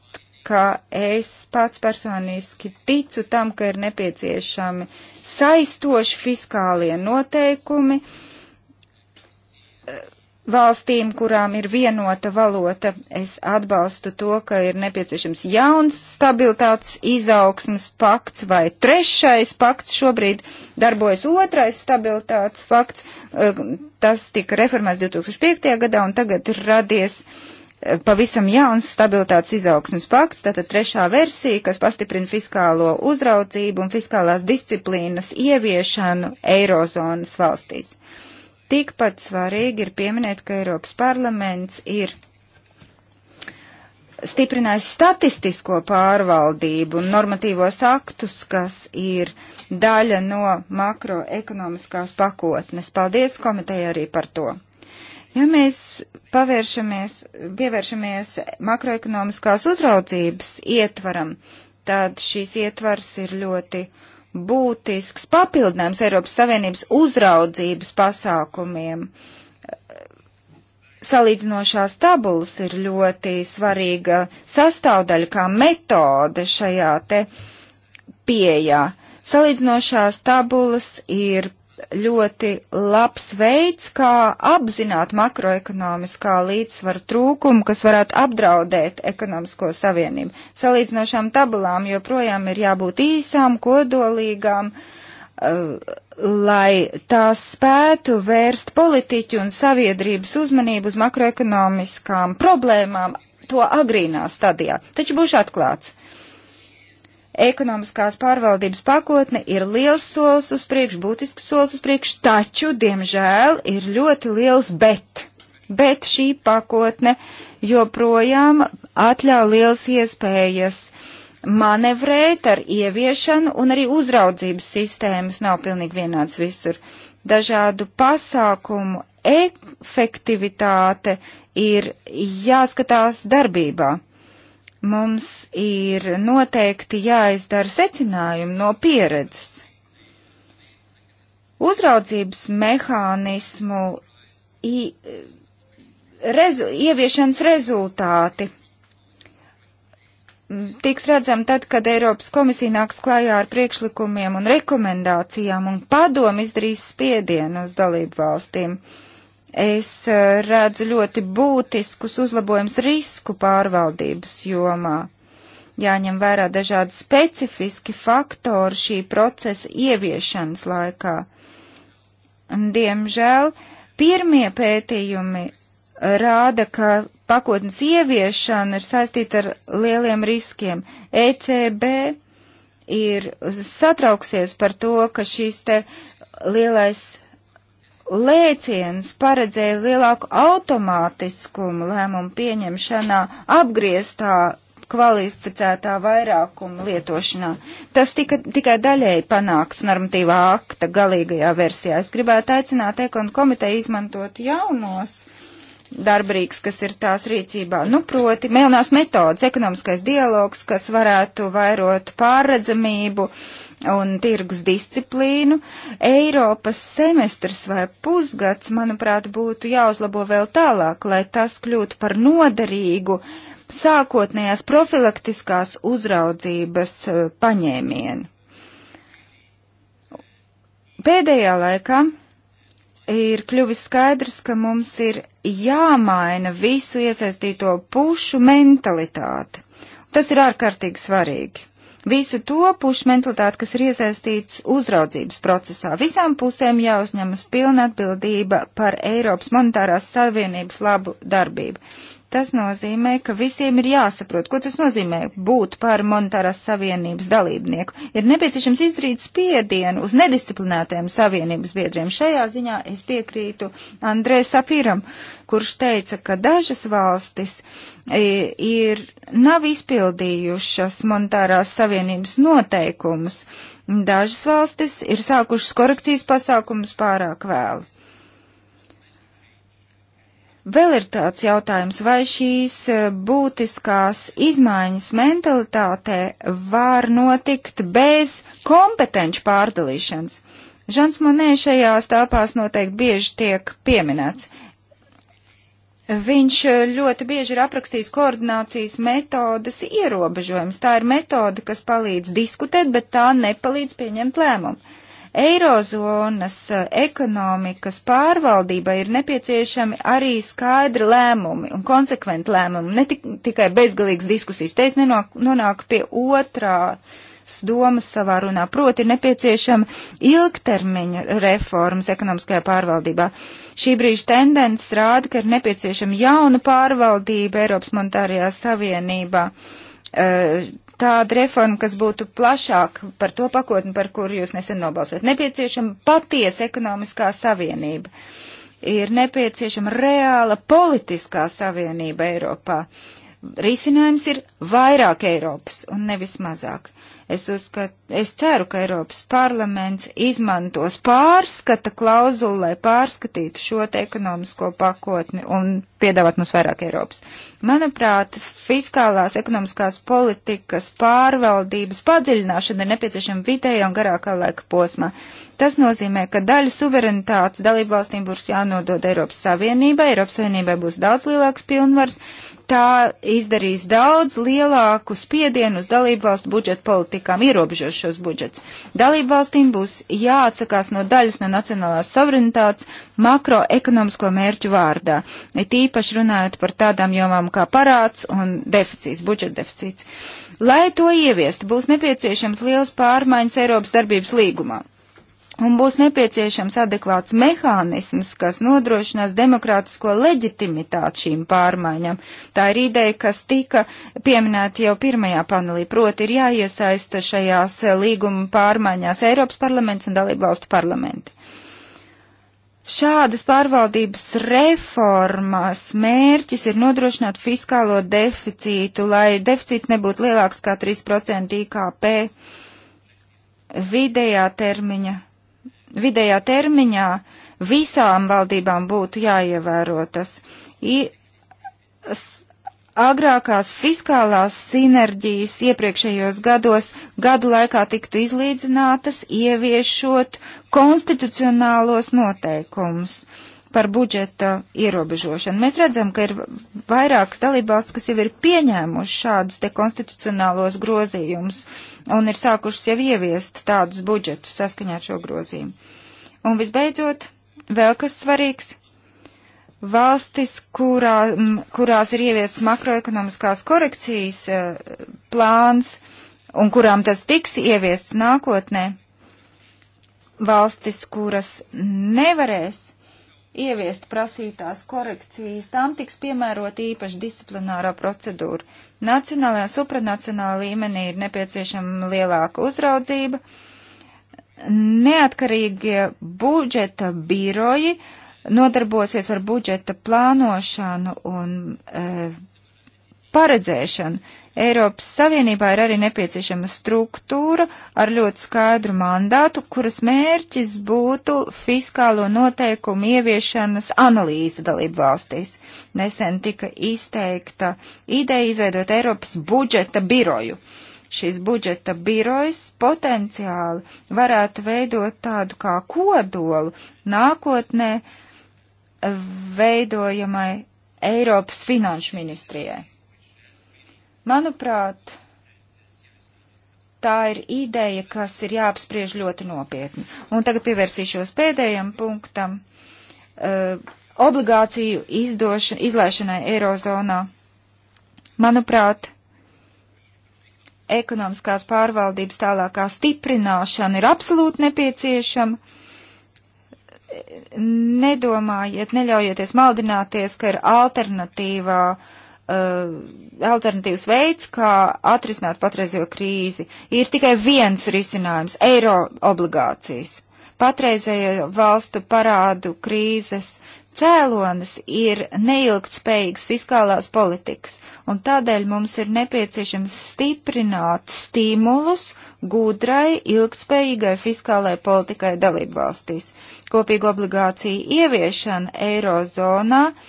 ka es pats personiski ticu tam, ka ir nepieciešami saistoši fiskālie noteikumi, uh, valstīm, kurām ir vienota valota. Es atbalstu to, ka ir nepieciešams jauns stabilitātes izaugsmas pakts vai trešais pakts. Šobrīd darbojas otrais stabilitātes pakts. Eh, tas tika reformēts 2005. gadā un tagad ir radies eh, pavisam jauns stabilitātes izaugsmas pakts, tātad trešā versija, kas pastiprina fiskālo uzraudzību un fiskālās disciplīnas ieviešanu Eirozonas valstīs. Tikpat svarīgi ir pieminēt, ka Eiropas parlaments ir stiprinājis statistisko pārvaldību un normatīvos aktus, kas ir daļa no makroekonomiskās pakotnes. Paldies komiteja arī par to. Ja mēs pievēršamies makroekonomiskās uzraudzības ietvaram, tad šīs ietvars ir ļoti uh, būtisks papildinājums Eiropas Savienības uzraudzības pasākumiem. Salīdzinošās tabulas ir ļoti svarīga sastāvdaļa kā metode šajā te pieejā. Salīdzinošās tabulas ir ļoti labs veids, kā apzināt makroekonomiskā līdzsvara trūkumu, kas varētu apdraudēt ekonomisko savienību. Salīdzinošām tabulām joprojām ir jābūt īsām, kodolīgām, uh, lai tās spētu vērst politiķu un sabiedrības uzmanību uz makroekonomiskām problēmām to agrīnā stadijā. Taču būšu atklāts. Uh, Ekonomiskās pārvaldības pakotne ir liels solis uz priekšu, būtisks solis uz priekšu, taču, diemžēl, ir ļoti liels bet. Bet šī pakotne joprojām atļauj liels iespējas manevrēt ar ieviešanu un arī uzraudzības sistēmas nav pilnīgi vienāds visur. Dažādu pasākumu efektivitāte ir jāskatās darbībā. Mums ir noteikti jāizdara secinājumi no pieredzes. Uzraudzības mehānismu i, rezu, ieviešanas rezultāti tiks redzam tad, kad Eiropas komisija nāks klājā ar priekšlikumiem un rekomendācijām un padomu izdarīs spiedienu uz dalību valstīm. Uh, Es eh, redzu ļoti būtiskus uzlabojums risku pārvaldības jomā. Jāņem vērā dažādi specifiski faktori šī procesa ieviešanas laikā. Diemžēl pirmie pētījumi eh, rāda, ka pakotnes ieviešana ir saistīta ar lieliem riskiem. ECB ir satrauksies par to, ka šīs te lielais lēciens paredzēja lielāku automātiskumu lēmumu pieņemšanā apgrieztā kvalificētā vairākuma lietošanā. Tas tika, tikai daļēji panāks normatīvā akta galīgajā versijā. Es gribētu aicināt ekonu komiteju izmantot jaunos darbrīks, kas ir tās rīcībā. Nu, proti, melnās metodas, ekonomiskais dialogs, kas varētu vairot pārredzamību, uh, un tirgus disciplīnu. Eiropas semestrs vai pusgads, manuprāt, būtu jāuzlabo vēl tālāk, lai tas kļūtu par noderīgu sākotnējās profilaktiskās uzraudzības e, paņēmienu. Pēdējā laikā ir kļuvis skaidrs, ka mums ir jāmaina visu iesaistīto pušu mentalitāte. Tas ir ārkārtīgi svarīgi visu to pušu mentalitāti, kas ir iesaistīts uzraudzības procesā. Visām pusēm jāuzņemas pilna atbildība par Eiropas monetārās savienības labu darbību. Tas nozīmē, ka visiem ir jāsaprot, ko tas nozīmē būt par monetārās savienības dalībnieku. Ir nepieciešams izdarīt spiedienu uz nedisciplinētajiem savienības biedriem. Šajā ziņā es piekrītu Andrē Sapīram, kurš teica, ka dažas valstis e, ir, nav izpildījušas monetārās savienības noteikumus. Dažas valstis ir sākušas korekcijas pasākumus pārāk vēlu. Vēl ir tāds jautājums, vai šīs e, būtiskās izmaiņas mentalitātē var notikt bez kompetenci pārdalīšanas. Žans Monē šajās telpās noteikti bieži tiek pieminēts. Viņš e, ļoti bieži ir aprakstījis koordinācijas metodas ierobežojums. Tā ir metode, kas palīdz diskutēt, bet tā nepalīdz pieņemt lēmumu. Eirozonas eh, ekonomikas pārvaldībai ir nepieciešami arī skaidri lēmumi un konsekventi lēmumi, ne tik, tikai bezgalīgas diskusijas. Te es nonāku pie otrā domas savā runā, proti ir nepieciešama ilgtermiņa reformas ekonomiskajā pārvaldībā. Šī brīža tendence rāda, ka ir nepieciešama jauna pārvaldība Eiropas monetārajā savienībā. Uh, tāda reforma, kas būtu plašāk par to pakotni, par kuru jūs nesen nobalsot. Nepieciešama patiesa ekonomiskā savienība. Ir nepieciešama reāla politiskā savienība Eiropā. Risinājums ir vairāk Eiropas un nevis mazāk. Uh, Es, uzskat, es ceru, ka Eiropas parlaments izmantos pārskata klauzulu, lai pārskatītu šo te ekonomisko pakotni un piedāvāt mums vairāk Eiropas. Manuprāt, fiskālās ekonomiskās politikas pārvaldības padziļināšana ir nepieciešama vidējā un garākā laika posmā. Tas nozīmē, ka daļa suverenitātes dalībvalstīm būs jānodod Eiropas Savienībai, Eiropas Savienībai būs daudz lielāks pilnvars, tā izdarīs daudz lielāku spiedienu uz dalību valstu budžeta politikām, ierobežos šos budžets. Dalību valstīm būs jāatsakās no daļas no nacionālās suverenitātes makroekonomisko mērķu vārdā, it īpaši runājot par tādām jomām kā parāds un deficīts, budžeta deficīts. Lai to ieviestu, būs nepieciešams liels pārmaiņas Eiropas darbības līgumā un būs nepieciešams adekvāts mehānisms, kas nodrošinās demokrātisko leģitimitāti šīm pārmaiņām. Tā ir ideja, kas tika pieminēta jau pirmajā panelī, proti ir jāiesaista šajās līguma pārmaiņās Eiropas parlaments un dalību valstu parlamenti. Šādas pārvaldības reformas mērķis ir nodrošināt fiskālo deficītu, lai deficīts nebūtu lielāks kā 3% IKP vidējā termiņa vidējā termiņā visām valdībām būtu jāievēro tas. I, agrākās fiskālās sinerģijas iepriekšējos gados gadu laikā tiktu izlīdzinātas, ieviešot konstitucionālos noteikumus. Uh, par budžeta ierobežošanu. Mēs redzam, ka ir vairākas dalībvalstis, kas jau ir pieņēmuši šādus te konstitucionālos grozījumus un ir sākušas jau ieviest tādus budžetus saskaņā ar šo grozījumu. Un visbeidzot, vēl kas svarīgs. Valstis, kurā, kurās ir ieviests makroekonomiskās korekcijas e, plāns un kurām tas tiks ieviests nākotnē, valstis, kuras nevarēs ieviest prasītās korekcijas, tām tiks piemērot īpaši disciplinārā procedūra. Nacionālajā un supranacionālā līmenī ir nepieciešama lielāka uzraudzība. Neatkarīgie budžeta biroji nodarbosies ar budžeta plānošanu un e, paredzēšanu. Eiropas Savienībā ir arī nepieciešama struktūra ar ļoti skaidru mandātu, kuras mērķis būtu fiskālo noteikumu ieviešanas analīze dalību valstīs. Nesen tika izteikta ideja izveidot Eiropas budžeta biroju. Šis budžeta birojs potenciāli varētu veidot tādu kā kodolu nākotnē veidojamai Eiropas finanšu ministrijai. Manuprāt, tā ir ideja, kas ir jāapspriež ļoti nopietni. Un tagad pievērsīšos pēdējam punktam uh, - obligāciju izdošana, izlaišanai Eirozonā. Manuprāt, ekonomiskās pārvaldības tālākā stiprināšana ir absolūti nepieciešama. Nedomājiet, neļaujieties maldināties, ka ir alternatīvā uh, Uh, alternatīvs veids, kā atrisināt patreizējo krīzi. Ir tikai viens risinājums - eiro obligācijas. Patreizējo valstu parādu krīzes cēlonis ir neilgtspējīgs fiskālās politikas, un tādēļ mums ir nepieciešams stiprināt stimulus gudrai, ilgtspējīgai fiskālai politikai dalību valstīs. Kopīgu obligāciju ieviešana eirozonā uh,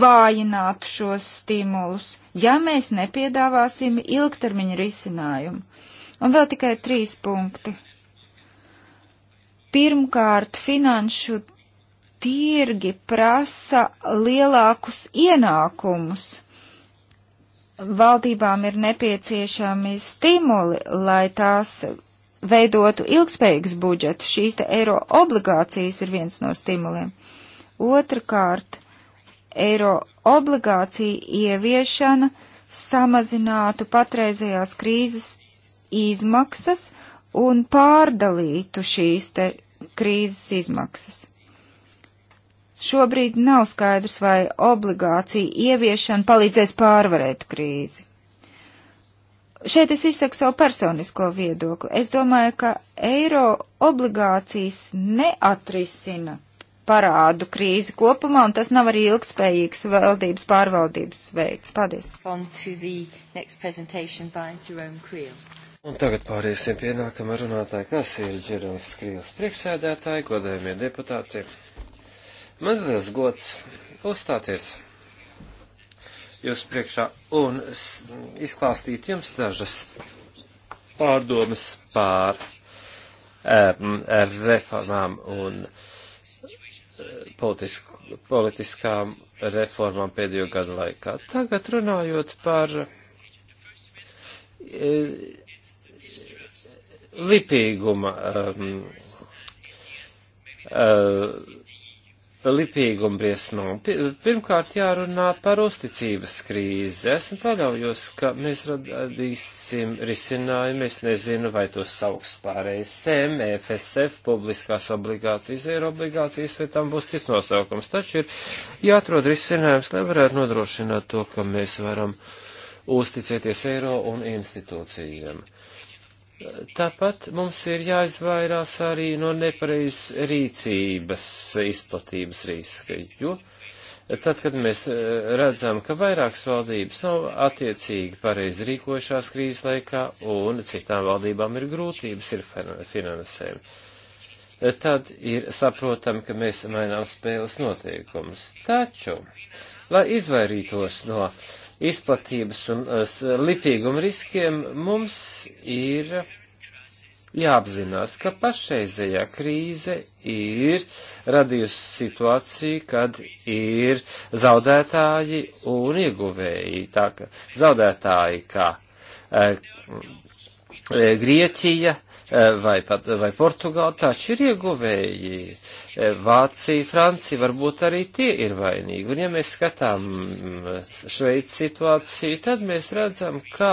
vājinātu šos stimulus, ja mēs nepiedāvāsim ilgtermiņa risinājumu. Un vēl tikai trīs punkti. Pirmkārt, finanšu tirgi prasa lielākus ienākumus valdībām ir nepieciešami stimuli, lai tās veidotu ilgspējīgs budžets. Šīs te eiro obligācijas ir viens no stimuliem. Otrakārt, eiro obligāciju ieviešana samazinātu patreizējās krīzes izmaksas un pārdalītu šīs te krīzes izmaksas. Šobrīd nav skaidrs, vai obligācija ieviešana palīdzēs pārvarēt krīzi šeit es izsaku savu personisko viedokli. Es domāju, ka eiro obligācijas neatrisina parādu krīzi kopumā, un tas nav arī ilgspējīgs valdības pārvaldības veids. Paldies! Un tagad pāriesim pie nākamā runātāja, kas ir Džerons Skrīls priekšsēdētāji, godējumie deputāti. Man liels gods uzstāties jūs priekšā un izklāstīt jums dažas pārdomas pār um, eh, reformām un uh, politisk, politiskām reformām pēdējo gadu laikā. Tagad runājot par e, lipīguma um, uh, lipīguma briesmām. Pirmkārt jārunā par uzticības krīzi. Esmu paļaujos, ka mēs radīsim risinājumu. Es nezinu, vai to sauks pārējais e SEM, FSF, e publiskās obligācijas, eiro obligācijas, vai tam būs cits nosaukums. Taču ir jāatrod risinājums, lai varētu nodrošināt to, ka mēs varam uzticēties eiro un institūcijiem. Uh, Tāpat mums ir jāizvairās arī no nepareizas rīcības izplatības riska, jo tad, kad mēs e, redzam, ka vairākas valdības nav attiecīgi pareizi rīkojušās krīzes laikā un citām valdībām ir grūtības ir finansēm, e, tad ir saprotami, ka mēs mainām spēles noteikumus. Taču, lai izvairītos no uh, izplatības un eh, lipīguma riskiem, mums ir jāapzinās, ka pašreizējā krīze ir radījusi situāciju, kad ir zaudētāji un ieguvēji. Tā ka zaudētāji kā e, Grieķija, e, Eh, vai, pat, vai Portugāla, taču ir ieguvēji. Eh, Vācija, Francija, varbūt arī tie ir vainīgi. Un ja mēs skatām mm, Šveici situāciju, tad mēs redzam, ka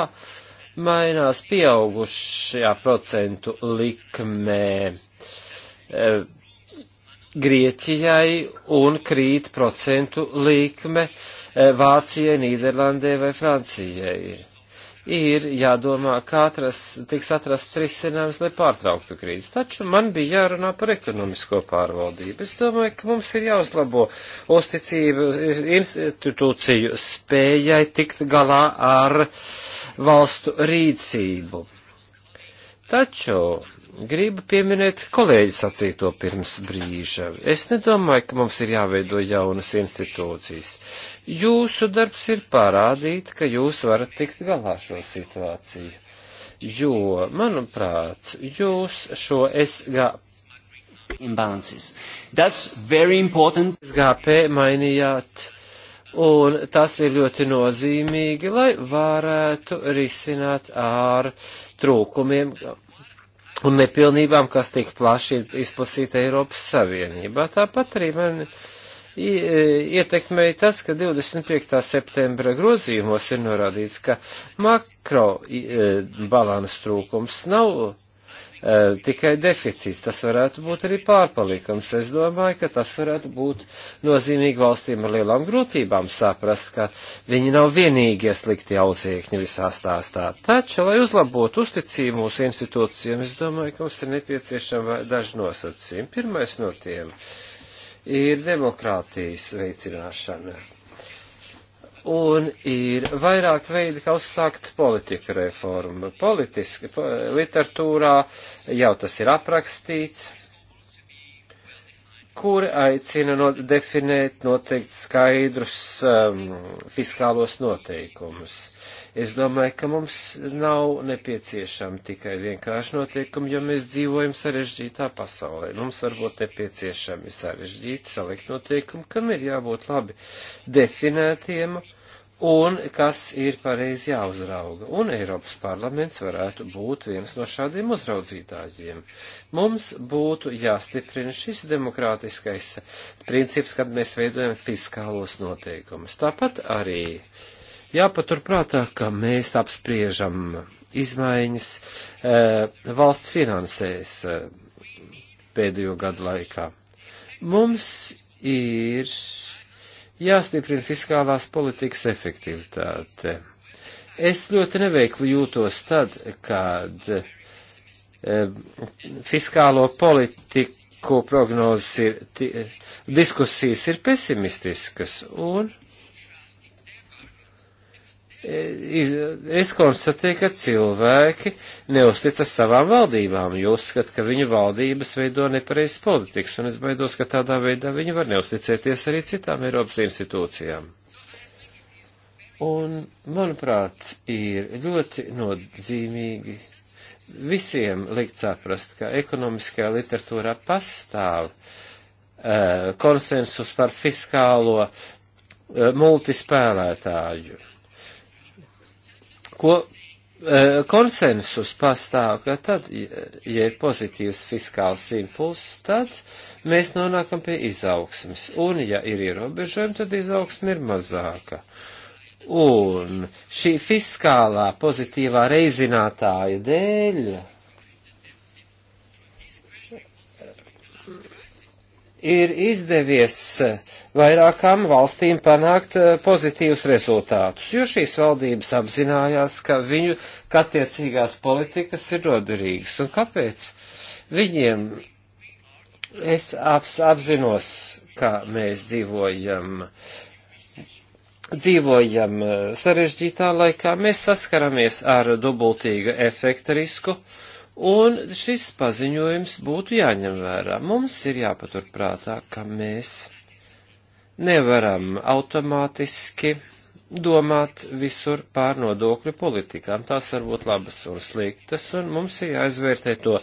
mainās pieaugušajā procentu likmē. Eh, Grieķijai un krīt procentu likme Vācijai, Nīderlandē vai Francijai ir jādomā, kā atrast, tiks atrasts risinājums, lai pārtrauktu krīzi. Taču man bija jārunā par ekonomisko pārvaldību. Es domāju, ka mums ir jāuzlabo uzticību institūciju spējai tikt galā ar valstu rīcību. Taču gribu pieminēt kolēģi sacīto pirms brīža. Es nedomāju, ka mums ir jāveido jaunas institūcijas. Jūsu darbs ir parādīt, ka jūs varat tikt galā šo situāciju. Jo, manuprāt, jūs šo SG imbalances. That's very important. SGP mainījāt, un tas ir ļoti nozīmīgi, lai varētu risināt ar trūkumiem un nepilnībām, kas tik plaši izplasīta Eiropas Savienībā. Tāpat arī man E, ietekmēja tas, ka 25. septembra grozījumos ir norādīts, ka makro e, balans trūkums nav e, tikai deficīts, tas varētu būt arī pārpalikums. Es domāju, ka tas varētu būt nozīmīgi valstīm ar lielām grūtībām saprast, ka viņi nav vienīgie slikti auziekņi visā stāstā. Taču, lai uzlabotu uzticību mūsu institūcijiem, es domāju, ka mums ir nepieciešama daži nosacījumi. Pirmais no tiem. Uh, ir demokrātijas veicināšana. Un ir vairāk veidi, kā uzsākt politika reformu. Politiski, po, literatūrā jau tas ir aprakstīts, kuri aicina no, definēt noteikti skaidrus um, fiskālos noteikumus. Es domāju, ka mums nav nepieciešama tikai vienkārši noteikumi, jo mēs dzīvojam sarežģītā pasaulē. Mums varbūt nepieciešami sarežģīti salikt noteikumi, kam ir jābūt labi definētiem un kas ir pareizi jāuzrauga. Un Eiropas parlaments varētu būt viens no šādiem uzraudzītājiem. Mums būtu jāstiprina šis demokrātiskais princips, kad mēs veidojam fiskālos noteikumus. Tāpat arī uh, Jāpaturprātā, ka mēs apspriežam izmaiņas e, valsts finansēs e, pēdējo gadu laikā. Mums ir jāstiprina fiskālās politikas efektivitāte. Es ļoti neveikli jūtos tad, kad e, fiskālo politiku prognozes ir, diskusijas ir pesimistiskas un es konstatēju, ka cilvēki neusticas savām valdībām, jo uzskat, ka viņu valdības veido nepareizas politikas, un es baidos, ka tādā veidā viņi var neusticēties arī citām Eiropas institūcijām. Un, manuprāt, ir ļoti nozīmīgi visiem likt saprast, ka ekonomiskajā literatūrā pastāv uh, konsensus par fiskālo uh, multispēlētāju ko eh, konsensus pastāv, ka tad, ja ir pozitīvs fiskāls impulss, tad mēs nonākam pie izaugsmes. Un, ja ir ierobežojumi, tad izaugsme ir mazāka. Un šī fiskālā pozitīvā reizinātāja dēļ ir izdevies vairākām valstīm panākt eh, pozitīvus rezultātus, jo šīs valdības apzinājās, ka viņu attiecīgās politikas ir noderīgas. Un kāpēc viņiem es aps, apzinos, ka mēs dzīvojam, dzīvojam eh, sarežģītā laikā, mēs saskaramies ar dubultīga efekta risku. Uh, Un šis paziņojums būtu jāņem vērā. Mums ir jāpaturprātā, ka mēs nevaram automātiski domāt visur pār nodokļu politikām. Tās var būt labas un sliktas, un mums ir jāizvērtē to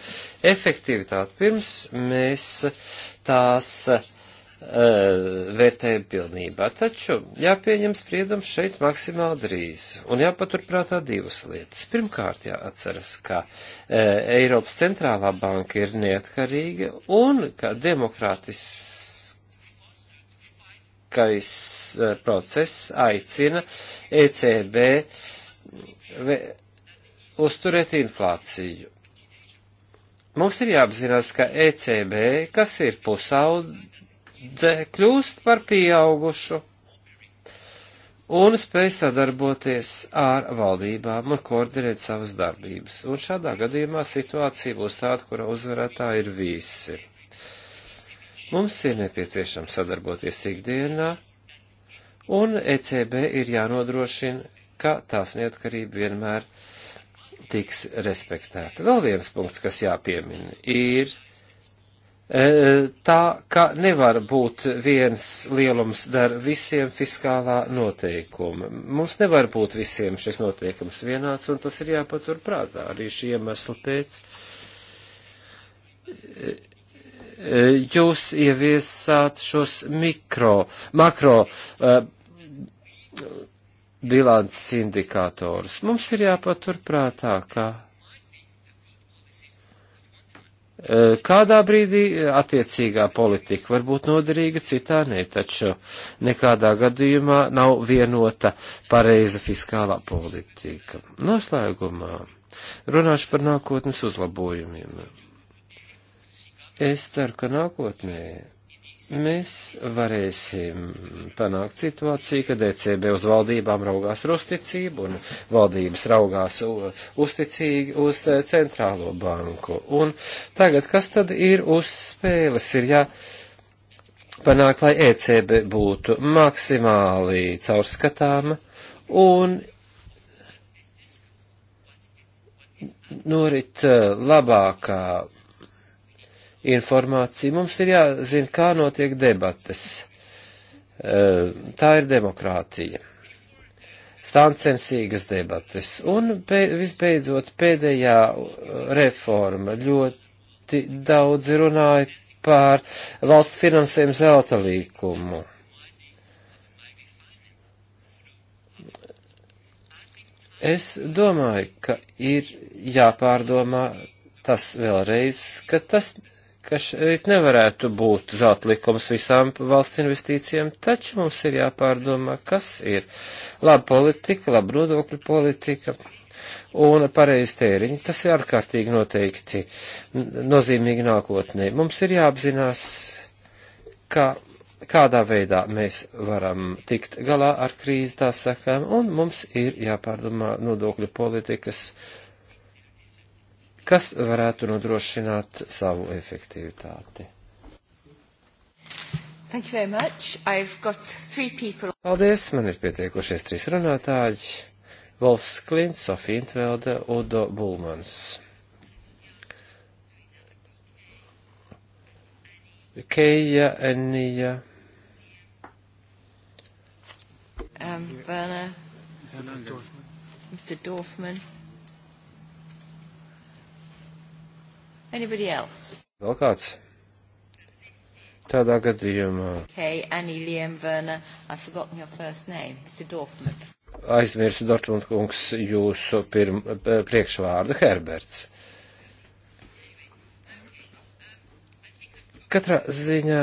efektivitāti pirms mēs tās uh, Eh, vērtējumu pilnībā. Taču jāpieņem spriedums šeit maksimāli drīz. Un jāpaturprātā divas lietas. Pirmkārt, jāatceras, ka e, Eiropas centrālā banka ir neatkarīga un ka demokrātiskais e, process aicina ECB ve, uzturēt inflāciju. Mums ir jāapzinās, ka ECB, kas ir pusaudz, paudze kļūst par pieaugušu un spēj sadarboties ar valdībām un koordinēt savas darbības. Un šādā gadījumā situācija būs tāda, kura uzvarētā ir visi. Mums ir nepieciešams sadarboties ikdienā, un ECB ir jānodrošina, ka tās neatkarība vienmēr tiks respektēta. Vēl viens punkts, kas jāpiemina, ir E, tā, ka nevar būt viens lielums dar visiem fiskālā noteikuma. Mums nevar būt visiem šis noteikums vienāds, un tas ir jāpatur prātā arī šī iemesla pēc. E, jūs ieviesāt šos mikro, makro uh, bilants indikātors. Mums ir jāpatur prātā, ka Eh, kādā brīdī eh, attiecīgā politika var būt noderīga, citā nē, taču nekādā gadījumā nav vienota pareiza fiskālā politika. Noslēgumā runāšu par nākotnes uzlabojumiem. Es ceru, ka nākotnē mēs varēsim panākt situāciju, ka DCB uz valdībām raugās ar uzticību un valdības raugās uzticīgi uz centrālo banku. Un tagad, kas tad ir uz spēles, ir jāpanāk, lai ECB būtu maksimāli caurskatāma un norit uh, labākā informāciju. Mums ir jāzina, kā notiek debates. Eh, tā ir demokrātija. Sāncensīgas debates. Un visbeidzot pēdējā eh, reforma ļoti daudz runāja par valsts finansējumu zelta līkumu. Es domāju, ka ir jāpārdomā tas vēlreiz, ka tas ka šeit nevarētu būt zelta likums visām valsts investīcijām, taču mums ir jāpārdomā, kas ir laba politika, laba nodokļu politika un pareizi tēriņi. Tas ir ārkārtīgi noteikti nozīmīgi nākotnē. Mums ir jāapzinās, ka kādā veidā mēs varam tikt galā ar krīzi, tā sakām, un mums ir jāpārdomā nodokļu politikas kas varētu nodrošināt savu efektivitāti. Thank you very much. I've got three people. Paldies, man ir pietiekušies trīs runātāji. Volfs Klints, Sofija Intvelde, Udo Bulmans. Keija, Enija. Um, Werner. Mr. Dorfman. Anybody else? Vēl kāds? Tādā gadījumā. Okay, Annie, Liam, Werner, I've forgotten your first name, Mr. Dorfman. Aizmirsu Dortmund kungs jūsu pirm, priekšvārdu Herberts. Katrā ziņā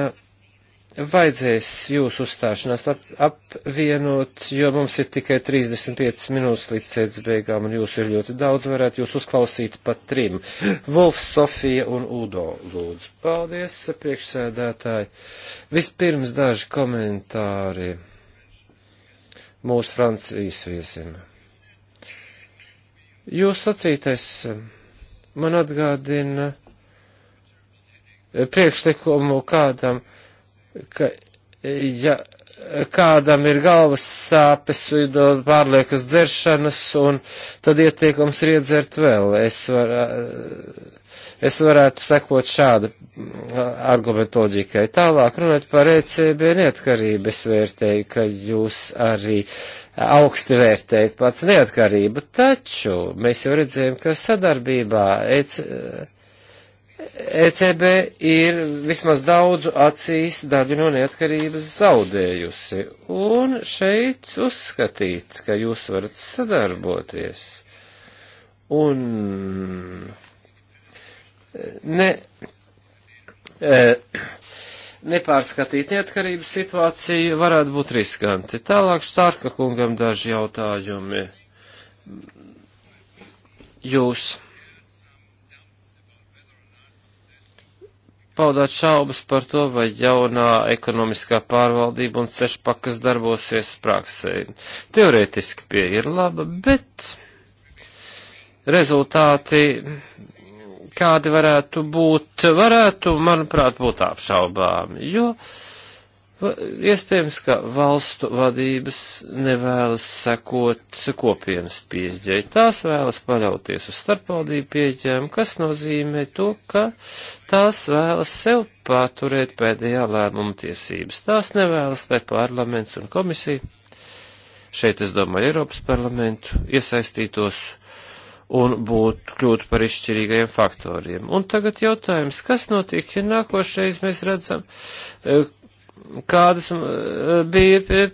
vajadzēs jūsu uzstāšanās ap, apvienot, jo mums ir tikai 35 minūtes līdz sēdes beigām, un jūsu ir ļoti daudz, varētu jūs uzklausīt pat trim. Vulfs, Sofija un Udo, lūdzu. Paldies, priekšsēdētāji. Vispirms daži komentāri mūsu Francijas viesim. Jūs sacītais man atgādina priekšlikumu kādam, ka, ja kādam ir galvas sāpes, pārliekas dzeršanas, un tad ieteikums ir iedzert vēl. Es, var, es varētu sekot šādu argumentoloģikai. Tālāk runāt par ECB neatkarību, es vērtēju, ka jūs arī augsti vērtējat pats neatkarību, taču mēs jau redzējām, ka sadarbībā ECB ECB ir vismaz daudzu acīs daļu no neatkarības zaudējusi, un šeit uzskatīts, ka jūs varat sadarboties, un ne, e, nepārskatīt neatkarības situāciju varētu būt riskanti. Tālāk Štārka kungam daži jautājumi. Jūs paudāt šaubas par to, vai jaunā ekonomiskā pārvaldība un sešpakas darbosies praksē. Teorētiski pie ir laba, bet rezultāti, kādi varētu būt, varētu, manuprāt, būt apšaubām, jo uh, Iespējams, ka valstu vadības nevēlas sekot kopienas pieeģai. Tās vēlas paļauties uz starpvaldību pieeģēm, kas nozīmē to, ka tās vēlas sev paturēt pēdējā lēmuma tiesības. Tās nevēlas, lai parlaments un komisija, šeit es domāju Eiropas parlamentu, iesaistītos un būtu kļūtu par izšķirīgajiem faktoriem. Un tagad jautājums, kas notiek, ja nākošais mēs redzam, eh, kādas eh, bija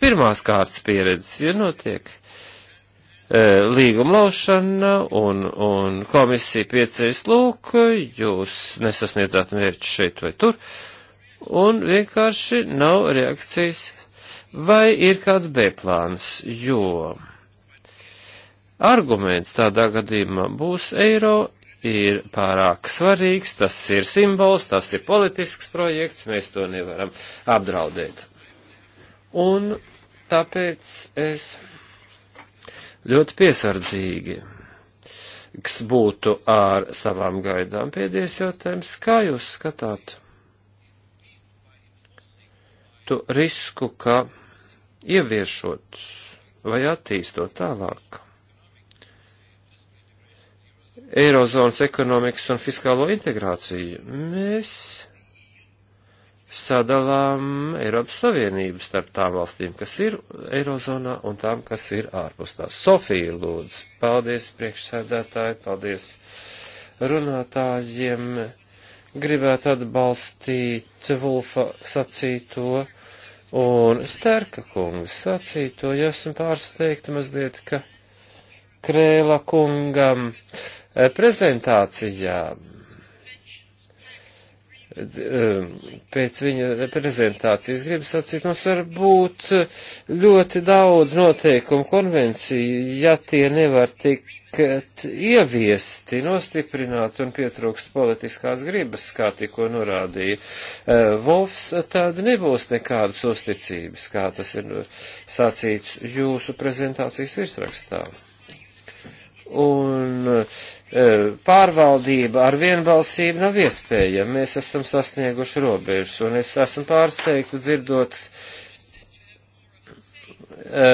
pirmās kārtas pieredzes, ja notiek eh, līguma laušana un, un komisija pieceļas lūk, jūs nesasniedzāt mērķi šeit vai tur, un vienkārši nav reakcijas, vai ir kāds B plāns, jo arguments tādā gadījumā būs eiro ir pārāk svarīgs, tas ir simbols, tas ir politisks projekts, mēs to nevaram apdraudēt. Un tāpēc es ļoti piesardzīgi būtu ar savām gaidām. Pēdējais jautājums, kā jūs skatāt tu risku, ka ieviešot vai attīstot tālāk? Eirozonas ekonomikas un fiskālo integrāciju. Mēs sadalām Eiropas Savienību starp tām valstīm, kas ir Eirozonā un tām, kas ir ārpus tās. Sofija lūdzu, paldies priekšsēdētāji, paldies runātājiem. Gribētu atbalstīt Vulfa sacīto un Sterka kungu sacīto, ja esmu pārsteigta mazliet, ka Krēla kungam Eh, prezentācijā ehm, pēc viņa prezentācijas gribu sacīt, mums var būt ļoti daudz noteikumu konvenciju, ja tie nevar tikt ieviesti, nostiprināt un pietrūkst politiskās gribas, kā tikko norādīja Vovs, eh, tad nebūs nekādas uzticības, kā tas ir sacīts jūsu prezentācijas virsrakstā. Un uh, E, pārvaldība ar vienbalsību nav iespējama. Mēs esam sasnieguši robežas, un es esmu pārsteigta dzirdot e, e,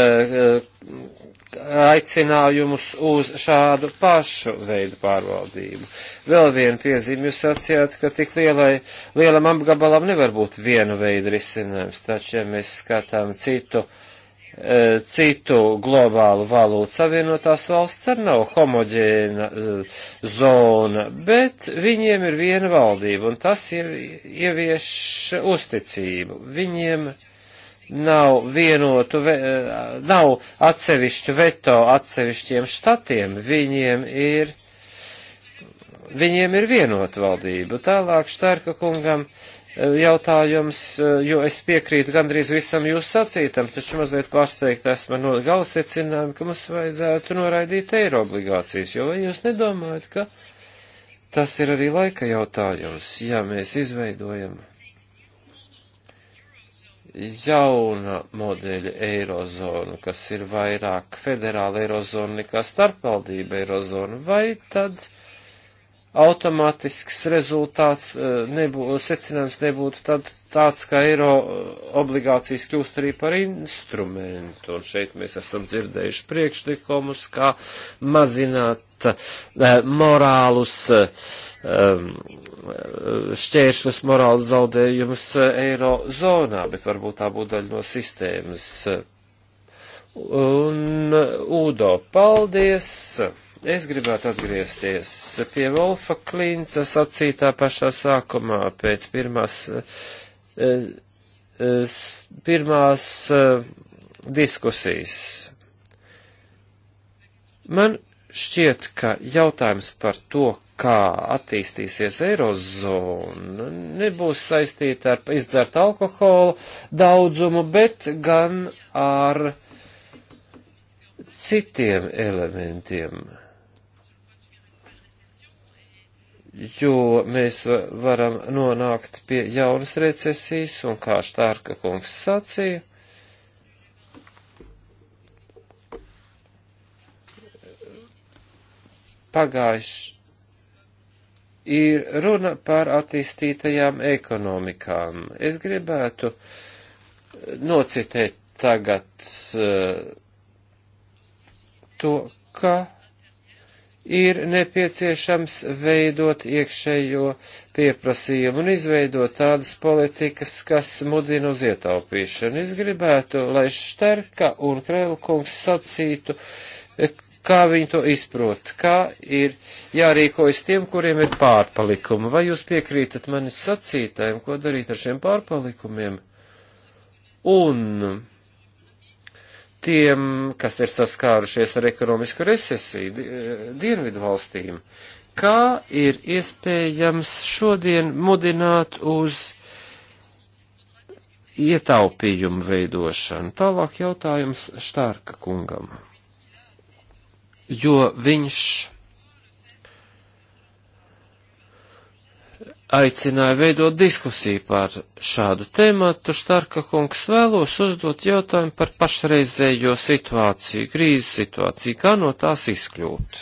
aicinājumus uz šādu pašu veidu pārvaldību. Vēl viena piezīme, jūs sacījāt, ka tik lielai, lielam apgabalam nevar būt viena veida risinājums, taču, ja mēs skatām citu, uh, Eh, citu globālu valūtu savienotās valsts arī nav homoģēna eh, zona, bet viņiem ir viena valdība, un tas ir ievieš uzticību. Viņiem nav vienotu, eh, nav atsevišķu veto atsevišķiem štatiem, viņiem ir, viņiem ir vienota valdība. Tālāk Štārka kungam jautājums, eh, jo es piekrītu gandrīz visam jūs sacītam, taču mazliet pārsteigt esmu no gala secinājuma, ka mums vajadzētu noraidīt eiro obligācijas, jo vai jūs nedomājat, ka tas ir arī laika jautājums, ja mēs izveidojam jauna modeļa eirozonu, kas ir vairāk federāla eirozona nekā starpvaldība eirozona, vai tad uh, automātisks rezultāts eh, nebūtu, secinājums nebūtu tad, tāds, ka eiro eh, obligācijas kļūst arī par instrumentu. Un šeit mēs esam dzirdējuši priekšlikumus, kā mazināt eh, morālus šķēršļus, morālus zaudējumus eiro zonā, bet varbūt tā būtu daļa no sistēmas. Un Udo, paldies! Es gribētu atgriezties pie Volfa Klīnca sacītā pašā sākumā pēc pirmās, eh, eh, pirmās eh, diskusijas. Man šķiet, ka jautājums par to, kā attīstīsies eirozona, nebūs saistīta ar izdzert alkohola daudzumu, bet gan ar citiem elementiem. jo mēs varam nonākt pie jaunas recesijas, un kā Štārka kungs sacīja, pagājuši ir runa par attīstītajām ekonomikām. Es gribētu nocitēt tagad uh, to, ka ir nepieciešams veidot iekšējo pieprasījumu un izveidot tādas politikas, kas mudina uz ietaupīšanu. Es gribētu, lai Šterka un Krēlkungs sacītu, e, kā viņi to izprot, kā ir jārīkojas tiem, kuriem ir pārpalikumi. Vai jūs piekrītat manis sacītājiem, ko darīt ar šiem pārpalikumiem? Un tiem, kas ir saskārušies ar ekonomisku recesiju eh, dienvidu valstīm, kā ir iespējams šodien mudināt uz ietaupījumu veidošanu. Tālāk jautājums Štārka kungam, jo viņš aicināja veidot diskusiju par šādu tēmatu, Štārka kungs vēlos uzdot jautājumu par pašreizējo situāciju, krīzes situāciju, kā no tās izkļūt.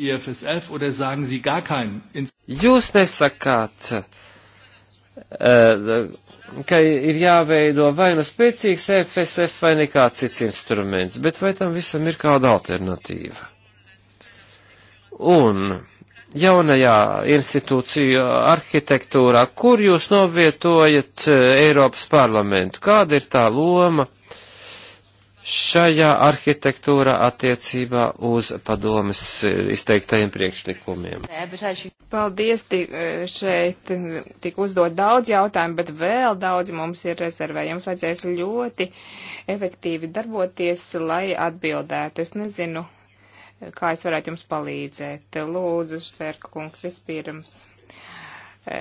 IFSF, oder sagen Sie gar keinen? Jūs nesakāt, eh, ka ir jāveido vai nu spēcīgs FSF e vai nekāds cits instruments, bet vai tam visam ir kāda alternatīva? Un jaunajā institūciju arhitektūrā, kur jūs novietojat eh, Eiropas parlamentu? Kāda ir tā loma šajā arhitektūrā attiecībā uz padomas eh, izteiktajiem priekšlikumiem? Paldies, eh, šeit tik uzdot daudz jautājumu, bet vēl daudz mums ir rezervē. Jums vajadzēs ļoti efektīvi darboties, lai atbildētu. Es nezinu, kā es varētu jums palīdzēt. Lūdzu, Šverka kungs, vispirms. E,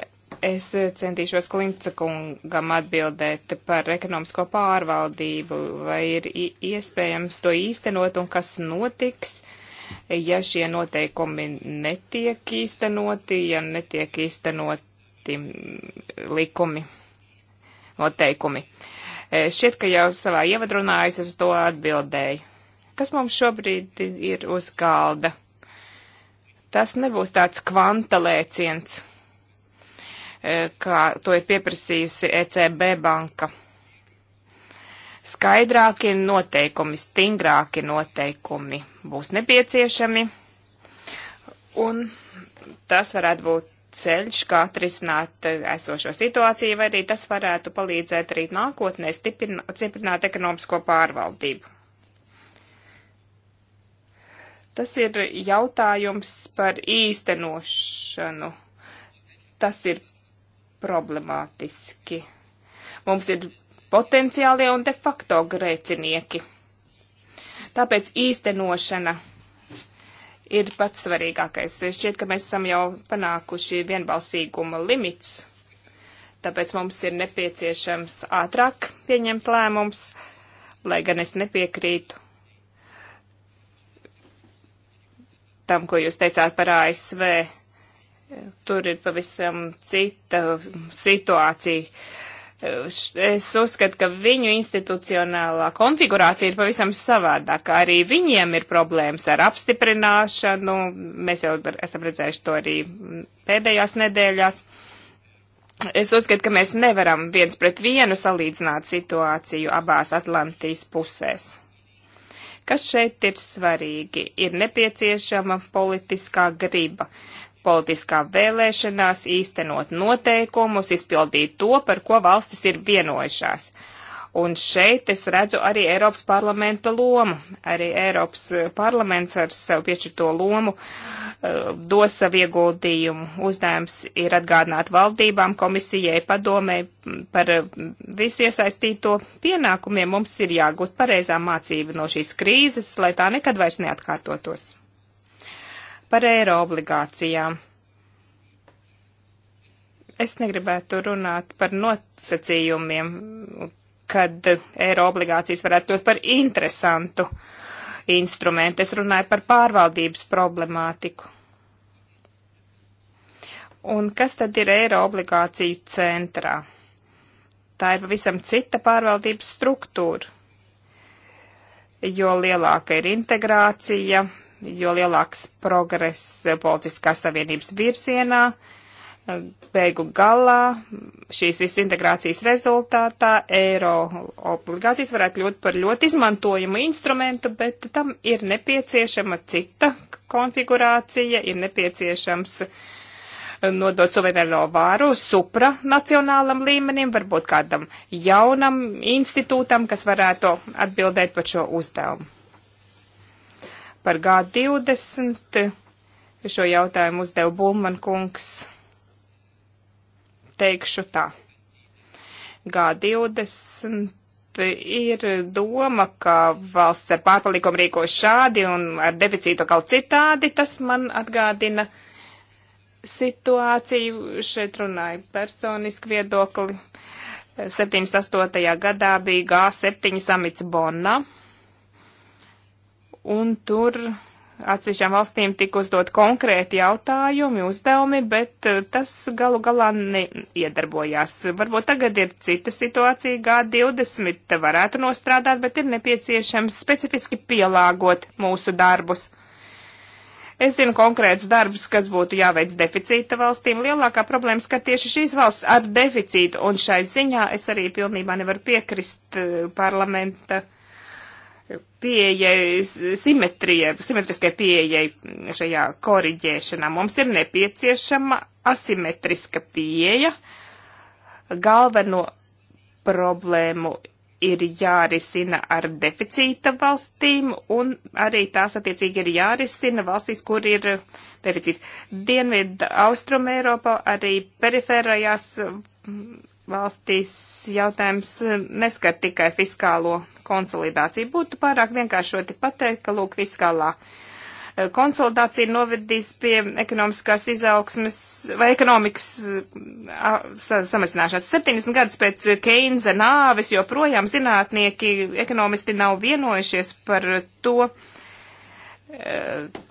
es centīšos Klimca kungam atbildēt par ekonomisko pārvaldību, vai ir iespējams to īstenot un kas notiks, ja šie noteikumi netiek īstenoti, ja netiek īstenoti likumi, noteikumi. E, šķiet, ka jau savā ievadrunā es uz to atbildēju Kas mums šobrīd ir uz galda? Tas nebūs tāds kvantalēciens, e, kā to ir pieprasījusi ECB banka. Skaidrāki noteikumi, stingrāki noteikumi būs nepieciešami, un tas varētu būt ceļš, kā atrisināt esošo situāciju, vai arī tas varētu palīdzēt arī nākotnē stiprināt ekonomisko pārvaldību. Tas ir jautājums par īstenošanu. Tas ir problemātiski. Mums ir potenciālie un de facto grēcinieki. Tāpēc īstenošana ir pats svarīgākais. Šķiet, ka mēs esam jau panākuši vienbalsīguma limitus, tāpēc mums ir nepieciešams ātrāk pieņemt lēmums, lai gan es nepiekrītu tam, ko jūs teicāt par ASV. Tur ir pavisam cita situācija. Es uzskatu, ka viņu institucionālā konfigurācija ir pavisam savādāka. Arī viņiem ir problēmas ar apstiprināšanu. Mēs jau esam redzējuši to arī pēdējās nedēļās. Es uzskatu, ka mēs nevaram viens pret vienu salīdzināt situāciju abās Atlantijas pusēs. Kas šeit ir svarīgi? Ir nepieciešama politiskā griba, politiskā vēlēšanās īstenot noteikumus, izpildīt to, par ko valstis ir vienojušās. Un šeit es redzu arī Eiropas parlamenta lomu. Arī Eiropas parlaments ar savu piešķirto lomu uh, dos savu ieguldījumu. Uzdevums ir atgādināt valdībām, komisijai, padomē par visu iesaistīto pienākumiem. Mums ir jāgūst pareizā mācība no šīs krīzes, lai tā nekad vairs neatkārtotos. Par eiro obligācijām es negribētu runāt par nosacījumiem, kad eiro obligācijas varētu kļūt par interesantu instrumenti. Es runāju par pārvaldības problemātiku. Un kas tad ir eiro obligāciju centrā? Tā ir pavisam cita pārvaldības struktūra. Jo lielāka ir integrācija, jo lielāks progress politiskās savienības virzienā, uh, beigu galā šīs visas integrācijas rezultātā eiro obligācijas varētu kļūt par ļoti izmantojumu instrumentu, bet tam ir nepieciešama cita konfigurācija, ir nepieciešams nodot suverēno vāru supranacionālam līmenim, varbūt kādam jaunam institūtam, kas varētu atbildēt par šo uzdevumu. Par G20 šo jautājumu uzdeva Bulman kungs teikšu tā. G20 ir doma, ka valsts ar pārpalikumu rīkos šādi un ar deficītu kaut citādi, tas man atgādina situāciju, šeit runāju personisku viedokli. 78. gadā bija G7 samits Bonna, un tur atsevišķām valstīm tika uzdot konkrēti jautājumi, uzdevumi, bet eh, tas galu galā neiedarbojās. Varbūt tagad ir cita situācija, G20 varētu nostrādāt, bet ir nepieciešams specifiski pielāgot mūsu darbus. Es zinu konkrēts darbs, kas būtu jāveic deficīta valstīm. Lielākā problēma, ka tieši šīs valsts ar deficītu, un šai ziņā es arī pilnībā nevaru piekrist eh, parlamenta uh, pieejai, simetrijai, simetriskai pieejai šajā koriģēšanā. Mums ir nepieciešama asimetriska pieeja. Galveno problēmu ir jārisina ar deficīta valstīm, un arī tās attiecīgi ir jārisina valstīs, kur ir deficīts. Dienvidu Austrum Eiropā arī periferajās valstīs jautājums neskar tikai fiskālo konsolidāciju. Būtu pārāk vienkāršoti pateikt, ka lūk fiskālā eh, konsolidācija novedīs pie ekonomiskās izaugsmes vai ekonomikas eh, sa samazināšanās. 70 gadus pēc Keinza nāves joprojām zinātnieki, ekonomisti nav vienojušies par to,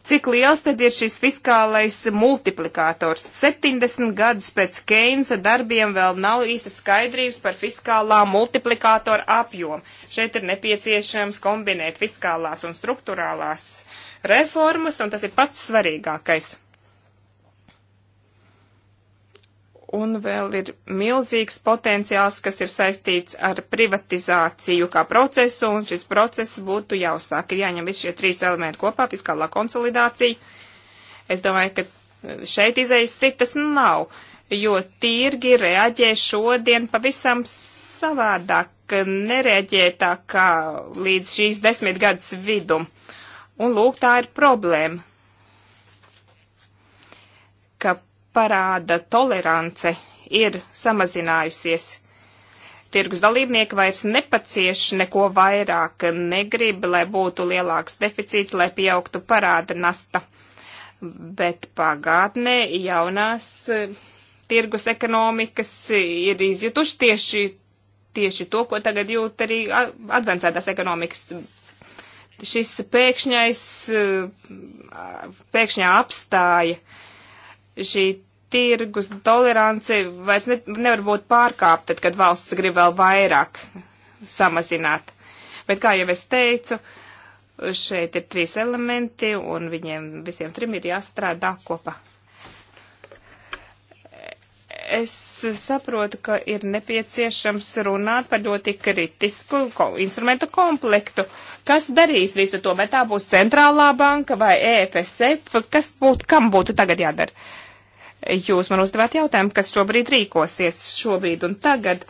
cik liels tad ir šis fiskālais multiplikators. 70 gadus pēc Keinsa darbiem vēl nav īsta skaidrības par fiskālā multiplikatora apjomu. Šeit ir nepieciešams kombinēt fiskālās un struktūrālās reformas, un tas ir pats svarīgākais. Un vēl ir milzīgs potenciāls, kas ir saistīts ar privatizāciju kā procesu, un šis process būtu jāuzsāk. Ir jāņem visi šie trīs elementi kopā - fiskālā konsolidācija. Es domāju, ka eh, šeit izējas citas nav, jo tirgi reaģē šodien pavisam savādāk, nereaģē tā kā līdz šīs desmitgades vidum. Un lūk, tā ir problēma parāda tolerance ir samazinājusies. Tirgus dalībnieki vairs nepacieš neko vairāk, negrib, lai būtu lielāks deficīts, lai pieaugtu parāda nasta. Bet pagātnē jaunās eh, tirgus ekonomikas ir izjutuši tieši, tieši to, ko tagad jūt arī advancētās ekonomikas šis pēkšņais, eh, pēkšņā apstāja šī tirgus tolerance vairs ne, nevar būt pārkāpta, tad, kad valsts grib vēl vairāk samazināt. Bet, kā jau es teicu, šeit ir trīs elementi, un viņiem visiem trim ir jāstrādā kopā. Es saprotu, ka ir nepieciešams runāt par ļoti kritisku instrumentu komplektu. Kas darīs visu to? Vai tā būs centrālā banka vai EFSF? Kas būtu, kam būtu tagad jādara? Uh, Jūs man uzdevāt jautājumu, kas šobrīd rīkosies šobrīd un tagad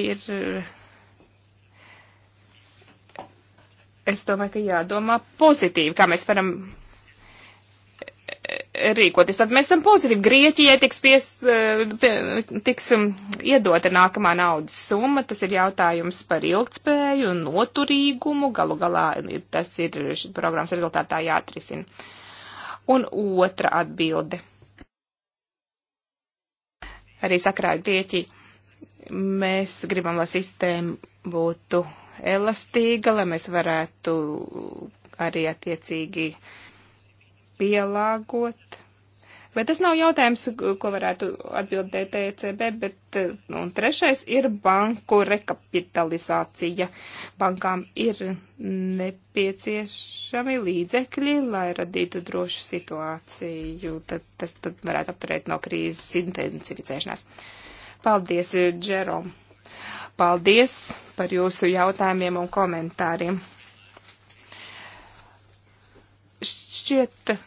ir. Es domāju, ka jādomā pozitīvi, kā mēs varam rīkoties. Tad mēs esam pozitīvi. Grieķijai tiks, pies, tiks um, iedota nākamā naudas summa. Tas ir jautājums par ilgtspēju un noturīgumu. Galu galā tas ir programmas rezultātā jāatrisina. Un otra atbilde. Arī sakrā ar Grieķiju. Mēs gribam, lai sistēma būtu elastīga, lai mēs varētu arī attiecīgi pielāgot Bet tas nav jautājums, ko varētu atbildēt ECB, bet eh, un trešais ir banku rekapitalizācija. Bankām ir nepieciešami līdzekļi, lai radītu drošu situāciju. Tad, tas tad varētu apturēt no krīzes intensificēšanās. Paldies, Džerom! Paldies par jūsu jautājumiem un komentāriem. Šķiet,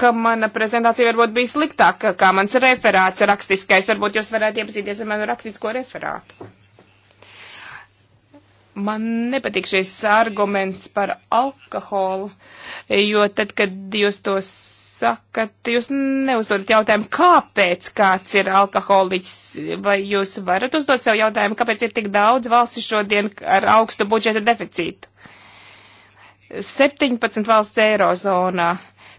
ka mana prezentācija varbūt bija sliktāka, kā mans referāts rakstiskais. Varbūt jūs varētu iepazīties ar manu rakstisko referātu. Man nepatīk šis arguments par alkoholu, jo tad, kad jūs to sakat, jūs neuzdodat jautājumu, kāpēc kāds ir alkoholiķis, vai jūs varat uzdot sev jautājumu, kāpēc ir tik daudz valsts šodien ar augstu budžeta deficītu. 17 valsts eirozonā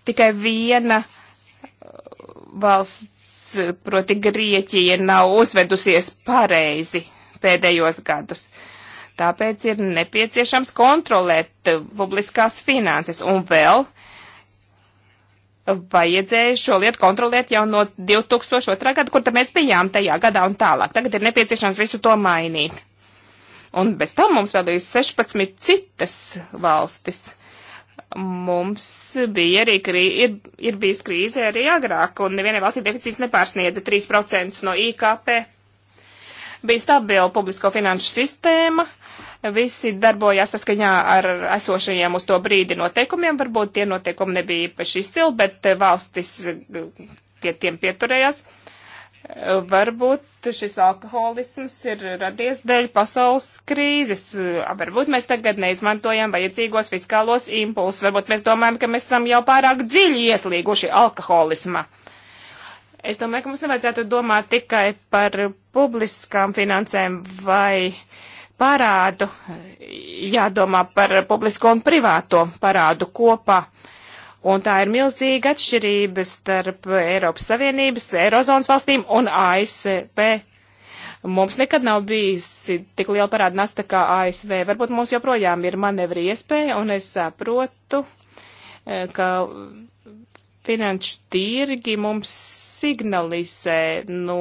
tikai viena uh, valsts, uh, proti Grieķija, nav uzvedusies pareizi pēdējos gadus. Tāpēc ir nepieciešams kontrolēt uh, publiskās finanses un vēl vajadzēja šo lietu kontrolēt jau no 2002. gada, kur mēs bijām tajā gadā un tālāk. Tagad ir nepieciešams visu to mainīt. Un bez tam mums vēl ir 16 citas valstis, mums bija arī, krī, ir, ir bijis krīze arī agrāk, un nevienai valstī deficīts nepārsniedza 3% no IKP. Bija stabila publisko finanšu sistēma, visi darbojās saskaņā ar esošajiem uz to brīdi noteikumiem, varbūt tie noteikumi nebija īpaši izcili, bet valstis pie tiem pieturējās. Uh, Varbūt šis alkoholisms ir radies dēļ pasaules krīzes. Varbūt mēs tagad neizmantojam vajadzīgos fiskālos impulsus. Varbūt mēs domājam, ka mēs esam jau pārāk dziļi ieslīguši alkoholismā. Es domāju, ka mums nevajadzētu domāt tikai par publiskām finansēm vai parādu, jādomā par publisko un privāto parādu kopā. Uh, Un tā ir milzīga atšķirība starp Eiropas Savienības, Eirozonas valstīm un ASV. Mums nekad nav bijusi tik liela parāda nasta kā ASV. Varbūt mums joprojām ir manevri iespēja, un es saprotu, e, ka finanšu tirgi mums signalizē no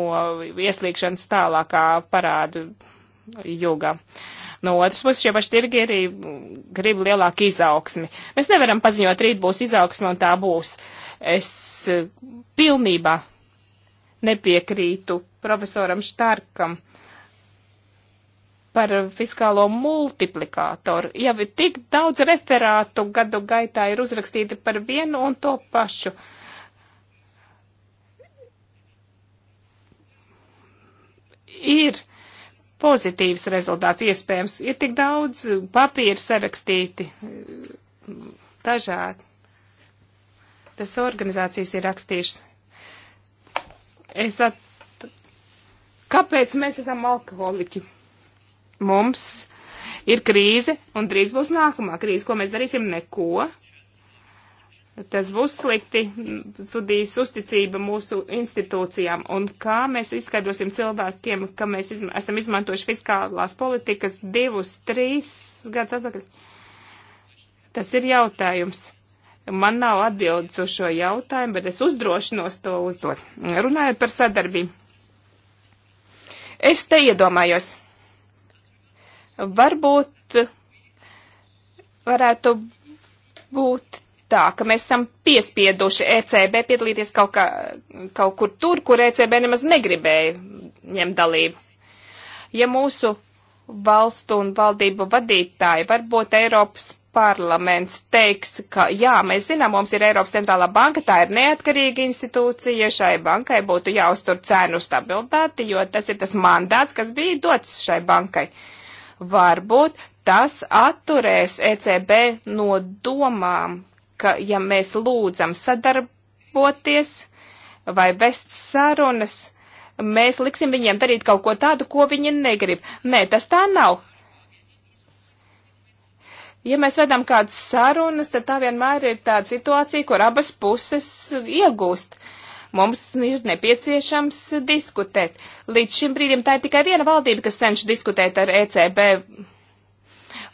ieslīgšanas tālākā parādu jūgā. Uh, No otras puses, šie paši tirgi arī grib lielāku izaugsmi. Mēs nevaram paziņot, rīt būs izaugsme un tā būs. Es eh, pilnībā nepiekrītu profesoram Štārkam par fiskālo multiplikātoru. Jau tik daudz referātu gadu gaitā ir uzrakstīti par vienu un to pašu. Ir pozitīvs rezultāts iespējams. Ir tik daudz papīra sarakstīti, dažādi. Tas organizācijas ir rakstījušas. Es at... Kāpēc mēs esam alkoholiķi? Mums ir krīze, un drīz būs nākamā krīze. Ko mēs darīsim? Neko tas būs slikti, sudīs uzticība mūsu institūcijām. Un kā mēs izskaidrosim cilvēkiem, ka mēs izma esam izmantojuši fiskālās politikas divus, trīs gadus atpakaļ? Tas ir jautājums. Man nav atbildes uz šo jautājumu, bet es uzdrošinos to uzdot. Runājot par sadarbību. Es te iedomājos. Varbūt varētu būt tā, ka mēs esam piespieduši ECB piedalīties kaut, kā, kaut kur tur, kur ECB nemaz negribēja ņemt dalību. Ja mūsu valstu un valdību vadītāji, varbūt Eiropas parlaments teiks, ka jā, mēs zinām, mums ir Eiropas centrālā banka, tā ir neatkarīga institūcija, šai bankai būtu jāuztur cēnu stabilitāti, jo tas ir tas mandāts, kas bija dots šai bankai. Varbūt tas atturēs ECB no domām, ka ja mēs lūdzam sadarboties vai vest sarunas, mēs liksim viņiem darīt kaut ko tādu, ko viņi negrib. Nē, tas tā nav. Ja mēs vedam kādas sarunas, tad tā vienmēr ir tāda situācija, kur abas puses iegūst. Mums ir nepieciešams diskutēt. Līdz šim brīdim tā ir tikai viena valdība, kas cenšas diskutēt ar ECB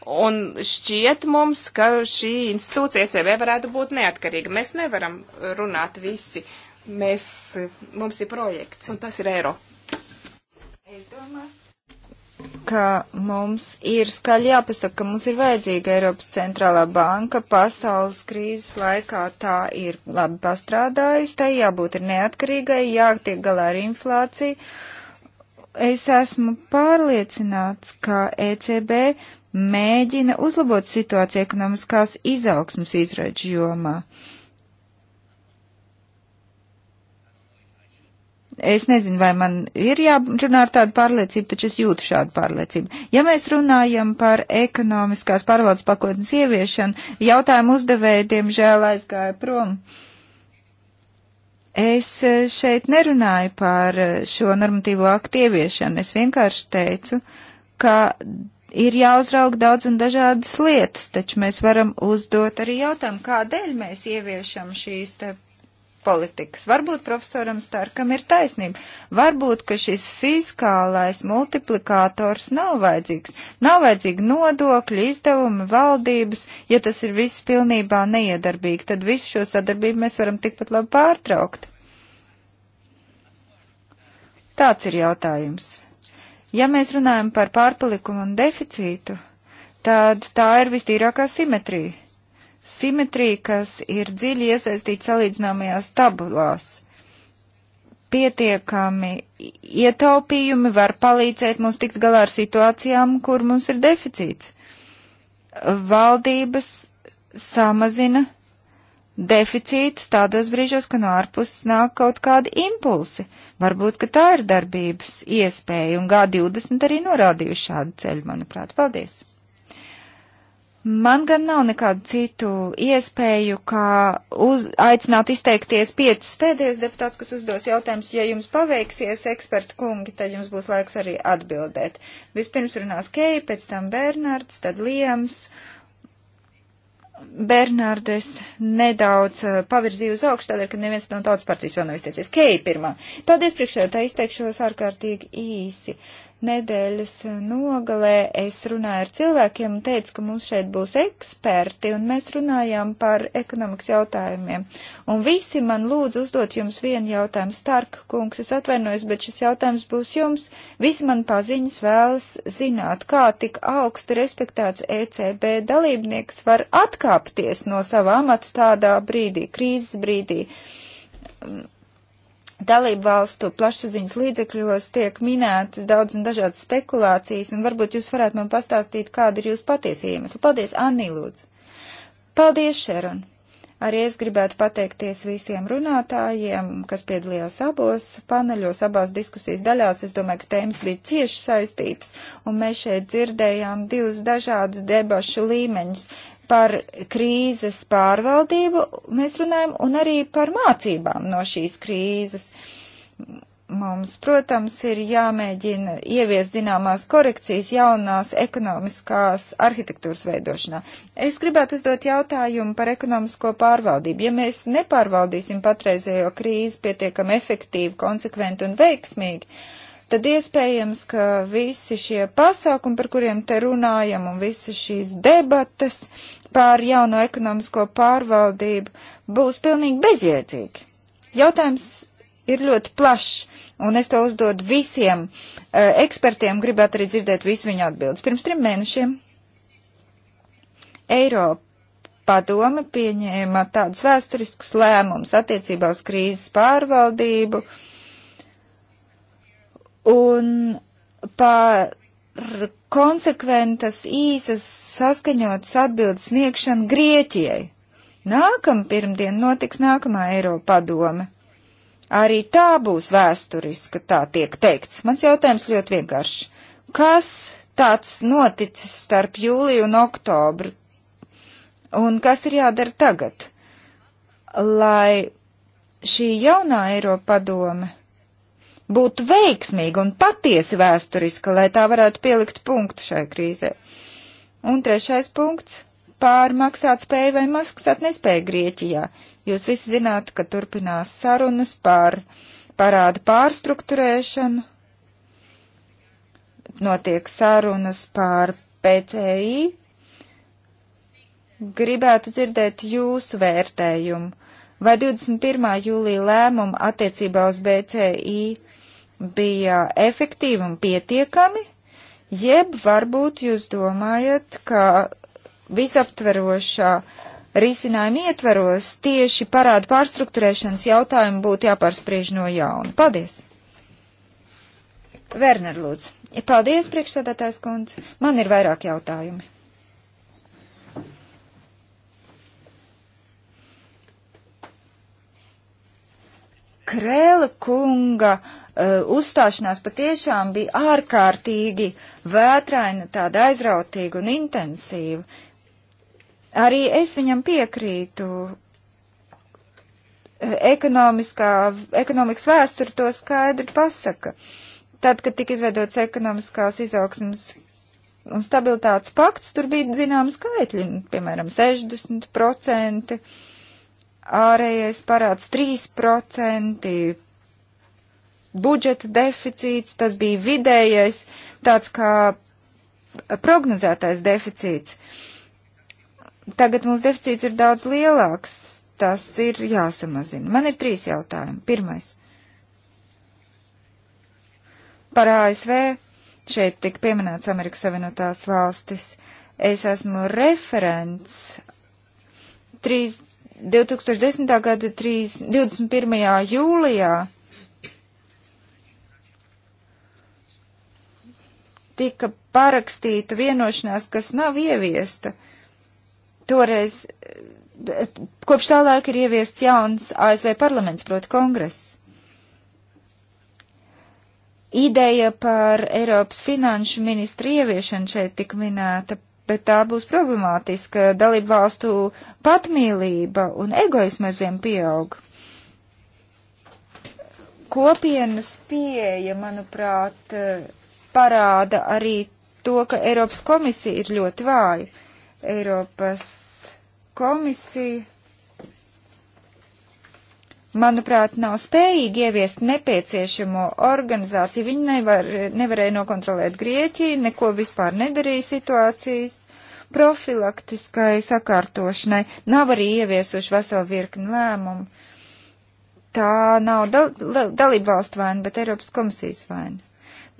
Un šķiet mums, ka šī institūcija ECB varētu būt neatkarīga. Mēs nevaram runāt visi. Mēs, mums ir projekts, un tas ir eiro. Es domāju, ka mums ir skaļi jāpasaka, ka mums ir vajadzīga Eiropas centrālā banka. Pasaules krīzes laikā tā ir labi pastrādājusi, tai jābūt ir neatkarīgai, jātiek galā ar inflāciju. Es esmu pārliecināts, ka ECB mēģina uzlabot situāciju ekonomiskās izaugsmas izraidžu jomā. Es nezinu, vai man ir jārunā ar tādu pārliecību, taču es jūtu šādu pārliecību. Ja mēs runājam par ekonomiskās pārvaldes pakotnes ieviešanu, jautājumu uzdevēji, diemžēl, aizgāja prom. Es e, šeit nerunāju par e, šo normatīvo aktu ieviešanu. Es vienkārši teicu, ka ir jāuzraug daudz un dažādas lietas, taču mēs varam uzdot arī jautājumu, kādēļ mēs ieviešam šīs te politikas. Varbūt profesoram Starkam ir taisnība. Varbūt, ka šis fiskālais multiplikators nav vajadzīgs. Nav vajadzīgi nodokļi, izdevumi, valdības. Ja tas ir viss pilnībā neiedarbīgi, tad visu šo sadarbību mēs varam tikpat labi pārtraukt. Tāds ir jautājums. Ja mēs runājam par pārpalikumu un deficītu, tad tā ir vistīrākā simetrija. Simetrija, kas ir dziļi iesaistīta salīdzināmajās tabulās. Pietiekami ietaupījumi var palīdzēt mums tikt galā ar situācijām, kur mums ir deficīts. Valdības samazina deficītus tādos brīžos, kad no ārpuses nāk kaut kādi impulsi. Varbūt, ka tā ir darbības iespēja, un G20 arī norādījuši šādu ceļu, manuprāt. Paldies! Man gan nav nekādu citu iespēju, kā uz, aicināt izteikties piecus pēdējos deputātus, kas uzdos jautājumus. Ja jums paveiksies, eksperta kungi, tad jums būs laiks arī atbildēt. Vispirms runās Keija, pēc tam Bernards, tad Liems. Uh, Bernārdes nedaudz eh, pavirzīja uz augšu, tādēļ, ka neviens no tautas partijas vēl nav izteicies. Kei pirmā. Paldies priekšsēdētāji, izteikšos ārkārtīgi īsi nedēļas eh, nogalē es runāju ar cilvēkiem un teicu, ka mums šeit būs eksperti, un mēs runājām par ekonomikas jautājumiem. Un visi man lūdzu uzdot jums vienu jautājumu. Stark, kungs, es atvainojos, bet šis jautājums būs jums. Visi man paziņas vēlas zināt, kā tik augsti respektēts ECB dalībnieks var atkāpties no sava amata tādā brīdī, krīzes brīdī dalību valstu plašsaziņas līdzekļos tiek minētas daudz un dažādas spekulācijas, un varbūt jūs varētu man pastāstīt, kāda ir jūsu patiesī iemesla. Paldies, Annī, lūdzu! Paldies, Šeron! Arī es gribētu pateikties visiem runātājiem, kas piedalījās abos paneļos, abās diskusijas daļās. Es domāju, ka tēmas bija cieši saistītas, un mēs šeit dzirdējām divus dažādus debašu līmeņus par krīzes pārvaldību mēs runājam un arī par mācībām no šīs krīzes. Mums, protams, ir jāmēģina ieviest zināmās korekcijas jaunās ekonomiskās arhitektūras veidošanā. Es gribētu uzdot jautājumu par ekonomisko pārvaldību. Ja mēs nepārvaldīsim patreizējo krīzi pietiekam efektīvi, konsekventi un veiksmīgi, uh, tad iespējams, ka visi šie pasākumi, par kuriem te runājam, un visas šīs debatas pār jauno ekonomisko pārvaldību būs pilnīgi bezjēdzīgi. Jautājums ir ļoti plašs, un es to uzdodu visiem uh, ekspertiem, gribētu arī dzirdēt visu viņu atbildes. Pirms trim mēnešiem Eiropa padome pieņēma tādus vēsturiskus lēmumus attiecībā uz krīzes pārvaldību, uh, un par konsekventas īsas saskaņotas atbildes sniegšanu Grieķijai. Nākam pirmdien notiks nākamā Eiropa padome. Arī tā būs vēsturiska, tā tiek teikts. Mans jautājums ļoti vienkāršs. Kas tāds noticis starp jūliju un oktobru? Un kas ir jādara tagad, lai šī jaunā Eiropa padome būtu veiksmīga un patiesi vēsturiska, lai tā varētu pielikt punktu šai krīzē. Un trešais punkts - pārmaksāt spēju vai maksāt nespēju Grieķijā. Jūs visi zināt, ka turpinās sarunas par parādu pārstruktūrēšanu, notiek sarunas par PCI. Gribētu dzirdēt jūsu vērtējumu. Vai 21. jūlija lēmumu attiecībā uz BCI bija efektīvi un pietiekami, jeb varbūt jūs domājat, ka visaptverošā risinājuma ietveros tieši parāda pārstruktūrēšanas jautājumu būtu jāpārspriež no jauna. Paldies! Werner Lūdzu. Paldies, priekšsēdētājs kundze. Man ir vairāk jautājumi. Krēla kunga uh, Eh, uzstāšanās patiešām bija ārkārtīgi vētraina, tāda aizrautīga un intensīva. Arī es viņam piekrītu. Eh, ekonomiskā, ekonomikas vēsture to skaidri pasaka. Tad, kad tika izveidots ekonomiskās izaugsmas un stabilitātes pakts, tur bija zināmi skaitļi, piemēram, 60%, ārējais parāds 3%, budžeta deficīts, tas bija vidējais, tāds kā prognozētais deficīts. Tagad mūsu deficīts ir daudz lielāks, tas ir jāsamazina. Man ir trīs jautājumi. Pirmais. Par ASV šeit tik pieminēts Amerikas Savienotās valstis. Es esmu referents 3, 2010. gada 3, 21. jūlijā tika parakstīta vienošanās, kas nav ieviesta. Toreiz, kopš tā laika ir ieviests jauns ASV parlaments, proti kongress. Ideja par Eiropas finanšu ministru ieviešanu šeit tik minēta, bet tā būs problemātiska. Dalību valstu patmīlība un egoisma aizvien pieaug kopienas pieeja, manuprāt, parāda arī to, ka Eiropas komisija ir ļoti vāja. Eiropas komisija, manuprāt, nav spējīgi ieviest nepieciešamo organizāciju. Viņi nevar, nevarēja nokontrolēt Grieķiju, neko vispār nedarīja situācijas profilaktiskai sakārtošanai, nav arī ieviesuši veselu virkni lēmumu. Tā nav dal, dal dalībvalstu vaina, bet Eiropas komisijas vaina.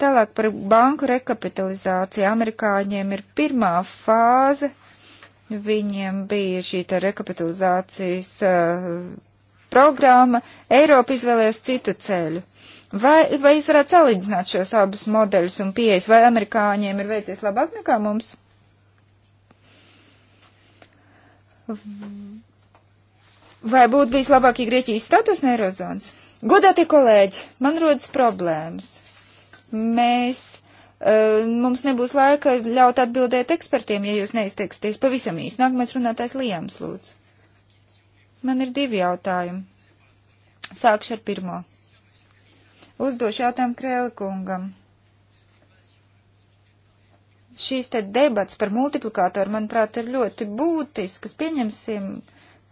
Tālāk par banku rekapitalizāciju. Amerikāņiem ir pirmā fāze. Viņiem bija šī tā rekapitalizācijas uh, programma. Eiropa izvēlējās citu ceļu. Vai, vai jūs varētu salīdzināt šos abus modeļus un pieejas, vai amerikāņiem ir veicies labāk nekā mums? Vai būtu bijis labāk, ja Grieķija status no Eirozonas? Godātie kolēģi, man rodas problēmas. Mēs, eh, mums nebūs laika ļaut atbildēt ekspertiem, ja jūs neizteiksieties pavisam īsi. Nākamais runātājs Lijams, lūdzu. Man ir divi jautājumi. Sākšu ar pirmo. Uzdošu jautājumu Krēlikungam. Šīs te debats par multiplikātoru, manuprāt, ir ļoti būtisks. Pieņemsim,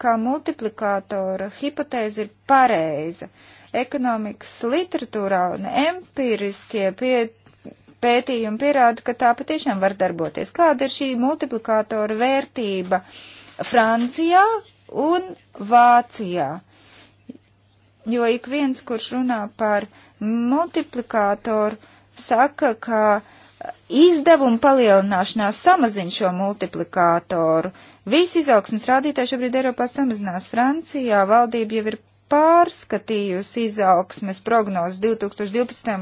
kā multiplikātora hipotēze ir pareiza. Uh, Ekonomikas literatūrā un empiriskie pie, pētījumi pierāda, ka tā patiešām var darboties. Kāda ir šī multiplikātora vērtība Francijā un Vācijā? Jo ik viens, kurš runā par multiplikātoru, saka, ka izdevuma palielināšanās samazina šo multiplikātoru. Visi izaugsmas rādītāji šobrīd Eiropā samazinās. Francijā valdība jau ir pārskatījusi izaugsmes prognozes 2012.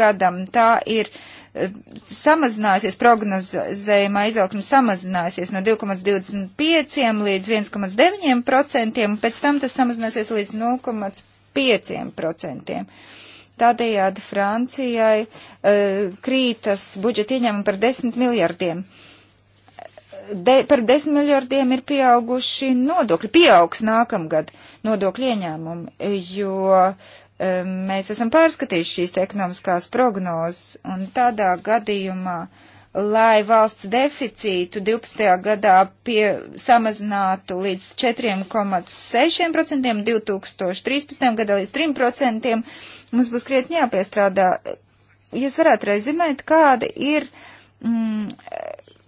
gadam. Tā ir e, samazinājusies, prognozējumā izaugsme samazinājusies no 2,25 līdz 1,9 procentiem, un pēc tam tas samazināsies līdz 0,5 procentiem. Tādējādi Francijai uh, krītas budžeta ieņēmumi par 10 miljardiem. Uh, de, par 10 miljardiem ir pieauguši nodokļi, pieaugs nākamgad nodokļu ieņēmumi, jo um, mēs esam pārskatījuši šīs ekonomiskās prognozes, un tādā gadījumā, lai valsts deficītu 12. gadā pie, samazinātu līdz 4,6%, 2013. gadā līdz 3%, mums būs krietni jāpiestrādā. Jūs varētu rezimēt, kāda ir mm,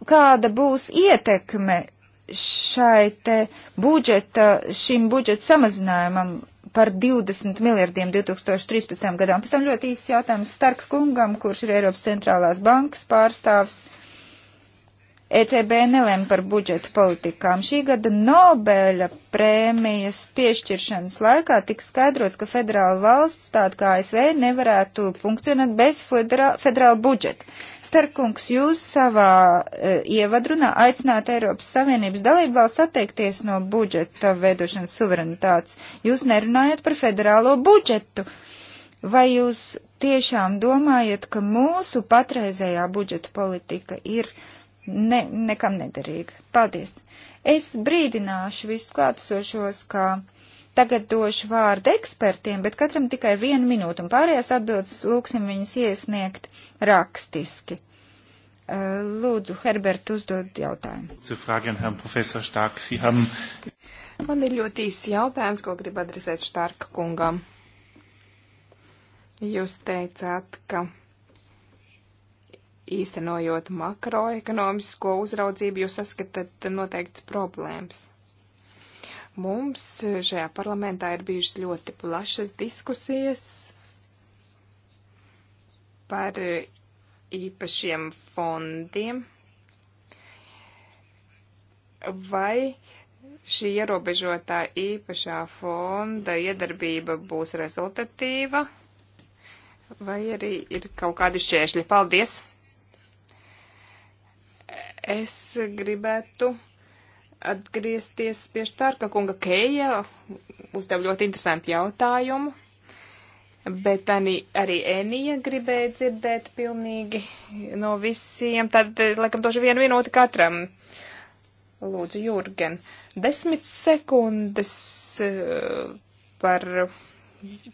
kāda būs ietekme šai te budžeta, šim budžeta samazinājumam par 20 miljardiem 2013. gadām. Pēc tam ļoti īsts jautājums Starka kungam, kurš ir Eiropas centrālās bankas pārstāvs. ECB nelēma par budžeta politikām. Šī gada Nobeļa prēmijas piešķiršanas laikā tika skaidrots, ka federāla valsts, tāda kā ASV, nevarētu funkcionēt bez federāla budžeta. Starkungs, jūs savā e, ievadrunā aicināt Eiropas Savienības dalību valsts atteikties no budžeta veidošanas suverenitātes. Jūs nerunājat par federālo budžetu. Vai jūs tiešām domājat, ka mūsu patreizējā budžeta politika ir ne, nekam nederīga? Paldies! Es brīdināšu visus klātesošos, ka tagad došu vārdu ekspertiem, bet katram tikai vienu minūtu, un pārējās atbildes lūksim viņus iesniegt rakstiski. Eh, lūdzu, Herbert, uzdod jautājumu. Man ir ļoti īsts jautājums, ko gribu adresēt Štārka kungam. Jūs teicāt, ka īstenojot makroekonomisko uzraudzību, jūs saskatāt noteikts problēmas. Mums šajā parlamentā ir bijušas ļoti plašas diskusijas par e, īpašiem fondiem. Vai šī ierobežotā īpašā fonda iedarbība būs rezultatīva, vai arī ir kaut kādi šķēršļi? Paldies! Es gribētu atgriezties pie Štārka kunga Keija. Uzdev ļoti interesanti jautājumu. Bet arī, arī Enija gribēja dzirdēt pilnīgi no visiem. Tad, eh, laikam, došu vienu minūti katram. Lūdzu, Jurgen, desmit sekundes eh, par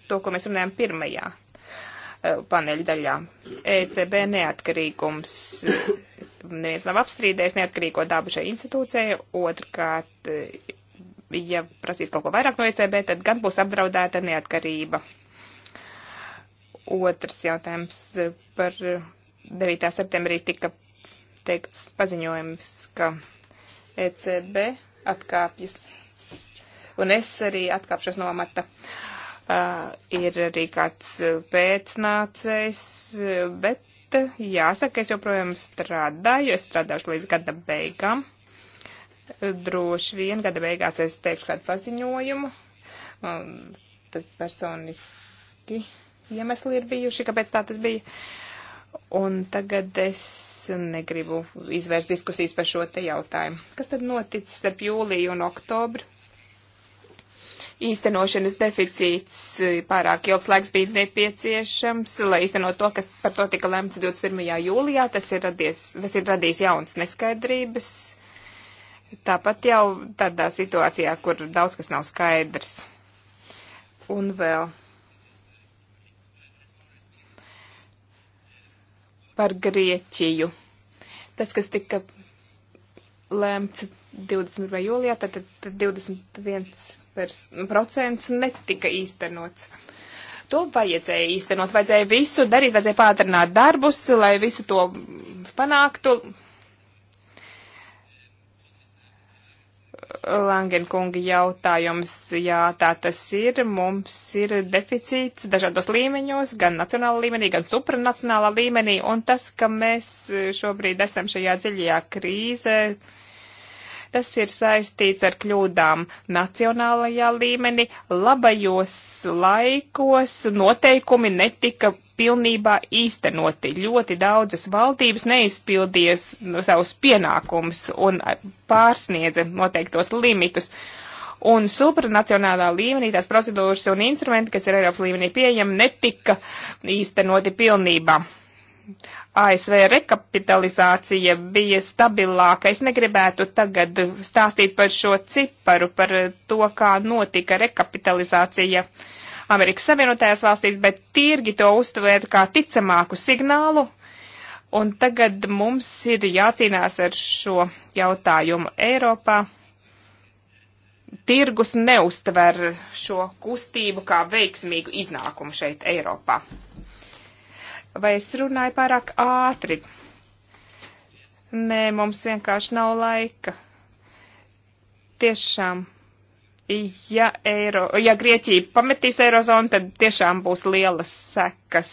to, ko mēs runājam pirmajā eh, paneļa daļā. ECB neatkarīgums. Neviens nav apstrīdējis neatkarīgo dabu šai institūcijai. Otrkārt, ja prasīs kaut ko vairāk no ECB, tad gan būs apdraudēta neatkarība Otrs jautājums par 9. septembrī tika teikts paziņojums, ka ECB atkāpjas, un es arī atkāpšos no amata. Uh, ir arī kāds pēcnācējs, bet jāsaka, es joprojām strādāju, es strādāšu līdz gada beigām. Droši vien gada beigās es teikšu kādu paziņojumu, um, tas personiski iemesli ir bijuši, kāpēc tā tas bija. Un tagad es negribu izvērst diskusijas par šo te jautājumu. Kas tad noticis starp jūliju un oktobru? Īstenošanas deficīts pārāk ilgs laiks bija nepieciešams, lai īstenot to, kas par to tika lemts 21. jūlijā. Tas ir, radies, tas ir radījis jauns neskaidrības. Tāpat jau tādā situācijā, kur daudz kas nav skaidrs. Un vēl par Grieķiju. Tas, kas tika lēmts 20. jūlijā, tad, tad 21% netika īstenots. To vajadzēja īstenot, vajadzēja visu darīt, vajadzēja pātrināt darbus, lai visu to panāktu, Langenkunga jautājums. Jā, tā tas ir. Mums ir deficīts dažādos līmeņos, gan nacionāla līmenī, gan supranacionālā līmenī, un tas, ka mēs šobrīd esam šajā dziļajā krīzē, uh, tas ir saistīts ar kļūdām nacionālajā līmenī. Labajos laikos noteikumi netika pilnībā īstenoti. Ļoti daudzas valdības neizpildies no savus pienākumus un pārsniedza noteiktos limitus. Un supranacionālā līmenī tās procedūras un instrumenti, kas ir Eiropas līmenī pieejami, netika īstenoti pilnībā ASV rekapitalizācija bija stabilāka. Es negribētu tagad stāstīt par šo ciparu, par to, kā notika rekapitalizācija Amerikas Savienotajās valstīs, bet tirgi to uztvēr kā ticamāku signālu. Un tagad mums ir jācīnās ar šo jautājumu Eiropā. Tirgus neuztver šo kustību kā veiksmīgu iznākumu šeit Eiropā. Vai es runāju pārāk ātri? Nē, mums vienkārši nav laika. Tiešām, ja, Eiro, ja Grieķija pametīs Eirozonu, tad tiešām būs lielas sekas,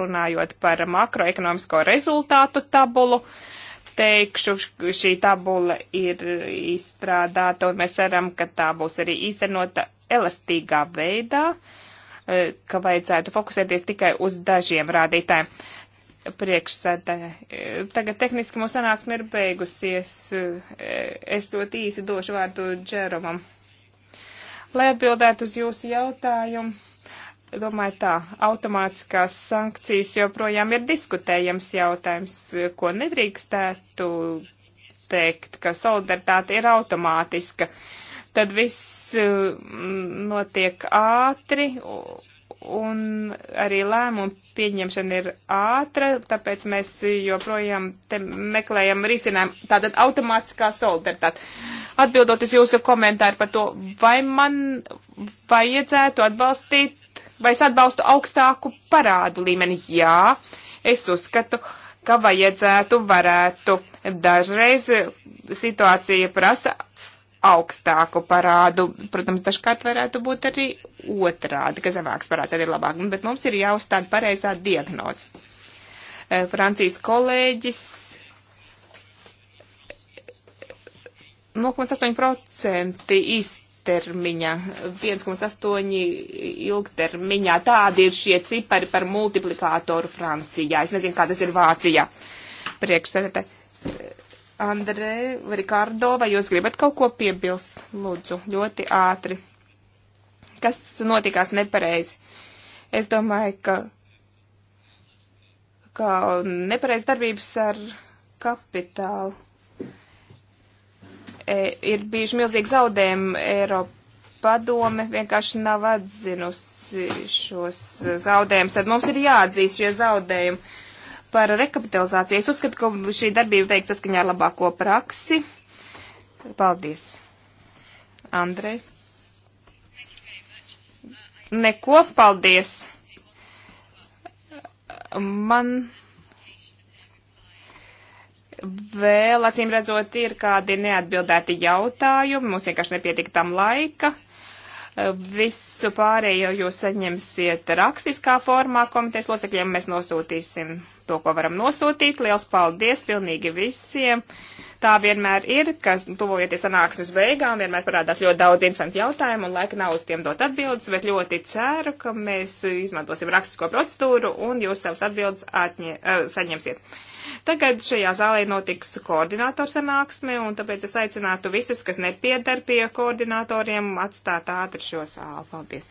runājot par makroekonomisko rezultātu tabulu. Uh, teikšu, šī tabula ir izstrādāta, un mēs ceram, ka tā būs arī īstenota elastīgā veidā. Uh, E, ka vajadzētu fokusēties tikai uz dažiem rādītājiem. Priekšsēdē. E, tagad tehniski mūsu sanāksme ir beigusies. E, es ļoti īsi došu vārdu Džeromam. Lai atbildētu uz jūsu jautājumu, domāju tā, automātiskās sankcijas joprojām ir diskutējams jautājums, ko nedrīkstētu teikt, ka solidaritāte ir automātiska. Uh, tad viss eh, notiek ātri un arī lēmumu pieņemšana ir ātra, tāpēc mēs joprojām te meklējam risinājumu tātad automātiskā solidaritāte. Atbildot uz jūsu komentāru par to, vai man vajadzētu atbalstīt, vai es atbalstu augstāku parādu līmeni? Jā, es uzskatu, ka vajadzētu, varētu. Dažreiz situācija prasa augstāku parādu. Protams, dažkārt varētu būt arī otrādi, ka zemāks parāds arī ir labāk, bet mums ir jāuzstāda pareizā diagnoze. Eh, Francijas kolēģis 0,8% eh, īstermiņā, 1,8% ilgtermiņā. Tādi ir šie cipari par multiplikātoru Francijā. Es nezinu, kā tas ir Vācijā. Priekšsēdētāji Andrei, Rikārdo, vai jūs gribat kaut ko piebilst? Lūdzu, ļoti ātri. Kas notikās nepareizi? Es domāju, ka, ka nepareiz darbības ar kapitālu e, ir bijuši milzīgi zaudējumi Eiropā. Padome vienkārši nav atzinusi šos zaudējumus, tad mums ir jāatzīst šie zaudējumi. Uh, par rekapitalizāciju. Es uzskatu, ka šī darbība veikta saskaņā ar labāko praksi. Paldies, Andrei. Neko, paldies. Man vēl, acīm redzot, ir kādi neatbildēti jautājumi. Mums vienkārši nepietika tam laika. Visu pārējo jūs saņemsiet rakstiskā formā komitejas locekļiem. Mēs nosūtīsim to, ko varam nosūtīt. Liels paldies pilnīgi visiem. Tā vienmēr ir, ka tuvojoties sanāksmes beigām, vienmēr parādās ļoti daudz interesanti jautājumu un laika nav uz tiem dot atbildes, bet ļoti ceru, ka mēs izmantosim rakstisko procedūru un jūs savas atbildes atņē, eh, saņemsiet. Tagad šajā zālē notiks koordinātoru sanāksme, un tāpēc es aicinātu visus, kas nepiedar pie koordinātoriem, atstāt ātri šo zāli. Paldies!